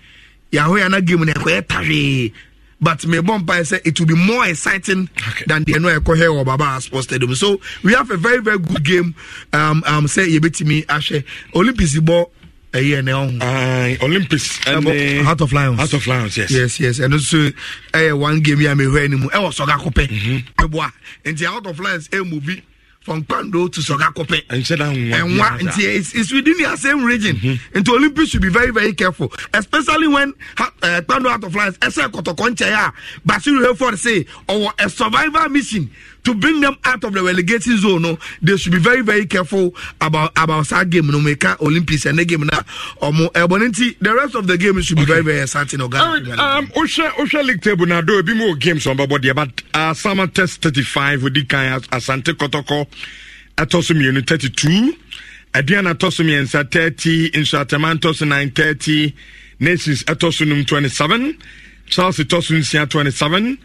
yɛahoyɛ no game no ɛkɔyɛ tahwee but mebɔ mpae sɛ it will be more exciting okay. than deɛ no ɛkɔhɛ wɔ baba sports stadium so we have a very very good game um, um, sɛ yɛbɛtumi ahwɛ olympics bɔ ɛyɛ ɛnɛ ɔho. olympics ɛnɛ heart of lions heart of lions yes yes yes And nso ɛyɛ one game yɛ a mehwɛ anim ɛwɔ sɔga kopɛ And the heart of lions ɛmu movie from Kwando to Sogakope. And what it's, it's within the same region. mm mm-hmm. And the Olympics should be very, very careful, especially when uh, Kwando out of lines, Esa Kotokonchaya, Basiru Helford say, or a survival mission to bring them out of the relegating zone no they should be very very careful about about that game no meka olympics and the game now, ọmọ ẹbọnin ti the rest of the game should be okay. very very exciting oga. um ohwẹ ohwẹ league table now. do a bit more games on bọ deɛ but uh, summer test thirty five odi kan asante kɔtɔkɔ ɛtɔ so mmienu thirty two aduane atɔ so mmiɛnsa thirty nso atɛma ntɔ nine thirty nations ɛtɔ so num twenty seven charles ɛtɔ so twenty seven.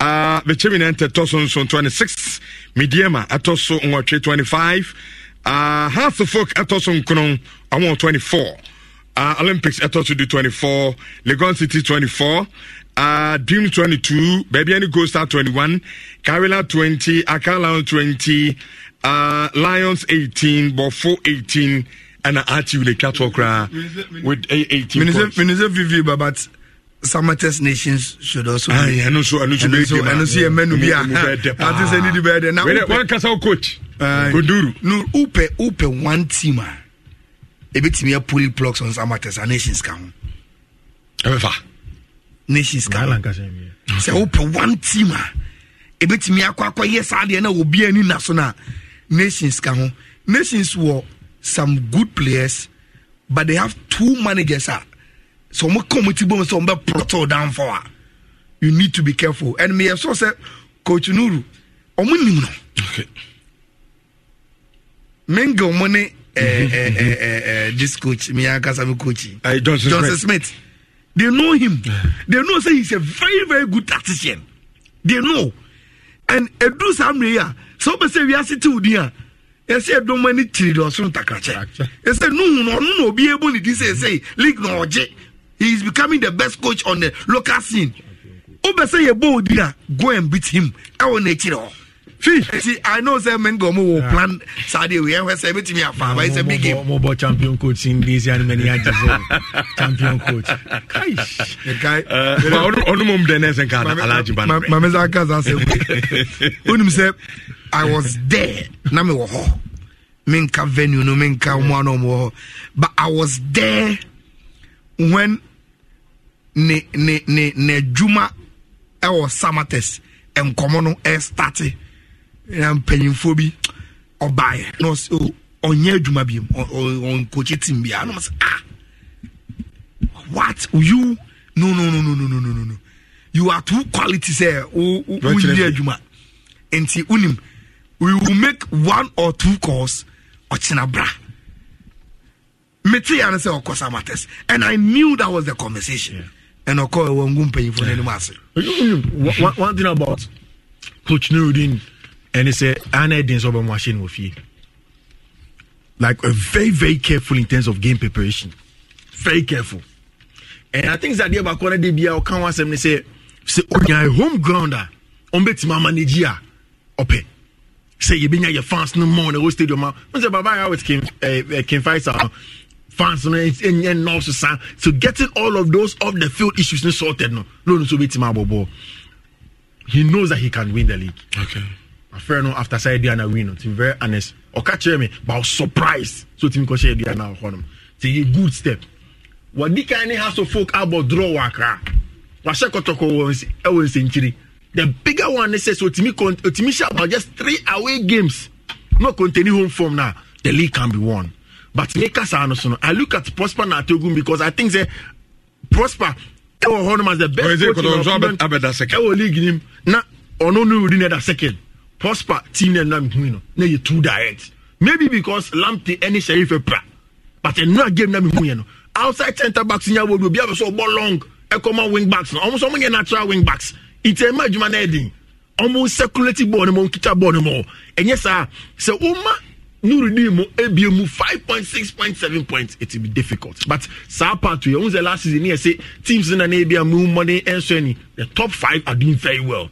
Uh, the chairman entered Tosun 26, Midiema at Tosun 25, uh, half the folk at Tosun Kunon, I 24. Uh, Olympics at Tosun do 24, Legon City 24, uh, ah, Dream 22, Baby Any Ghost 21, Carilla 20, Akala 20, uh, ah, Lions 18, Bofo 18, and Archie with the Catwalk with 18. Minister, Minister Vivi, but summiters nations should also ah, be. ayi ẹnu so ẹnu so bẹẹ dẹ ma so yẹ mẹnu bi a ati sẹ nidi bẹẹ dẹ na upe wọn kasa o oh, coach oduru. no upe upe one team ah. a ebi tìmí ẹ pull plugs on summiters and nations ka ho. nations ka So sẹ upe one team ah. a ebi tìmí akọ akọ yẹ sáà deẹ náà obi ẹni na nations ka ho nations wọ some good players but they have two managers Uh, sɛ ɔmo ka ɔmo ti bom sɛ ɔmo bɛ poroto down for a you need to be careful and meyɛ sɔ sɛ coach nuru ɔmo nim no menga ɔmo ne this coach me ankasa me coach uh, johnson, smith. they know him they know say he's a very very good tactician they know and edu saa mmerɛ yi a sɛ wobɛ sɛ wiase te wo din a yɛsɛ ɛdɔm ani kyiri de ɔsoro ntakrakyɛ ɛsɛ nuhu no ɔno na obi ɛbɔ ne di sɛ ɛsɛ league na ɔgye he is becoming the best coach on the local scene wobɛ sɛ yɛbɔ odi a go and beat him ɛwɔ n'akyirɛ hɔ nti i know sɛ mengo mo wɔ plan sadeɛ wei ɛhwɛ sɛ mɛtumi afa It's a big game mobɔ champion coach in this year many agye sɛ champion coach kai kai ɔno mom dɛ nɛsɛ nka alaagye ba no mame sɛ aka saa sɛ wonim sɛ i was there na mewɔ hɔ menka venue no menka ɔmo a na ɔmo wɔ hɔ but i was there when ne ne ne ne juma, ɛwɔ samates nkɔmɔ no ɛstate mpanyinfoɔ bi ɔbaeɛ na ɔsɛ ɔnyɛ adwuma bi mu ɔnkɔkye tim bi anam sɛ ah what you no no no no no no no no you are too quality sɛ wonyɛ juma. nti wonim we will make one or two calls ɔkyena mete yɛ no sɛ ɔkɔ samates and i knew that was the conversation and ɔkɔ ɛwɔ ngu mpanyimfo no anim ase one thing about coach nurudin ɛne sɛ ana ɛden sɛ ɔbɛmo ahyɛ no wɔ fie like a very very careful in terms of game preparation very careful and i think sadeɛ baako no de bia ɔka ho asɛm ne sɛ sɛ ɔnya home ground a ɔmbɛtumi amanage a ɔpɛ sɛ yɛbɛnya yɛ fans no mɔ na ɛwɔ stadium a nsɛ baba yɛ awit kimfaisa no fans no ɛnyɛ nɔɔso saa so getting all of those off the field issues no sorted no loan nso bɛtumi abɔbɔ he knows that he can win the league okay affair no after sɛ aduana win no to be very honest ɔka kyerɛ me but I was surprised so timi kɔhyɛ aduana wɔ hɔnom nti yɛ good step wɔdi kan ne house of folk abɔ draw wɔ akra wahyɛ kɔtɔkɔ wɔ ɛwɔ nsɛnkyiri the bigger one ne sɛ so otimi otimi hyɛ about just three away games no containing home form na the league can be won but lakers are ah, no so i look at prosper nategun because i think say prosper ɛwɔ hɔ nom as the best coach in the government ɛwɔ league nim na ɔno no wudi ne da second prosper team na nam hui no na you two direct maybe because Lampi any sheriff pra but ɛnura game na mi hu no outside center backs nya wo do obi abɛ so ball long Ekoma wing backs Almost ɔmo so natural wing backs It's a adwuma na ɛdin ɔmo circulating ball No more nkita ball No ne mo ɛnyɛ saa sɛ ɔma nurudi mu ebie mu five point six point seven points it be difficult but saa part yɛ ohun sɛ last season yɛ sɛ teams na na ebia mu money. ɛnso ni the top five are doing very well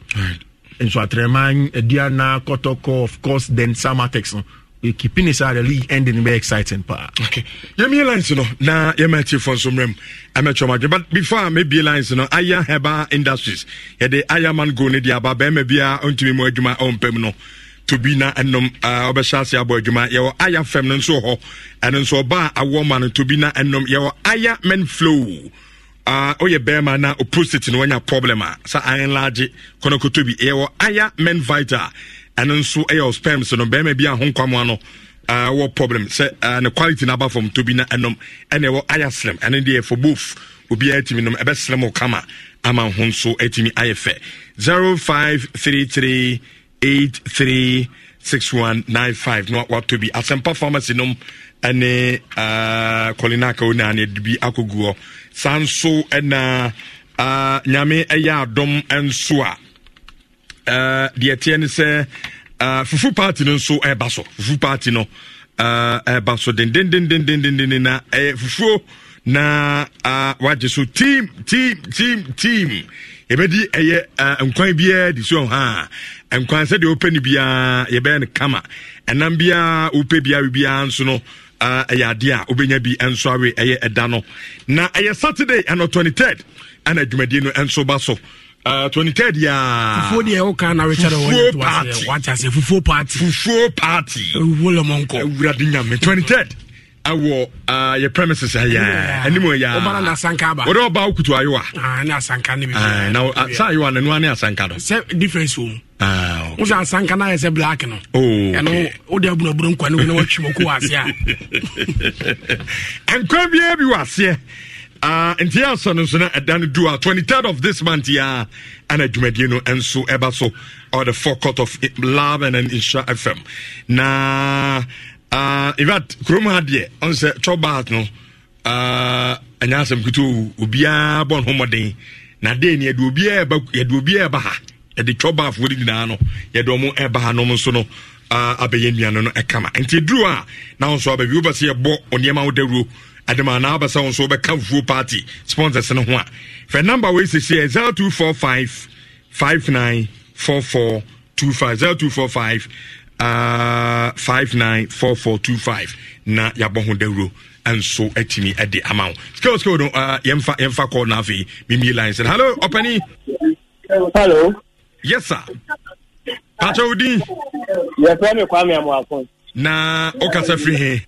nso atrɛman ediana kɔtɔkɔ of course then samatex no keep in out the league ending very exciting pa. Okay. Yemi lines no na yemi tie for some rem. I'm at your but before maybe lines no Aya Heba Industries. Ye de Aya man go ne a ba be me bia ontimi mo adwuma on pem no tobi na ɛnom ɔbɛhyɛ uh, ase abɔ adwuma yɛwɔ aya fam no nso hɔ ɛno nso ɔba a awoɔ ma no tobi na ɛnom yɛwɔ aya men flow woyɛ uh, bɛrima na prostate no wanya problem a sɛ anlage kɔnɔkɔtɔ bi yɛwɔ aya men vita ɛno nso ɛyɛ ɔspams no bɛrima bi a ho nkwamoa no uh, wɔ problem sɛ ne quality no aba fam tobi na ɛnom ɛne ɛwɔ aya srem ɛno deɛ for both obiara atumi nom ɛbɛsrem wo kama ama ho nso atumi ayɛ fɛ 0533 836195 na wato bi asɛmpa pharmacy nom ne uh, colinaca wo naa ne bi akɔgu hɔ saa nso ɛna uh, uh, nyame ɛyɛ eh, adom nso a uh, deɛ teɛ ne sɛ uh, fufu party no nso ɛba so eh, fufu party no ɛba uh, eh, so dendendendendendenden na ɛyɛ fufuo na uh, wagye so team team team team yɛbɛdi ɛyɛ uh, nkwan biara di so ha nkwan sɛ deɛ wopɛ no biara yɛbɛyɛ no kama ɛnam biara wopɛ biara biara nso no ɛyɛ adeɛ a wobɛnya bi nso awe ɛyɛ ɛda no na ɛyɛ saturday ɛno 23rd ɛna adwumadie no nso ba so Uh, 23rd ya fufuo deɛ woka na richard party fufuo party fufuo party ewuo lɔmɔnkɔ awurade nyame 23rd awɔ ah, yɛ premises ayɛ anim yɛ ɔba ah, na asanka aba wɔde ɔba okutu ayowa ne asanka ne sa ayowa na nua ne asanka do sɛ difference wɔ mu ah, asanka no ayɛ sɛ black no oh, ɛno wode abunabuna nkwa no wona watwi mɔko wɔ aseɛ a (laughs) nkwa biara bi wɔ aseɛ nti yɛ asɔ no nso na ɛda no du 23rd of this month yi a ana dwumadie no nso ɛba so or the forecourt of eh, lab and an fm na Ah, infact kurom ha deɛ ɔn sɛ chobalt no ah, ɛnyɛ asɛm kutu obiara bɔ ne ho mmɔden na den no yɛde obiara ɛba yɛde obiara ɛba ha yɛde chobaltfoɔ no nyinaa no yɛde ɔmo ɛba ha nom nso no ah, abɛyɛ nnuane no ɛkama nti duro a na wɔn nso abɛbi wobɛsɛ yɛbɔ nneɛma wodawuro adema na abɛsɛ wɔn nso bɛka fuo party sponsors no ho a fɛ namba wei sisi yɛ zero two four five five nine four four two five zero two four five uh, 594425 na yɛabɔ ho dawuro nso atumi de ama wo skil skil no uh, yɛmfa call kɔɔ no afei memie line sɛ hallo ɔpani hallo yes sir pakyɛ wo din yɛfrɛ me kwame amoafo na wokasa firi he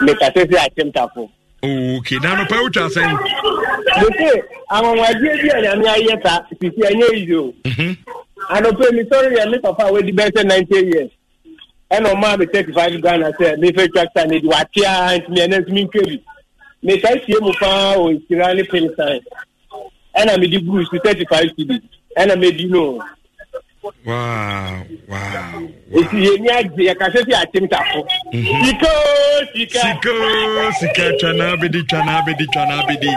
mekasa firi akyemtafo ok na anɔpa wotwa asɛn mese anwanwadeɛ bi a nyame ayɛ sa sisi ɛnyɛ yio anɔpa mi sɔre yɛ me mm-hmm. papa a wadi bɛsɛ 90 years ɛna ɔmaa mi thirty five ghana sɛ mefa tractor ne de wate a ntumi ɛna ntumi nkɛ bi meka sie mu paa wɔ nsira ne pinsan ɛna mede gurus thirty five cd ɛna medi no eti yɛni agye yɛkasɛ sɛ atem tafo mhm. sikoo sika sikoo sika twa na abedi twa na abedi twa na abedi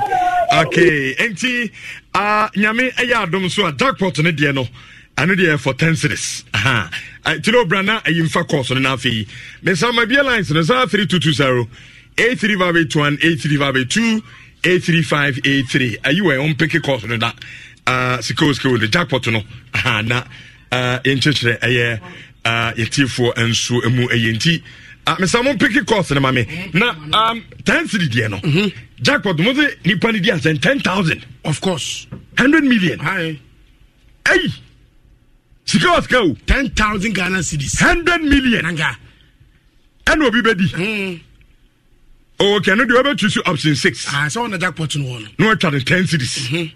okay nti uh, nyame ɛyɛ adom so a jackpot ni deɛ no ɛno deɛ for ten series tino obra na ayi mfa kɔɔso no no afei mesama bia lines no saa 3220 83581 83582 83583 ayi wɔ ɔmpeke kɔɔso no da sikaosikawo no jackpot no na yɛnkyerɛkyerɛ ɛyɛ yɛtiefoɔ nso mu ɛyɛ nti mesa mo mpeke course no ma me na um, ten city deɛ no mhm. jackpot mo se nipa no di asɛn 10000 of course 100 million ai sika wa sika o. ten thousand ghana cedis. hundred million. nanga. ɛna obi bɛ di. Hmm. okay no deɛ wɔbɛtu so option six. aa ah, sɛ wɔn na jackpot no wɔ no. na wɔatwa no ten cedis. Mhm.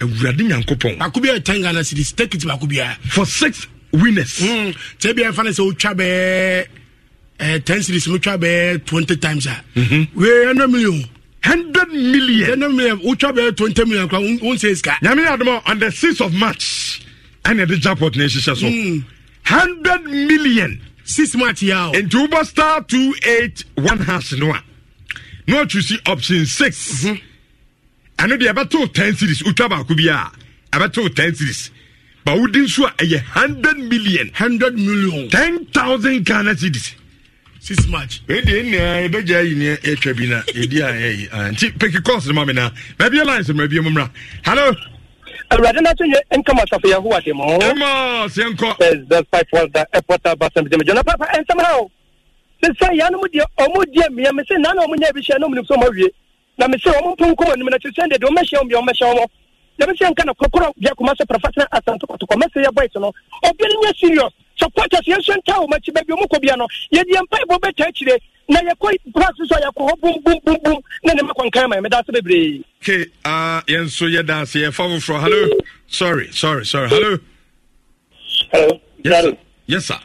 awurade nyankopɔn. baako bi yɛ ten ghana cedis take it baako bi yɛ. for six winners. Hmm. sɛ bi yɛn fana sɛ o twa bɛɛ ɛɛ eh, ten cedis o twa bɛɛ twenty times a. Mhm. We hundred million. hundred million. hundred million o twa bɛɛ twenty million kura o n se sika. nyame yadumɔ on the sixth of march ɛna ɛde jackpot na ɛhyehyɛ so hmm. hundred million. six match yà o. nti wọ́n star two eight one hash no a na ɔtwi si option six mhm. ɛno deɛ ɛbɛto ten series otwa baako bi a ɛbɛto ten series bawudi nso a ɛyɛ hundred million. hundred million. ten thousand ghana cedis. six match. èdè nìyà ebèjà yìí ni ẹtwa bi na èdè àyè yìí nti pèkì kọ́ọ̀sì ni màmí na bẹẹbi ẹ láyé sọ mẹbi ẹ mọmọra hello awurade n'akyɛ yɛ nkama asafo yɛ ahoɔ adi mu. ɛmɔ senkɔ. ɛzɛ paipu ɔda ɛpɔta basɛm jɛmɛ jɛmɛ papa ɛnsɛm ha o sisan yanum deɛ ɔmo deɛ mia mɛ sɛ nana ɔmo nya ebi hyɛ n'omu nisɔn ma wie na mɛ sɛ ɔmo mpɔn nkɔmɔ nimu na kyerɛ sɛn de de ɔmo hyɛ ɔmo yɛ ɔmo hyɛ ɔmo na mɛ sɛ nka na kɔkɔrɔ bia kuma sɛ pɛrɛfa sɛ asantokɔtokɔ mɛ sɛ yɛ bɔyisi no obi ni nyɛ serious supporters yɛn sɛ ntaa ɔmo akyi baabi ɔmo kɔ bia no yɛ deɛ mpa ibɔ bɛ taa akyire na yɛkɔ prase so yɛkɔ hɔ bumbumbum na ne makɔnkan ma mɛda ase bebree ke uh, yɛn so yɛda ase yɛfa foforɔ hallo sorry sorry sorry hallo hello yes, sir. yes sir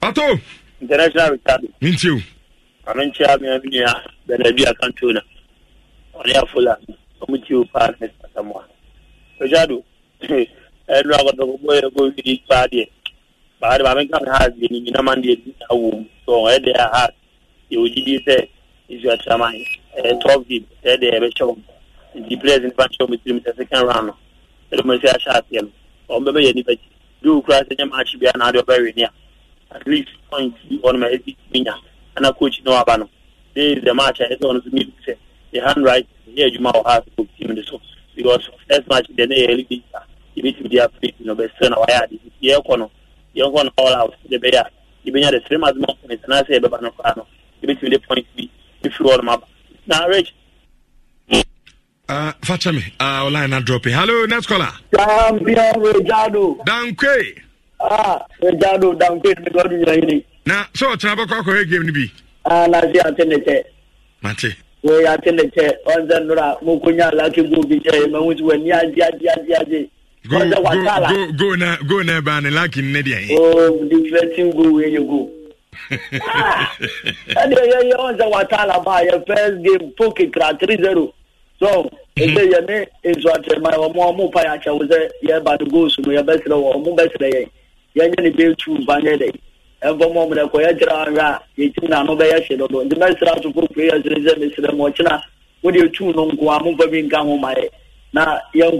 pato international retard mentio ame nkyia mea me nua bɛnabi akanto na ɔne afola ɔmo ti o paa ne sasamoa ɔgyado ɛnu akɔtɔkɔbɔ yɛ kɔ wiri paa deɛ baade baabe nka mi haasi ni nyina man deɛ di awo so ɛyɛ deɛ haasi deɛ ogyi di sɛ isu atraman ɛyɛ top deep ɛyɛ deɛ ɛbɛhyɛ wɔn nti players nipa nhyɛ wɔn tirim sɛ second round no ɛdɛ mo nsi ahyɛ aseɛ no wɔn bɛ bɛyɛ nipa kyi bi okura sɛ nyɛ match bi anaade ɔbɛwe nia at least point bi wɔn ma ɛsi ti nya ɛna coach na waba no this is the match a ɛsɛ wɔn mi sɛ the hand right yɛ adwuma wɔ haasi wɔ team no so because first match deɛ ne yɛ e ɛli e bi ta ebi ti bi di afei no bɛ sɛ na wayɛ adi yɛ e ɛkɔ no yɛn kɔ na all out de bɛyɛ a yɛbɛnya de three months more points na sɛ yɛbɛba no koraa no yɛbɛtumi de point bi efiri hɔ nom aba na rich. Uh, fakyɛ me uh, line na dropping Hello, next caller champion rejado dankwe ah rejado dankwe ne gɔdo nyina yini na sɛ ɔkyena bɛkɔ akɔhɛ game no bi ah na se ate ne tɛ mate wei ate ne tɛ ɔnsɛ nora mokɔnya lake go bi kyɛ mahu sɛ w'ani agye agye go go go go na go na ebe anyị lakin nne dị anyị. oh the threatening go where you go. ya ya ɔnsɛ watala ba ya first game po kekra three zero so ya yɛne nsuatrɛma ɔmo ɔmo pa yɛakyɛ wo ya yɛba no goals no ya ya ɔmo bɛserɛ ne ya a na ya dodo ya ma ma ya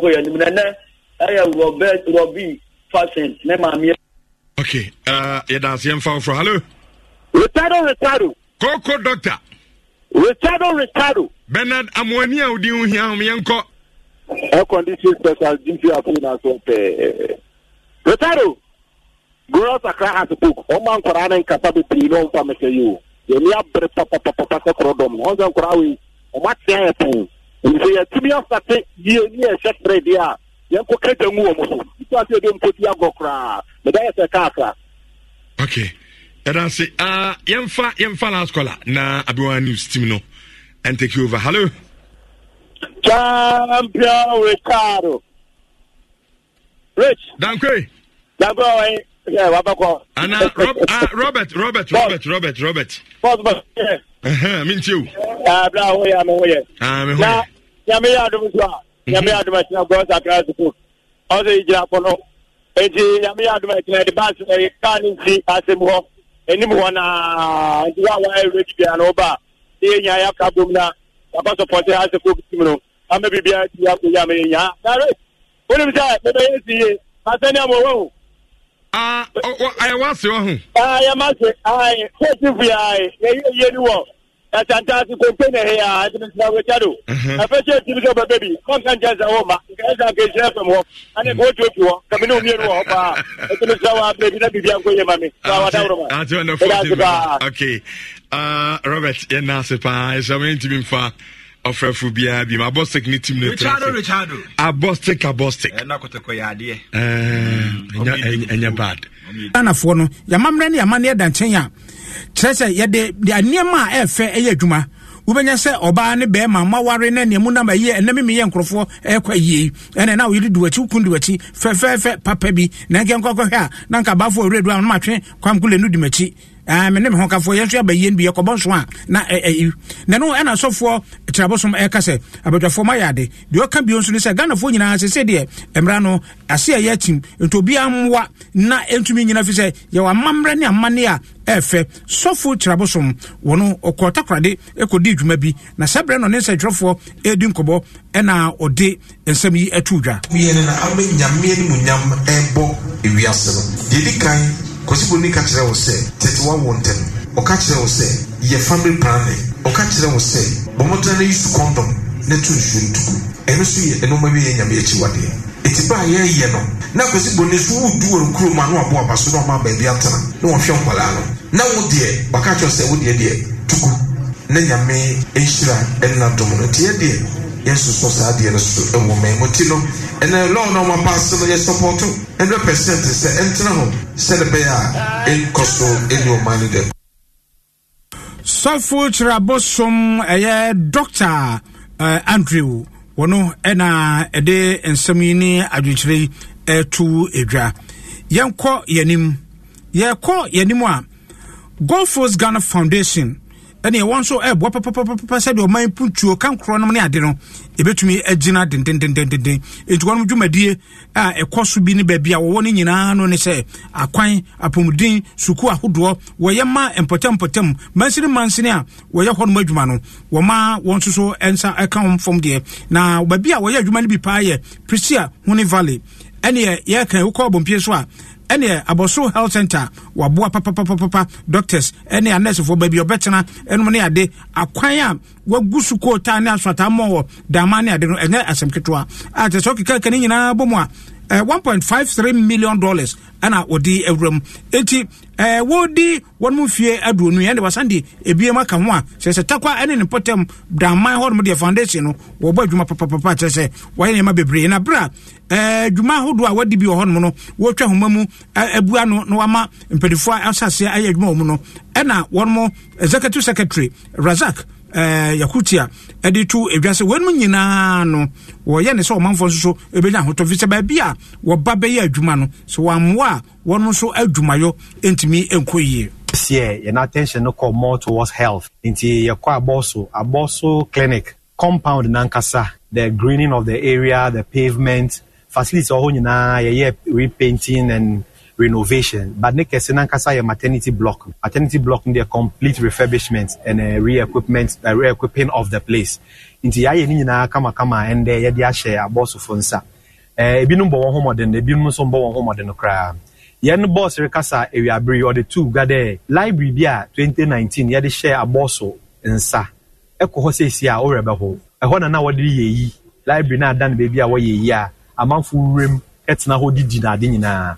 na ɛyɛ robert robi fasen ne maame. ok uh, yɛda aseɛ mfa wofrɔ hallo ricardo ricardo koko doctor ricardo ricardo bernard amoani a wodi ho hia hom yɛnkɔ air condition special gimfi afei na so pɛɛ ricardo goros akra heart book ɔma nkwaraa ne nkasa bebree na ɔmfa mesɛ yi o yɛni abere papapapa sɛ korɔ dɔm no ɔnsɛ nkwaraa wei ɔmatea yɛ poo ɛnti sɛ yɛatumi asate die ne yɛhyɛ berɛ deɛ a yɛn kɔ kɛgya ngu wɔ mo so nipa ase ebi mpɔ ti agɔ koraa mɛ dayɛ sɛ kaakra. okay yɛda ase uh, yɛmfa yɛmfa last caller na abiwa news team no and take you over hello. champion ricardo. rich. dankwe. dankwe wɔn yɛ wabakɔ. ana rob ah robert robert robert robert robert. bɔs bɔs yɛ. mi n tie o. abira ah, aho yɛ ami ho yɛ. ami na nyame yɛ a. nyame adom akyina gɔ sakra sukuu ɔsɛ yɛgyina kɔ no ji nyame yɛ adom akyina de bas kaa ne nti asɛm hɔ anim hɔ naa nti wa waayɛ wura di na a sɛ yɛnya yɛaka bom na yɛkɔ sɔpɔte asɛ kɔ tim no ama biribiara ti akɔ yɛ ama yɛnya nare wonim sɛ mebɛyɛ si ye asɛne ama wɔ ho ayɛ wase wɔ ho ae ae yɛyɛ yie asantase kɔmpe ne hɛ a ɛtumi sina ha sɛ ɛtumi sɛ ɔbɛbɛ bi kɔmka nkyɛ sɛ ha nkɛsɛ nkɛhyira fam hɔ ane ha fi hɔ kame omienu wɔ hɔ paa ɛtumi sɛ ha bi na biribia nkɔ yɛ ma me wadaworɔmaɛdase paa robert yɛna ase paa ɛsɛ me ha mfa ɔfrɛfo biara bi ma ha ne tim no abɔstic abɔstic ha bad ghanafoɔ no yɛmammerɛ ne yɛma ne ɛda nkyɛn a kyerɛ sɛ yɛde nneɛma a ɛɛfɛ ɛyɛ adwuma wobɛnya sɛ ɔbaa ne bɛrima maware na nea mu nam ɛyɛ ɛnɛ me nkurɔfoɔ ɛkɔ yie ɛnɛ na woyere duwakyi wokun duwakyi fɛfɛɛfɛ papa bi na nkɛ nkɔkɔhwɛ a na nka abaafoɔ awura aduam no matwe kwamkole no di mene ah, me hokafoɔ yɛ nso abɛyie no bi yɛkɔbɔ nso a na ɛyi na no ɛna asɔfoɔ kyerɛbɔsom ɛka sɛ abadwafoɔ ma yɛ ade deɛ ɔka bio nso no sɛ ghanafoɔ nyinaa sɛ sɛ deɛ mmara no ase ɛyɛ atim nti obiaa mmoa na ɛntumi nyina fi sɛ yɛwɔ amammerɛ ne amanne a ɛfɛ sɔfo kyerɛbosom wɔno ɔkɔ takorade ɛkɔdi dwuma bi na sɛ berɛ no ne nsɛntwerɛfoɔ ɛdi nkɔbɔ ɛna ɔde nsɛm yi ato dwa wiɛ no na ama nyameɛ no mu nyam ɛbɔ ewiase no deɛ di kan kɔsiboni ka kyerɛ wo sɛ tete wa wɔ ntɛm ɔka kyerɛ wo sɛ yɛ family planning ɔka kyerɛ wo sɛ bɔmmɔdena no use condom na to nsuo ntugu ɛno nso yɛ nneɛma bi yɛ nyame akyiwadeɛ eti ba a yɛreyɛ no na kɔsiboni nso wodu wɔn kurom a no abo aba so na ɔma baabi atena na wɔhwɛ nkwadaa no na wo deɛ baka kyerɛ sɛ wo deɛ deɛ tugu na nyame nhyira ɛnna dom no nti yɛ deɛ yɛsosɔ saa adeɛ no so ɛwɔ mɛn mo ti no ɛnna lɔn na wɔn apaase no yɛsɔpɔtɔ hundred percent sɛ ɛntena ho sɛde bɛyɛ a ɛnkɔ so ɛni ɔman no dɛm. sɔfo kyerɛabosom ɛyɛ dɔkta uh, andrew wɔno ɛna ɛde nsɛm yi ne adwekyerɛ yi ɛto edwa yɛnkɔ yɛnim yɛkɔ yɛnim a gold force ghana foundation ɛne ɛwɔ nso ɛboa pɛpɛpɛpɛ sɛdeɛ ɔman puntuo kankorɔ nom ne ade no ɛbɛtumi agyina dendendendenden enti wɔnom dwumadie a ɛkɔ so bi ne baabi a wɔwɔ no nyinaa no ne sɛ akwan apɔmuden suku ahodoɔ wɔyɛ ma mpɔtɛmpɔtɛm mansini mansini a wɔyɛ hɔnom adwuma no wɔma wɔn nso so ɛnsa ɛka wɔn fam deɛ na baabi a wɔyɛ adwuma no bi paa yɛ prisia hone valley ɛneɛ yɛka wokɔ abɔmpie so a ɛne abɔsoro health center waboa papapapapa doctors ɛne anɛsfoɔ baabi ɔbɛtena ɛnom ne ade akwan a wagu so kootaa ne asoataa mmɔ wɔ dama ne ade no ɛnyɛ asɛm ketewa a kyɛ sɛ ɔkekaka ne nyinaa bɔ mu a uh, eh, 1.53 million dollars ɛna wɔde awura mu eti ɛɛ eh, wɔredi wɔn mu fie aduonu yɛn de wasan de ebien aka ho a sɛsɛ takwa ɛne ne pɔtɛm danman hɔ nom deɛ foundation no wɔbɔ adwuma papapapa kyerɛ sɛ wɔyɛ nneɛma bebree na bra ɛɛ eh, dwuma ahodoɔ a wɔde bi wɔ hɔ nom no wɔtwa homa mu ɛbua no na wɔama mpanimfoɔ asase ayɛ adwuma wɔ mu no ɛna wɔn mo executive secretary razak Eh, yakutia ɛde to adwa sɛ wɔnom nyinaa no wɔyɛ ne sɛ ɔmanfoɔ nso so ɛbɛnya ahotɔ fi sɛ baabi a wɔba bɛyɛ adwuma no sɛ wɔammoa a wɔn nso adwumayɔ ntumi nkɔ yie seɛ eh, yɛn attention no kɔ more towards health nti yɛkɔ abɔso abɔso clinic compound nankasa the greening of the area the pavement facility ɔhɔ nyinaa yɛyɛ repainting and renovation. But ne kese nankasa yɛ maternity block. Maternity block ne yɛ complete refurbishment and uh, re-equipment, uh, re-equipping of the place. Nti yɛayɛ ne nyinaa kamakama ɛndɛ uh, yɛde ahyɛ abɔsofo nsa. Uh, ebinom bɔ wɔn ho mɔden na ebinom nso bɔ wɔn ho mɔden koraa. yɛn bɔs rekasa ewiabere yi ɔde tuu ga dɛ library bi a 2019 yɛde hyɛ abɔso nsa ɛkɔ hɔ seesi a ɔwerɛ bɛho ɛhɔ na na wɔde yɛ yi library na ada no a wɔyɛ yi a amanfo wuram ɛtena hɔ didi na ade nyinaa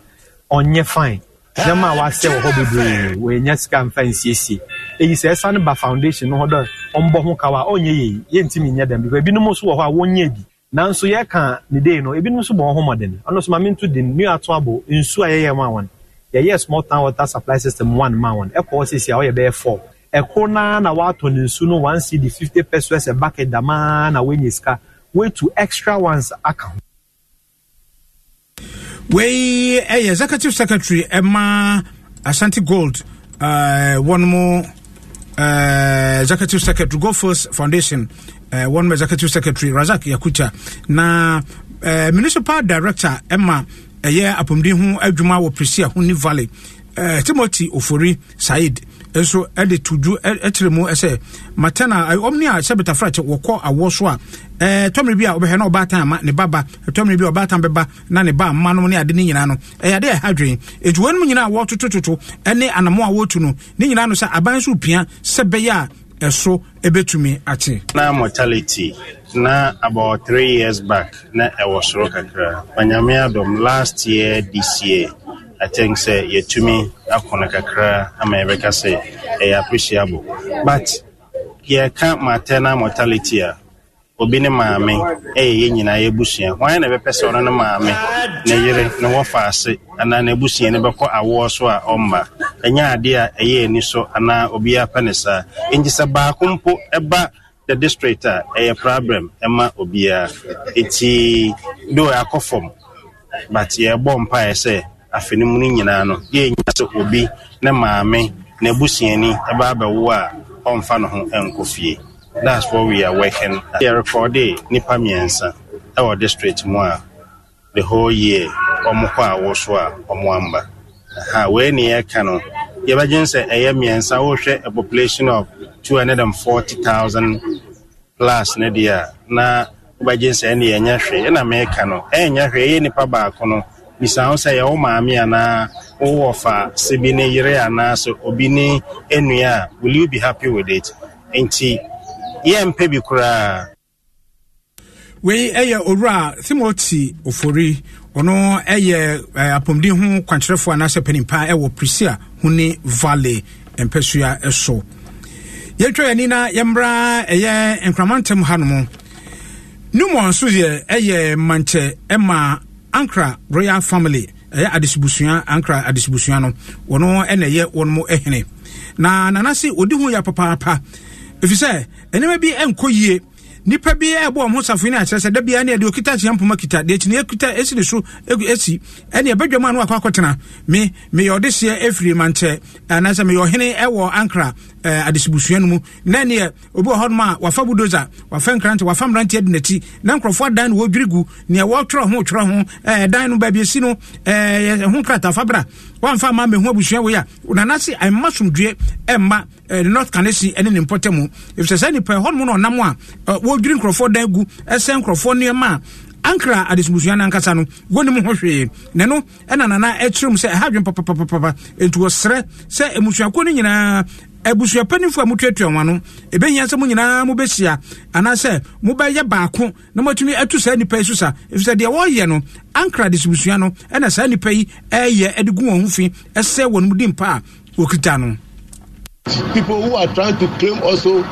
ɔnyɛ fine ah, nneɛma a wɔasɛ wɔ hɔ bebree wɔanya sika mfa nsiesie ɛyi sɛ ɛsane ba foundation no hɔ dɛ ɔmbɔ ho kawa a ɔnyɛ yɛyi yɛntumi nyɛ dɛm because ebinom nso wɔ hɔ a wɔnyɛ bi nanso yɛka ne dei no ebinom nso bɔ wɔn ho mmɔden ɔno nso maame nto den nua ato abo nsu a yɛyɛ ma wɔn yɛyɛ small town water supply system one ma wɔn ɛkɔ hɔ sisi a ɔyɛ bɛyɛ four ɛkoro naa na wɔatɔ ne nsu no one cd fifty pesos a bucket damaa na wɔnyɛ sika wɔatu extra ones aka ho. wei ɛyɛ eh, executive secretary ɛma asante uh, gold wɔn uh, mu uh, executive secretary first foundation wɔn mu executive secretary razak yakuta na municipal director ɛma ɛyɛ eh, apɔmuden ho adwuma wɔ presia ho ni valley timothy ofori said nso ɛde tudwo ɛkyerɛ mu sɛ matana ɔmne a sɛ betafrakye wɔkɔ awoɔ so a e, tɔmere bi a wobɛhɛ na ɔbaatan ama ne baba e, tɔmere bi a ɔbaatan bɛba na ne ba ama nom ne ade ne nyinaa no ɛyɛ e, ade ɛha dwen ɛti wɔnom nyinaa wɔtotototo ne anamo a wɔtu no ne nyinaa no sɛ aban so pia sɛ bɛyɛ a ɛso ɛbɛtumi akye na mortality na about three years back na ɛwɔ soro kakra onyame adom last year this year I think sɛ yɛtumi akɔ no kakra ama yɛbɛka sɛ ɛyɛ appreciable but yɛka maternal mortality ya obi ne maame ɛyɛ eh, yɛ nyinaa yɛbusua hwan na ɛbɛpɛ sɛ ɔno ne maame ne yere ne wɔfa ase anaa n'abusua no bɛkɔ awoɔ so a ɔmma ɛnyɛ adeɛ a ɛyɛ eh, ani so anaa obiara pɛ ne saa enti sɛ baako eh, the district a problem ɛma obiara eti do ɛakɔ fam but yɛbɔ mpaeɛ sɛ afei mu no nyinaa no yɛnya sɛ obi ne maame na n'abusuani ɛba abɛwo a ɔmfa ne ho nkɔ fie that's what we are working yɛrekɔde nnipa mmiɛnsa ɛwɔ district mu a the whole year ɔmo kɔ awo so a ɔmo amba ha wei ne yɛka no yɛbɛgyen sɛ ɛyɛ mmiɛnsa wohwɛ a population of 240000 plus ne deɛ a na wobɛgyen sɛ ɛne yɛnyɛ hwee ɛna meeka no ɛnyɛ hwee ɛyɛ nnipa baako no bisa ho sɛ yɛwo maame anaa wowɔ fa sɛ bi ne yere anaa so obi ne nnua a will you be happy with it nti yɛmpɛ bi koraa wei ɛyɛ owura timothy ofori ɔno ɛyɛ apɔmuden ho kwankyerɛfoɔ anaasɛ panimpa ɛwɔ prisia ho ne valley mpɛsua so yɛtwa yɛni na yɛmmra ɛyɛ nkramantam ha no mu numɔ nso deɛ ɛyɛ mankyɛ ɛma ankra royal family ɛyɛ adesubusua ankra adesubusua no wɔn ɛna ɛyɛ wɔn mo ɛhene na nanase odi ho yɛ papaapa efisɛ nneɛma bi ɛnkɔ yie nipa bi ɛbɔ ɔmo safo yi na akyerɛ sɛ da bi ɛne ɛde okita kyea mpoma kita deɛ kyini ekita esi ne so esi ɛne ɛbɛdwa mu a akɔ akɔtena me meyɛ ɔde seɛ efiri mankyɛ anaasɛ meyɛ ɔhene ɛwɔ ankara ɛɛ eh, adesibusua no mu na neɛ obi wɔ hɔnom a wafa budoza wafa nkrante wafa mmeranteɛ de n'akyi na nkurɔfoɔ dan no wɔdwiri gu nea wɔtwerɛ ho twerɛ ho eh, ɛɛ dan no baabi esi no ɛɛ eh, ɛho nkrataa fabra wamfa ma mehu abusua wei a nanase ɛmma somdue ɛmma eh, north kanesi ne ne mpɔtɛ mu ɛfisɛ saa nnipa ɛhɔ nom na ɔnam a eh, wɔdwiri nkurɔfoɔ dan gu ɛsɛ nkurɔfoɔ nneɛma a ankra adesumusua no ankasa no wɔnim ho hwee ne no ɛna nana ɛkyerɛ mu sɛ ɛha dwen papapapapa enti wɔserɛ sɛ mmusuakuo no nyinaa abusua panifo a mutuatua wɔn ano ebɛhia sɛ mo nyinaa mobɛhyia anaasɛ mobɛyɛ baako na moatumi atu saa nnipa yi so sa ɛfiri sɛ deɛ wɔreyɛ no ankra de subusua no ɛna saa nnipa yi ɛyɛ de gu wɔn ho fi ɛsɛ wɔn mu di mpa a wɔkita no People who are trying to claim also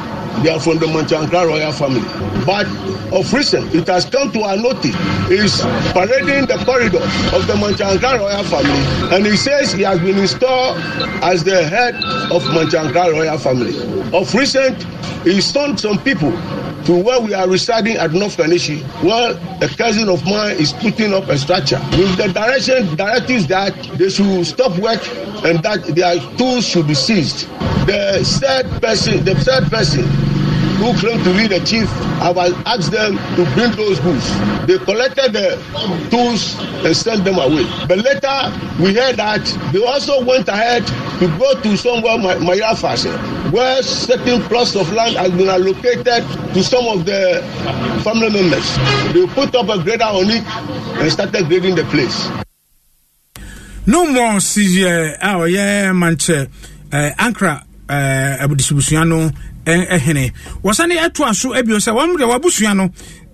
they are from the Manchankara royal family. But of recent, it has come to our notice. is parading the corridor of the Manchankara royal family, and he says he has been installed as the head of Manchankara royal family. Of recent, he stunned some people to where we are residing at North Kaneshi, where a cousin of mine is putting up a structure with the direction directives that they should stop work and that their tools should be seized the third person, the third person who claimed to be the chief, I was asked them to bring those goods. They collected the tools and sent them away. But later, we heard that they also went ahead to go to somewhere, Mayafas, where certain plots of land has been allocated to some of the family members. They put up a grader on it and started grading the place. No more CGI, oh yeah, manche uh, Ankara. Eh, abudisubusua no eh, hene wɔsane ɛtoa so abio eh, sɛ wɔn deɛ wɔabusua no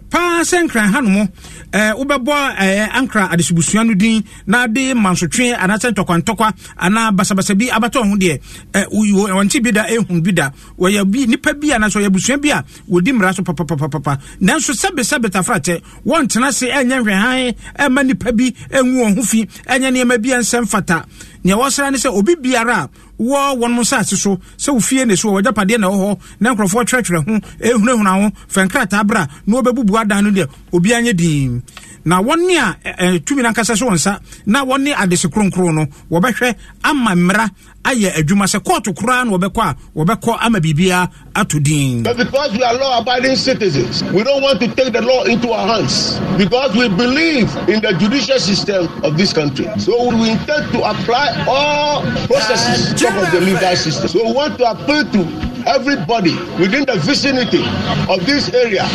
paa sɛ nkran hanom ɛɛ wobɛbɔ ɛɛ ankara adesubusua no din na de mansotwe anaasɛ ntɔkwantɔkwa anaa basabasa bi abatɔ ho deɛ ɛɛ wɔnti bi da ehun bi da wɔyɛ bi nipa bi anaasɛ wɔyɛ busua bi a wɔdi mmara so papapapapa nanso sɛbe sɛbe tafrakyɛ wɔntena se ɛnyɛ nhwɛhan ɛma nipa bi ɛngu wɔn ho fi ɛnyɛ nneɛma bi ɛnsɛn fata nea wɔsra ne sɛ obi biara a wɔ wɔn nsase so sɛ wofie ne so wɔgya padeɛ na ɛwɔ hɔ na nkurɔfoɔ twerɛtwerɛ ho ehunahuna ho fɛnkrataa bra na wɔbɛbubu adan no deɛ obiara nyɛ dinn na wɔne a eh, eh, tumi no ankasa so wɔ nsa na wɔne adese kronkron no wɔbɛhwɛ ama mmara ayɛ adwuma sɛ kɔɔto koraa na wɔbɛkɔ a wɔbɛkɔ ama ato din. But because we are law-abiding citizens, we don't want to take the law into our hands because we believe in the judicial system of this country. So we intend to apply all processes of the legal system. So we want to appeal to everybody within the vicinity of this area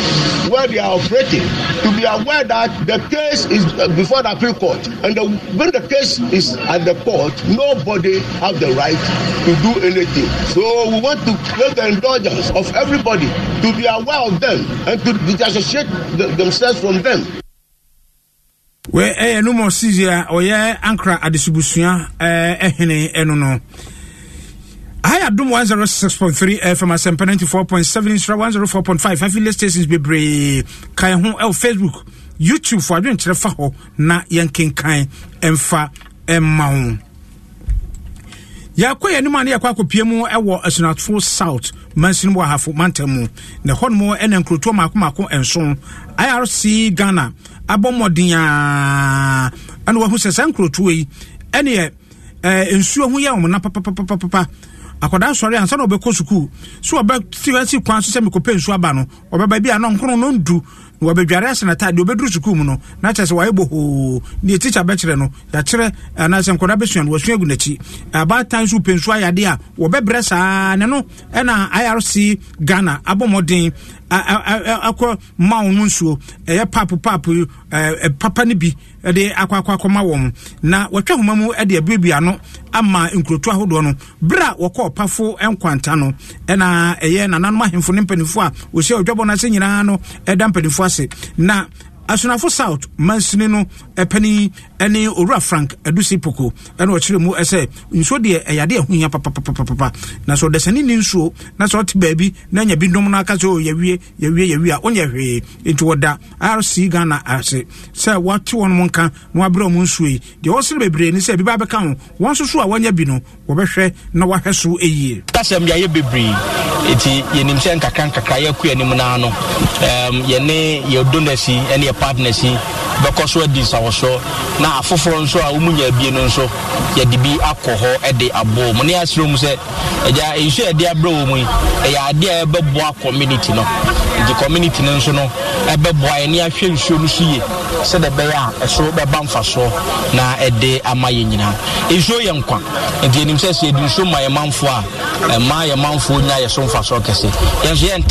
where they are operating to be aware that the case is uh, before the appeal court and the, uh, when the case is at the court nobody have the right to do anything so we want to make the indulgence of everybody to be aware of them and to disassociate the, themselves from them. wee eh, ɛyɛ eh, no mɔ sisi a ɔyɛ ankara adesubusua ɛhene eh, ɛno no ayɛ adom 106.3 fm asɛmpa 94.7 nsra 104.5 afi lay stations bebree kae ho oh, ɛwɔ facebook youtube fo adwenkyerɛ fa hɔ na yɛnkenkan ɛmfa ɛmma ho yɛakɔ yɛ anim a ne yɛkɔ akɔpie mu ɛwɔ asunatofo south mansin mu ahafo mantam mu na ɛhɔ nom ɛna nkurotoɔ maakomaako nson irc ghana abɔ mmɔden a ɛna wahu sɛ saa nkurotoɔ yi ɛneɛ ɛɛ nsuo ho yɛ wɔn na papapapapa akwadaa sɔre ansa na ɔbɛkɔ sukuu so ɔbɛ si kwan so sɛ mekɔpɛ nsuo aba no ɔbɛba bi a na nkoro no ndu wɔbɛdware asenataade wɔbɛduru sukuu mu no na kyerɛ sɛ wayɛ bohoo deɛ tikya bɛkyerɛ no yɛkyerɛ anaasɛ nkɔda bɛsua no wasua agu n'akyi abaatan so pɛnsu ayadeɛ a wɔbɛbrɛ saa ne no ɛna irc ghana abɔmmɔden akɔ ma wo ho nsuo ɛyɛ papo papo papa no bi de akɔ akɔ akɔma wɔn na wɔtwa ahoma mu de abuebue ano ama nkurotu ahodoɔ no berɛ a wɔkɔ ɔpafo nkwanta no ɛna ɛyɛ nananom ahemfo ne mpanimfoɔ a wɔsi ɔdwabɔ no ase nyinaa no ɛda mpanimfoɔ ase na asonafo south mansini no ɛpɛni ɛne owura frank adusi poko ɛna ɔkyerɛ mu ɛsɛ nsuo deɛ ɛyɛ adeɛ ɛho hia papapapapa na sɛ ɔdasani ne nsuo na sɛ ɔte baabi na nya bi dom no aka sɛ o oh, yɛwie yɛwie yɛwie a ɔnyɛ hwee nti wɔda rc ghana ase sɛ wɔate wɔn mo nka na wabrɛ wɔn nsuo yi deɛ ɔsere bebree ne sɛ ebi ba ho wɔn nso a wɔnyɛ bi no wɔbɛhwɛ na wɔahwɛ so yie. kasɛm yɛayɛ bebree eti yɛnim sɛ nkakra nkakra yɛkɔ yɛn anim naa no yɛne yɛ donors yi ne yɛ partners yi bɛkɔ so adi nsawɔsɔ na afoforɔ nso a wɔn nyɛ abie no nso yɛde bi akɔ hɔ de aboɔ mu ne yɛasrɛ mu sɛ ɛgya nsu a yɛde abrɛ wɔ yi ɛyɛ adeɛ a ɛbɛboa community no nti community no nso no ɛbɛboa yɛn ne ahwɛ nsuo no so yie sɛdeɛ ɛbɛyɛ a ɛso bɛba mfasoɔ na ɛde ama yɛn nyinaa nsuo yɛ nkwa nti yɛnim sɛ sɛ yɛde nsuo ma yɛn manfoɔ a ɛma yɛn manfoɔ nya yɛ so mfasoɔ kɛse yɛn nso yɛn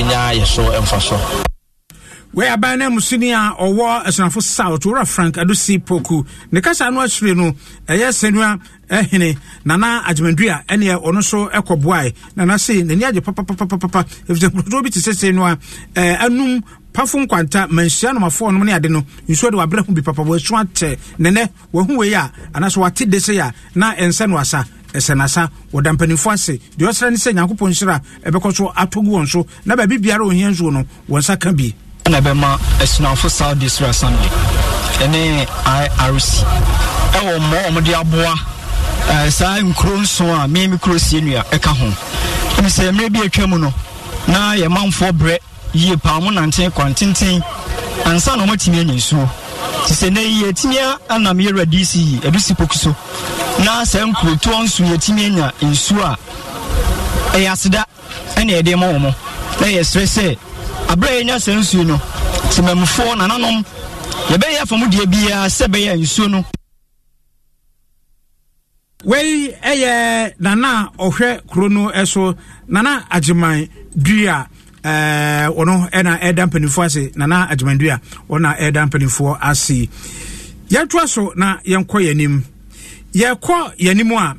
yɛbɛnya yɛ so mfa so wei aban no amusoni a ɔwɔ asonafo south wura frank adosi poku ne kasa no akyire no ɛyɛ sanua ɛhene nana agyemadua ɛneɛ ɔno so ɛkɔboae nana se n'ani agye papapapapa ɛfisɛ nkurɔfoɔ bi te sesei no a ɛɛ anum pafo nkwanta manhyia nomafoɔ nom ne ade no nsuo de wabrɛ ho bi papa wɔasu atɛ nenɛ wahu wei a anaasɛ wate de sei a na ɛnsɛ no asa ɛsɛ nasa wɔda mpanimfoɔ ase deɛ ɔsrɛ ne sɛ nyankopɔn nhyira ɛbɛkɔ so atɔ gu wɔn so na baabi biara ohia nsuo no wɔn nsa ka bi na ɛbɛma asunafo south district assembly ɛne irc ɛwɔ mmɔ wɔn aboa eh, saa nkuro nson a mmea mi kuro sie nua ɛka ho ɛnu sɛ mmerɛ bi atwa mu no na yɛ manfoɔ brɛ yie paa mo nante kwantenten ansa na wɔatumi anya nsuo sɛ na yi yɛtumi anam yɛwura dc ɛde si poku so na sɛ nkurotoɔ nso yɛtumi anya nsuo a ɛyɛ aseda ɛna yɛde ma wɔn na yɛsrɛ sɛ abere a yɛnya sɛ nsuo no temamufoɔ nananom yɛbɛyɛ afamudeɛ biara sɛ ɛbɛyɛ nsuo no wei ɛyɛ nana a ɔhwɛ kuro no so nana agyeman dua ɔno eh, ɛna eh, ɛda eh, mpanimfoɔ ase nana adwumandua ɔna ɛda mpanimfoɔ ase yɛtoa so na yɛnkɔ yɛnim yɛkɔ yɛnim a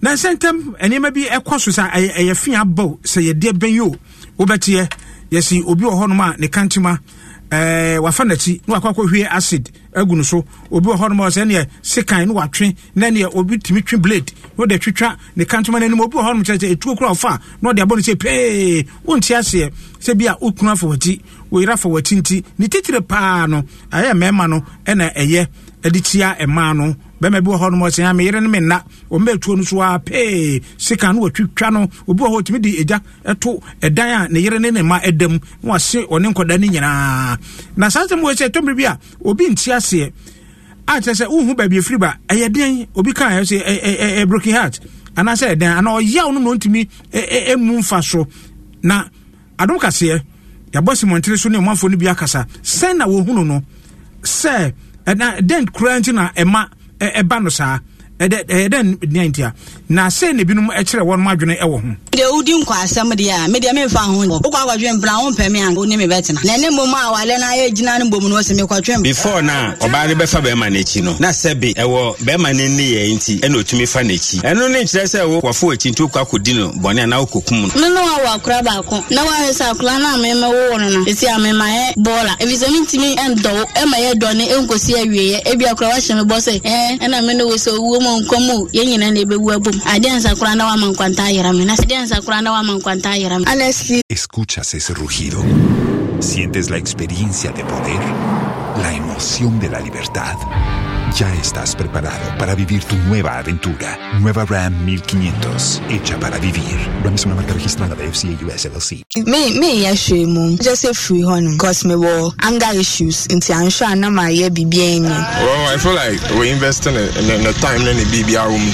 na nsɛntɛm nneɛma bi ɛkɔ so sɛ ɛyɛ fi abɔ sɛ yɛdeɛ bɛn yi o wobɛteɛ yɛsi obi wɔ hɔnom a ne kantima ɛɛ wafa n'akyi na wakɔ akɔhwie acid agu no so obi wɔ hɔ nom sɛ neɛ sekan ne watwe na neɛ obi tumi twe blade na ɔde twitwa ne kantoma no anim obi wɔ hɔ nom kyerɛ sɛ ɛtuo kora ɔfa na ɔde abɔ no sɛ pee wonte aseɛ sɛ bi a wokunu afa w'akyi nti ne titire paa no ɛyɛ mmarima no ɛna ɛyɛ de tia ɛma no bɛma bi wɔ hɔ nom ɔsɛ me yere no me nna ɔma atuo no so a pee sika no watwitwa no obi wɔ hɔ ɔtumi de gya to ɛdan a ne yere ne ne ma da mu na wase ɔne nkɔda no nyinaa na saa sɛm wɔ sɛ ɛtɔmmere bi a obi nti aseɛ akyerɛ sɛ wohu baabi ɛfiri ba ɛyɛ den obi ka ɛ sɛ broken heart anaasɛ ɛdan anaa ɔyaw no na ɔntumi mu mfa so na adom kaseɛ yɛabɔ simɔntere so ne ɔmanfoɔ no bi akasa sɛn na wɔhunu no sɛ ɛna dɛn kura nti na ɛma ɛba no saa ɛyɛ dɛ nneantia na sɛ na ebinom kyerɛ wɔnom adwene wɔ ho deɛ wodi nkɔ asɛm deɛ a medeɛ memfa ho wokɔ akɔdwe mpra wo mpɛ me anka wone mebɛtena na ɛne mmom a wale no ayɛ gyina no mbom no ɔsɛ mekɔtwe before na a ɔbaa no bɛfa bɛrima no no na sɛbe ɛwɔ bɛrima no nneyɛ nti ɛna ɔtumi fa no akyi ɛno ne nkyerɛ sɛ wo wɔfo akyi nti wokɔ akɔdi no bɔne anaa wokɔkum no me ne wawɔ baako na woahwɛ sɛ akora no a memɛwowɔ no no ɛsi a memayɛ bɔɔla ɛfiri sɛ mentimi ɛndɔ wo ɛma yɛ dɔne ɛnkɔsi awieeɛ ebi akora woahyɛ me bɔ sɛ ɛna me ne wo sɛ owuo mu wɔn nkɔm o yɛn nyinaa na ɛbɛwu abom adeɛ nsakora na wama nkwanta ayɛra me na adeɛ nsakora na wama nkwanta ayɛra me honestly escuchas ese rugido sientes la experiencia de poder la emoción de la libertad ya estás preparado para vivir tu nueva aventura. Nueva Ram 1500, hecha para vivir. Ram es una marca registrada de FCA US LLC. Me, me ya hwɛ mu. Just say free honum cause me wɔ anger issues nti anhwɛ no ma yɛ bibi Well, oh, I feel like we invest in, the time na the bibi awo me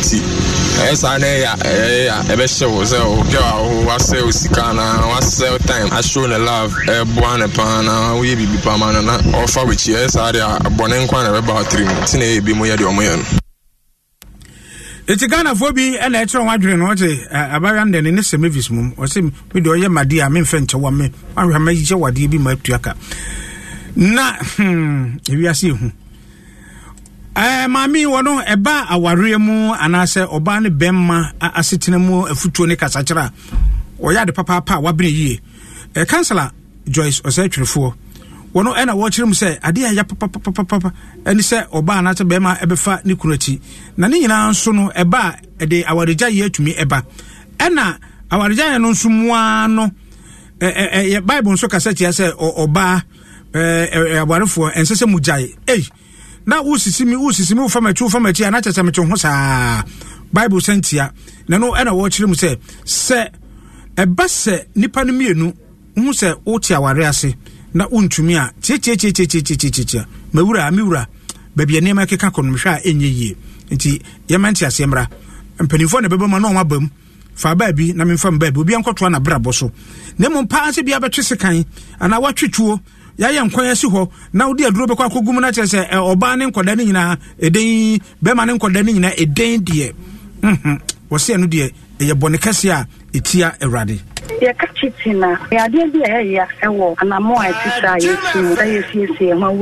ɛsaa no ya ɛbɛhyɛ eh, wo sɛ wo wo wasɛ wo sika na wasɛ time ashow ne love ɛboa eh, ne paa na woyɛ biribi paa ma no na ɔfa wokyi ɛsaa de a bɔne nkwa na ɛbɛba nti na ɛyɛ bi mu yɛ deɛ ɔmoyɛ no ghanafoɔ bi ɛna eh, ɛkyerɛ adwene no ɔte ndɛ ne ne ɔyɛ a bi ma atua ka na hmm, Eh, maame wɔ no ɛba awareɛ mu anaasɛ ɔbaa ne bɛmma asetena mu afutuo ne kasakyerɛ a ɔyɛ ade papaapa a wabene yie eh, councilor joyce ɔsɛ twerɛfoɔ wɔno ɛna wɔkyerɛ mu sɛ adeɛ a ɛyɛ papapapapa ɛne sɛ ɔbaa anaasɛ bɛrima ɛbɛfa ne kunu akyi na ne nyinaa nso no ɛba a ɛde awaregyaeɛ atumi ɛba ɛna awaregyaeɛ no nso mua no ɛɛ ɛɛ bible nso kasa kyia sɛ ɔbaa ɛɛ ɛwarefoɔ ɛnsɛ sɛ na wosisi mi wosisi mi wofa m'akyi wofa m'akyi anaa kyerɛ sɛ mete ho saa bible sɛ ntia na no ɛna wɔrekyerɛ mu sɛ sɛ ɛba sɛ nnipa no mmienu wohu sɛ wote aware ase na wontumi a tietietietietietietietia mawura me wura baabi a nneɛma ɛkeka kɔ nomhwɛ a ɛnyɛ yie nti yɛma nte aseɛ mmra mpanimfoɔ na ɛbɛbɛ mu a na ɔmaba mu fa baabi na memfa m baabi obi ankɔtoa nabrabɔ so na mmom paa sɛ bi bɛtwe sekan anaa woatwe tuo yɛayɛ nkwan asi hɔ na wode aduro bɛkɔ akɔgu mu no kyerɛ sɛ ɔbaa ne nkɔda no nyinaa ɛden bɛma ne nkɔda no nyinaa ɛden deɛ mhm. wɔsɛ no deɛ ɛyɛ bɔne kɛseɛ a ɛtia awurade yɛka kyitin na adeɛ bi a ya, ɛwɔ ya a ɛte a mu sɛ yɛsiesie ho ma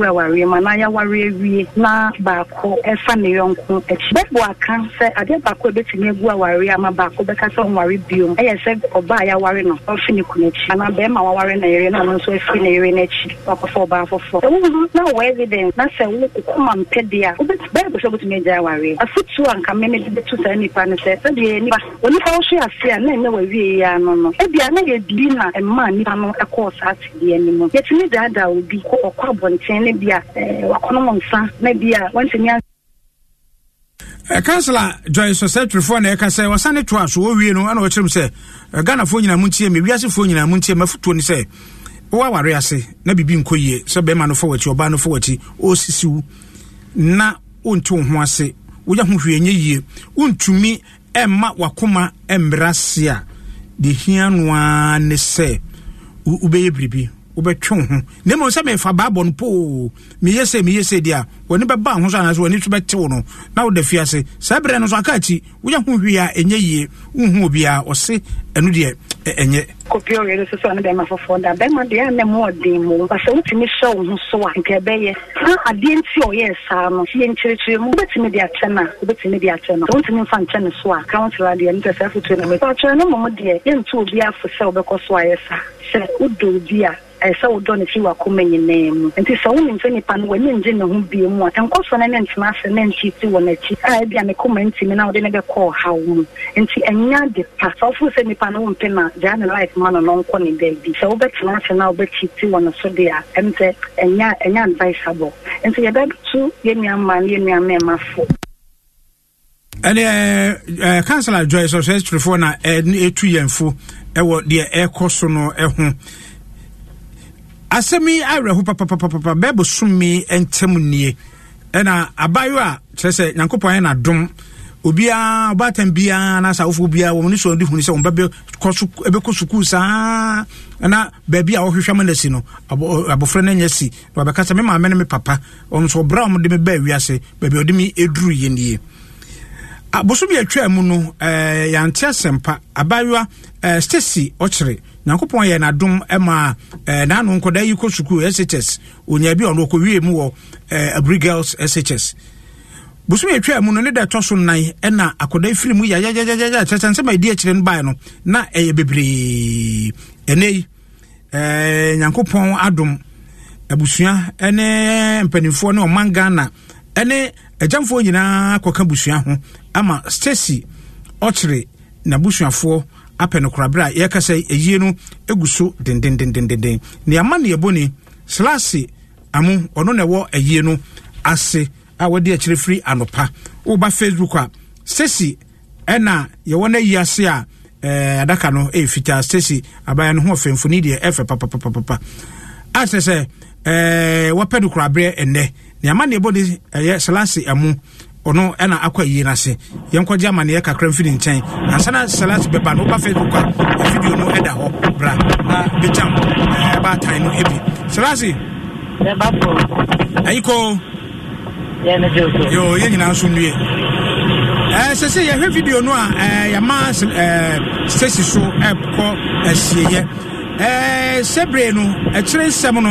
na yɛaware awie na baako ɛfa ne yɔnko akyi bɛbɔ aka sɛ adeɛ baako a ɛbɛtumi agu awareɛ ama baako bɛka sɛ ɔnware biom ɛyɛ sɛ ɔba a yɛaware no ɔfi ne kunu akyi anaa bɛrima waware na yere na ɔno nso afi ne yere no akyi ɔbaa foforɔ sɛ na wɔ na sɛ wo kokoma bi a na yɛdi na mmaa nnipa no kɔɔ saa asedeɛ no yɛtumi daadaa obi kɔ ɔkɔ abɔnten ne a wakɔnom nsa na bi a wantumi an councilor joy societyfoɔ na ɛka sɛ wɔsane toa wɔwie no ana sɛ ghanafoɔ mu mu mafotuo ne sɛ ase na biribi nkɔ yie sɛ no fa no fa na wonte wo ho ase ho yie wontumi ɛmma wakoma se a de hia no ara ne sɛ wobɛyɛ biribi wobɛtwe ho na mmom sɛ mefa baabɔ no poo meyɛ sɛ meyɛ sɛ deɛ a w'ani bɛba ho so anaasɛ w'ani so bɛtew no na woda fi saa berɛ no so aka akyi woyɛ ho hwee a ɛnyɛ yie wonhu obiaa ɔse ɛno deɛ ɛnyɛ kɔpia ɔyɛ no soso a foforɔ da bɛrima deɛ a mu ɔden mu ba sɛ wotumi hyɛ wo ho so a nka ɛbɛyɛ na adeɛ nti ɔyɛɛ saa no yɛ nkyerɛkyerɛ mu wobɛtumi de akyɛ no a wobɛtumi de akyɛ no sɛ wontumi mfa nkyɛ no so a ka wontera deɛ nkyɛ sɛ afotuo no mɛ akyerɛ no mmom deɛ yɛnto obi afo sɛ wobɛkɔ so ayɛ saa sɛ wodɔ obi a ɛsɛ wo dɔ ne fi wakoma nyinaa mu nti sɛ wonim sɛ nipa no w'ani ngye ne ho bie mu a nkɔ so no ne ntena ase na nti si wɔ n'akyi a ebia ne koma ntimi na wode ne bɛkɔ ɔhaw mu nti ɛnya de pa sɛ wofo sɛ nipa no wompɛ na gyaa ne life ma no no nkɔ ne baabi sɛ wobɛtena ase na wobɛkyi ti wɔ ne so de a ɛm sɛ ɛnya ɛnya advisable nti yɛbɛto yɛ nuamma ne yɛ nuammɛmafo ɛne uh, uh councilor joyce ɔsɛ kyerɛfoɔ na ɛtu yɛmfo ɛwɔ deɛ ɛkɔ so no ɛho asɛm yi awerɛho papapapapa bɛɛbo some ntɛm nie ɛna abayewa a kyerɛ sɛ nyankopɔn yɛ nadom obiara ɔbaatan biara anaasɛ awofoɔ biara wɔn ne sɔn de huni sɛ wɔn ba sukuu saa na baabi a wɔhwehwɛ mu na no abɔfra no anya si na wɔbɛka sɛ me maame ne me papa ɔno nso ɔbrɛ a wɔde me baa wiase baabi a ɔde me ɛduru nie abosom yɛ atwa mu no eh, yɛante asɛmpa abaayewa eh, stacy ɔkyere nyankopɔn yɛ n'adom ma eh, naano nkɔda yi kɔ sukuu shs onya bi ɔno ɔkɔwie mu wɔ abri girls shs bosom yɛ atwa mu no ne da ɛtɔ so nan ɛna akɔda firi mu yɛyɛyɛyɛyɛ kyerɛkyɛ nsɛm a ɛdi akyirɛ no bae no na ɛyɛ bebree ɛnɛ yi nyankopɔn adom abusua ne mpanimfoɔ ne ɔman ghana ne agyamfoɔ nyinaa kɔka busua ho ama stacy ɔkyere n'abusuafoɔ apɛ no korabere a yɛkasa ayie no egu so dendendendenden nea ama ne yɛbɔ ni slaase amu ɔno na ɛwɔ ayie no ase a wɔde akyerɛ firi anɔpa woba facebook a stacy ɛna yɛwɔ no ayi ase a ɛɛ adaka no ɛyɛ fitaa stacy aban no ho ɔfɛ mfoni deɛ ɛfɛ papapapapa a kyerɛ sɛ ɛɛ wɔpɛ no ɛnɛ nea ama ne yɛbɔ ni ɛyɛ slaase amu ɔno ɛna akɔ ayie no ase yɛnkɔgye amanneɛ kakra mfiri nkyɛn ansa na salat bɛba no woba facebook a video no ɛda hɔ bra na bɛgyam ɛbaatan eh, no bi salase ayi kɔ yo yɛn nyinaa nso nnue sɛ eh, sɛ yɛhwɛ video no a eh, yɛma stasi so ɛkɔ asieyɛ sɛ beree no akyire nsɛm no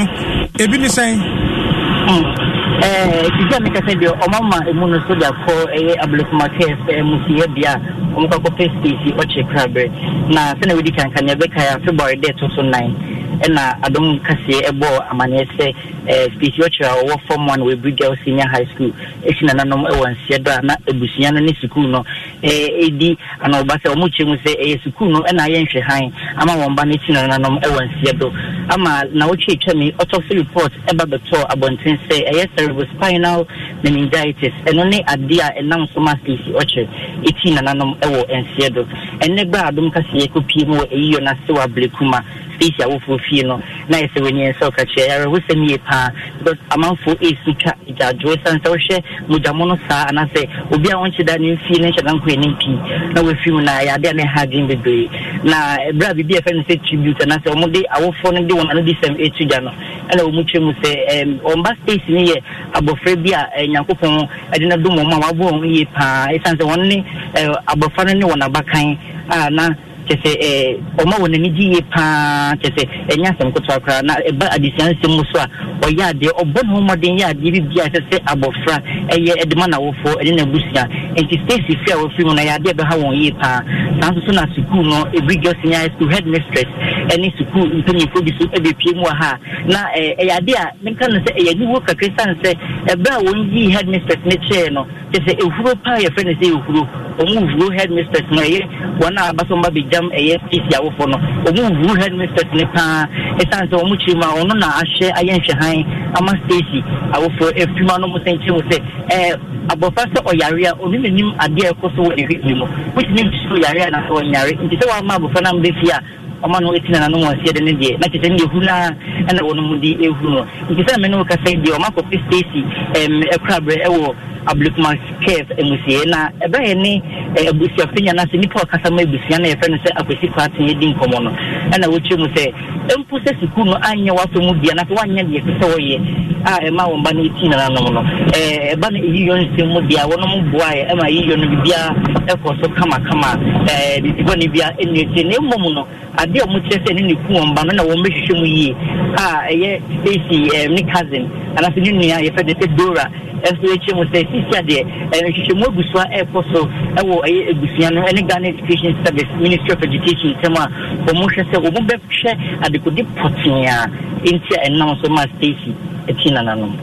ebi ne sɛn hmm. Eh, sisi mi kasa deɛ ɔmo ama emu no so dakɔ eh, ɛyɛ abolokuma kɛse ɛmu eh, bia ɔmo kakɔ pɛ krabrɛ na sɛnɛ wodi kankan yɛ bɛka yɛ afebɔre dɛ ɛto so nan ɛna adom kaseɛ ɛbɔ e amanneɛ sɛ e, spiti ɔkyerɛ a ɔwɔ fam one wɔabri girl senior high school ɛsi e nananom ɛwɔ nseɛ dɔ a na abusua no ne sukuu no ɛdi anɔba sɛ ɔmo kyerɛ mu sɛ ɛyɛ sukuu no ɛna ayɛ nhwɛ ama wɔn ba no ti nananom ɛwɔ nseɛ dɔ ama na wɔtwe atwa mi autopsy report ɛba bɛtɔ abɔnten sɛ ɛyɛ cerebral spinal meningitis ɛno ne adeɛ a ɛnam so ma spiti ɔkyerɛ ɛti nananom ɛwɔ nseɛ dɔ ɛnɛ bɛ adom kaseɛ kɔpie mu wɔ ɛyiyɔ no ase wɔ ablekuma station awofoɔ fie no na yɛ sɛ w'ani yɛn sɛ ɔka kyerɛ awerɛhosɛm yie paa because amanfoɔ ɛsi twa agyaadwoɔ sane sɛ wohwɛ mogyamo no saa anaasɛ obi a wɔnkye da ne mfie ne nhyɛ nankoɛ ne mpii na wafiri mu na yɛade a ne ɛha adwen bebree na ɛberɛ a biribi a ɛfɛ no sɛ tribute anaasɛ ɔmode awofoɔ no de wɔn ano de sɛm ɛtu gya no ɛna wɔmu kyerɛ mu sɛ ɔmba space no yɛ abɔfra bi a nyankopɔn ɛde no dom ɔm a waboɔ wɔn yie paa ɛsiane eh, sɛ wɔn ne abɔfra no ne wɔn abakan a ah, na kyɛ sɛ eh, ɔma wɔ n'ani gye yie paa kyɛ sɛ ɛnyɛ asɛm kotoa koraa na ɛba adesua nsɛm mu so a ɔyɛ adeɛ ɔbɔ ne ho mmɔden yɛ adeɛ bi bi a ɛsɛ sɛ abɔfra ɛyɛ ɛde ma n'awofoɔ ɛne n'abusua nti stacey fi a wɔfiri mu no yɛ adeɛ bɛha wɔn yie paa saa nso na sukuu no ebi girls senior high school head mistress ɛne sukuu mpanyinfoɔ bi so ɛbɛpie mu wɔ ha na eh, ɛyɛ adeɛ a menka no sɛ ɛyɛ aniwo kakra san sɛ ɛbɛrɛ a wɔn yii no kyɛ sɛ ehuro paa yɛfrɛ no sɛ ehuro wɔn ehuro head mistress bi dɛm ɛyɛ pc awofo no ɔmo wuru headmistress ne paa ɛsiane sɛ ɔmo kyerɛ mu a ɔno na ahyɛ ayɛ nhwɛhan ama stasi awofo afima no mo sɛ nkyerɛ mu sɛ ɛɛ abɔfra sɛ ɔyare a ɔno n'anim adeɛ ɛkɔ so wɔ ne hwehwɛ mu wotumi nti so yare a na sɛ ɔnyare nti sɛ wama abɔfra no mbɛfie a ɔma no ɛtina nano mu aseɛ de ne deɛ na kyerɛ sɛ ne deɛ hu no a ɛna wɔno mu de ɛhu no nti sɛ me ne e wo kasa yi deɛ ɔma kɔpe stasi ɛkoraberɛ ɛwɔ ablikuma cave amusieɛ na ɛbɛyɛ ne abusuafo nya nasɛ nnipa ɔkasa ma abusua no yɛfrɛ no sɛ akwasi kwaten ɛdi nkɔmmɔ no ɛna wɔkyerɛ mu sɛ mpo sɛ sukuu no anyɛ w'asɔ mu bia na afei woanyɛ deɛ ɛsɛ sɛ wɔyɛ a ɛma wɔn ba no ɛti nananom no ɛba no ɛyiyɔ nsɛm mu deɛ wɔnom boaeɛ ɛma ɛyiyɔ no biribiara ɛkɔ so kamakama biribi bɔne biara na ɛmmɔ mu no ade a wɔkyerɛ sɛ ne ne ku wɔn ba no na wɔn bɛhwehwɛ mu yie a ɛyɛ stacy ɛɛ ne cousin anaasɛ ne nua yɛfɛ de sɛ dora ɛnso akyerɛ mu sɛ sisi adeɛ nhwehwɛmu eh, abusua ɛrekɔ so ɛwɔ ɛyɛ eh, abusua no ɛne ghana education service ministry of education ntɛm a wɔhwɛ sɛ wɔn bɛhwɛ adekode pɔtee a nti a ɛnam eh, so ma stacy ɛti nananom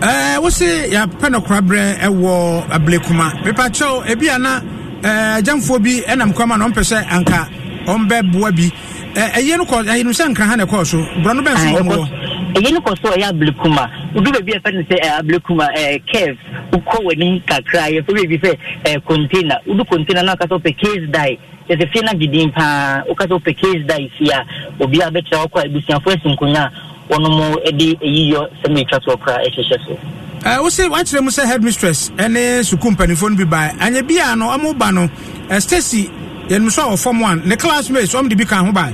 ɛɛ wosi yɛapɛ nɔkora berɛ ɛwɔ abilekuma mipakyɛw ebi ana ɛɛ agyamfoɔ bi ɛnam kwan mu a na sɛ anka ɔmbɛboa bi ɛyɛ no kɔ ɛyɛ no sɛ nkra ha na ɛkɔɔ so bra no bɛn so wɔn wɔ. ɛyɛ no kɔ so ɛyɛ abilekuma odu baabi a yɛfɛ no sɛ abilekuma ɛɛ kɛf ukɔ wani kakra yɛfɛ baabi sɛ ɛɛ kɔntena odu kɔntena na akasɛ ɔpɛ case die yɛsɛ fie na gidi paa ɔkasɛ ɔpɛ case die fia obi a bɛkyerɛ ɔkɔ abusuafo asi nkonya wɔn mo de eyiyɔ sɛmi etwa so ɔkora ɛhyehyɛ so. wosɛ wakyerɛ mu sɛ headmistress ne sukuu mpanimfoɔ no bi baa anyɛ no ɔmo ba no stacy yɛnim sɛ ɔfam one ne classmates ɔm de bi ka ho bae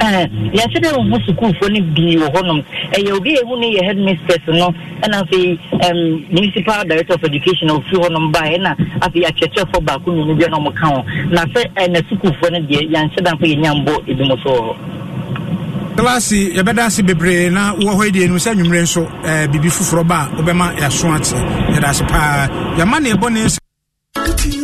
eh, yɛse dɛ wɔho sukuufoɔ no bii wɔ hɔnom ɛyɛ obi yɛhu ne yɛ headmistress no ɛna afei um, municipal director of education a ɔfiri hɔnom baa ɛna afei akyerɛkyerɛfoɔ baako mmienu bi a na ɔmka ho na sɛ ɛna eh, sukuufoɔ no deɛ yɛnhyɛ da mfa yɛnyambɔ ebi mu so wɔ hɔ klaase yɛbɛda ase bebree na wowɔ hɔ deɛ anim sɛ anwummerɛ nso eh, biribi foforɔ ba a wobɛma yɛaso ate yɛda ase paa yɛma ne ɛbɔne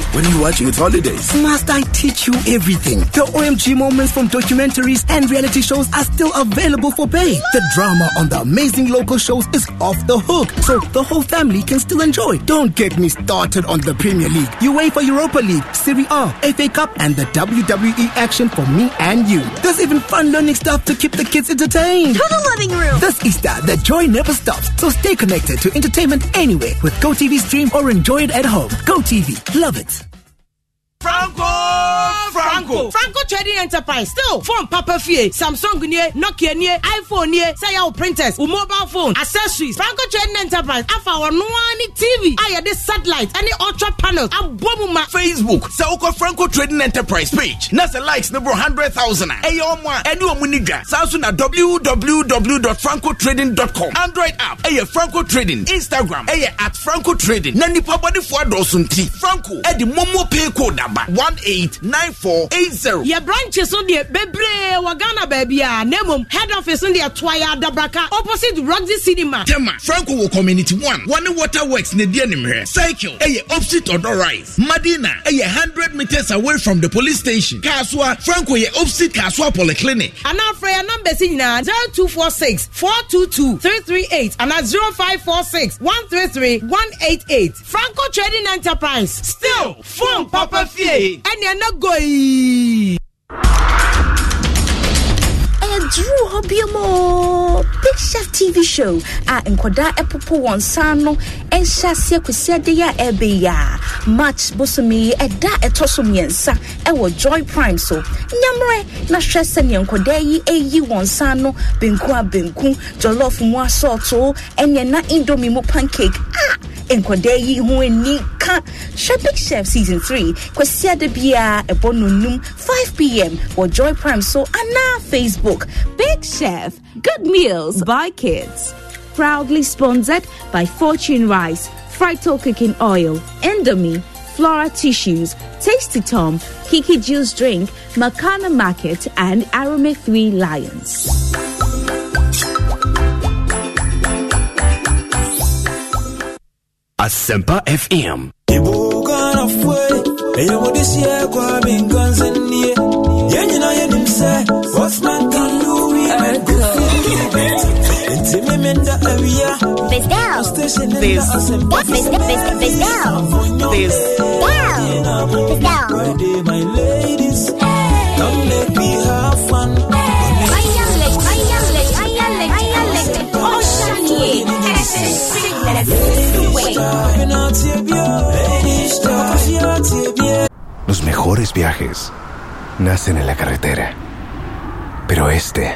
When are you watching? It's holidays. Must I teach you everything? The OMG moments from documentaries and reality shows are still available for pay. The drama on the amazing local shows is off the hook, so the whole family can still enjoy. Don't get me started on the Premier League, UEFA Europa League, Serie A, FA Cup, and the WWE action for me and you. There's even fun learning stuff to keep the kids entertained. To the living room. This Easter, the joy never stops, so stay connected to entertainment anywhere with GoTV Stream or enjoy it at home. GoTV, love it. From. franco franco trading enterprise still phone papa fie samsung nie nokia nie iphone nie sɛ yɛ printers wo mobile phone accessories franco trading enterprise afa wɔn noa tv a yɛde satellite any ultra panels abɔ mu ma. facebook sɛ wokɔ franco trading enterprise page na sɛ likes ne boro hundred thousand a ɛyɛ ɔmo a ɛne ɔmo ni dwa www.francotrading.com android app ɛyɛ franco trading instagram ɛyɛ at franco trading Nani nipa bɔdefoɔ adɔɔso franco ɛde momo pay code aba one eight nine four eight zero. yɛ branches so deɛ bebree wɔ ghana baabi a na head office so deɛ toaya adabraka opposite roxy cinema. tema franco wɔ community one wɔne Waterworks works ne deɛ nimhɛ cycle ɛyɛ opposite ɔdɔ rise madina ɛyɛ hundred meters away from the police station kaasua franco yɛ opposite kaasua polyclinic. anafra yɛ namba si nyinaa zero two four six four two two three three eight ana zero five four six one three three one eight eight franco trading enterprise still phone papa fie ɛnna ɛna go yi. Hey ɛduru hɔ biomo big tv show a nkwadaa ɛpopo wɔn nsa no ɛnhyɛ aseɛ kwasi ade yi a ɛrebɛyi a march bosomi yi ɛda ɛtɔ so mmiɛnsa ɛwɔ joy prime so nyammerɛ na hwɛ sɛnea nkwadaa yi ɛyi wɔn nsa no benku a benku jollof mu asɔɔto ɛnea na indomie mu pancake a nkwadaa yi ho ani ka hwɛ chef season three kwasi ade bi a ɛbɔ no num five pm wɔ joy prime so anaa facebook. cook. Big Chef, Good Meals by Kids. Proudly sponsored by Fortune Rice, Frito Cooking Oil, Endomie, Flora Tissues, Tasty Tom, Kiki Juice Drink, Makana Market, and Arame 3 Lions. Asempa FM. Los mejores viajes nacen en la carretera, pero este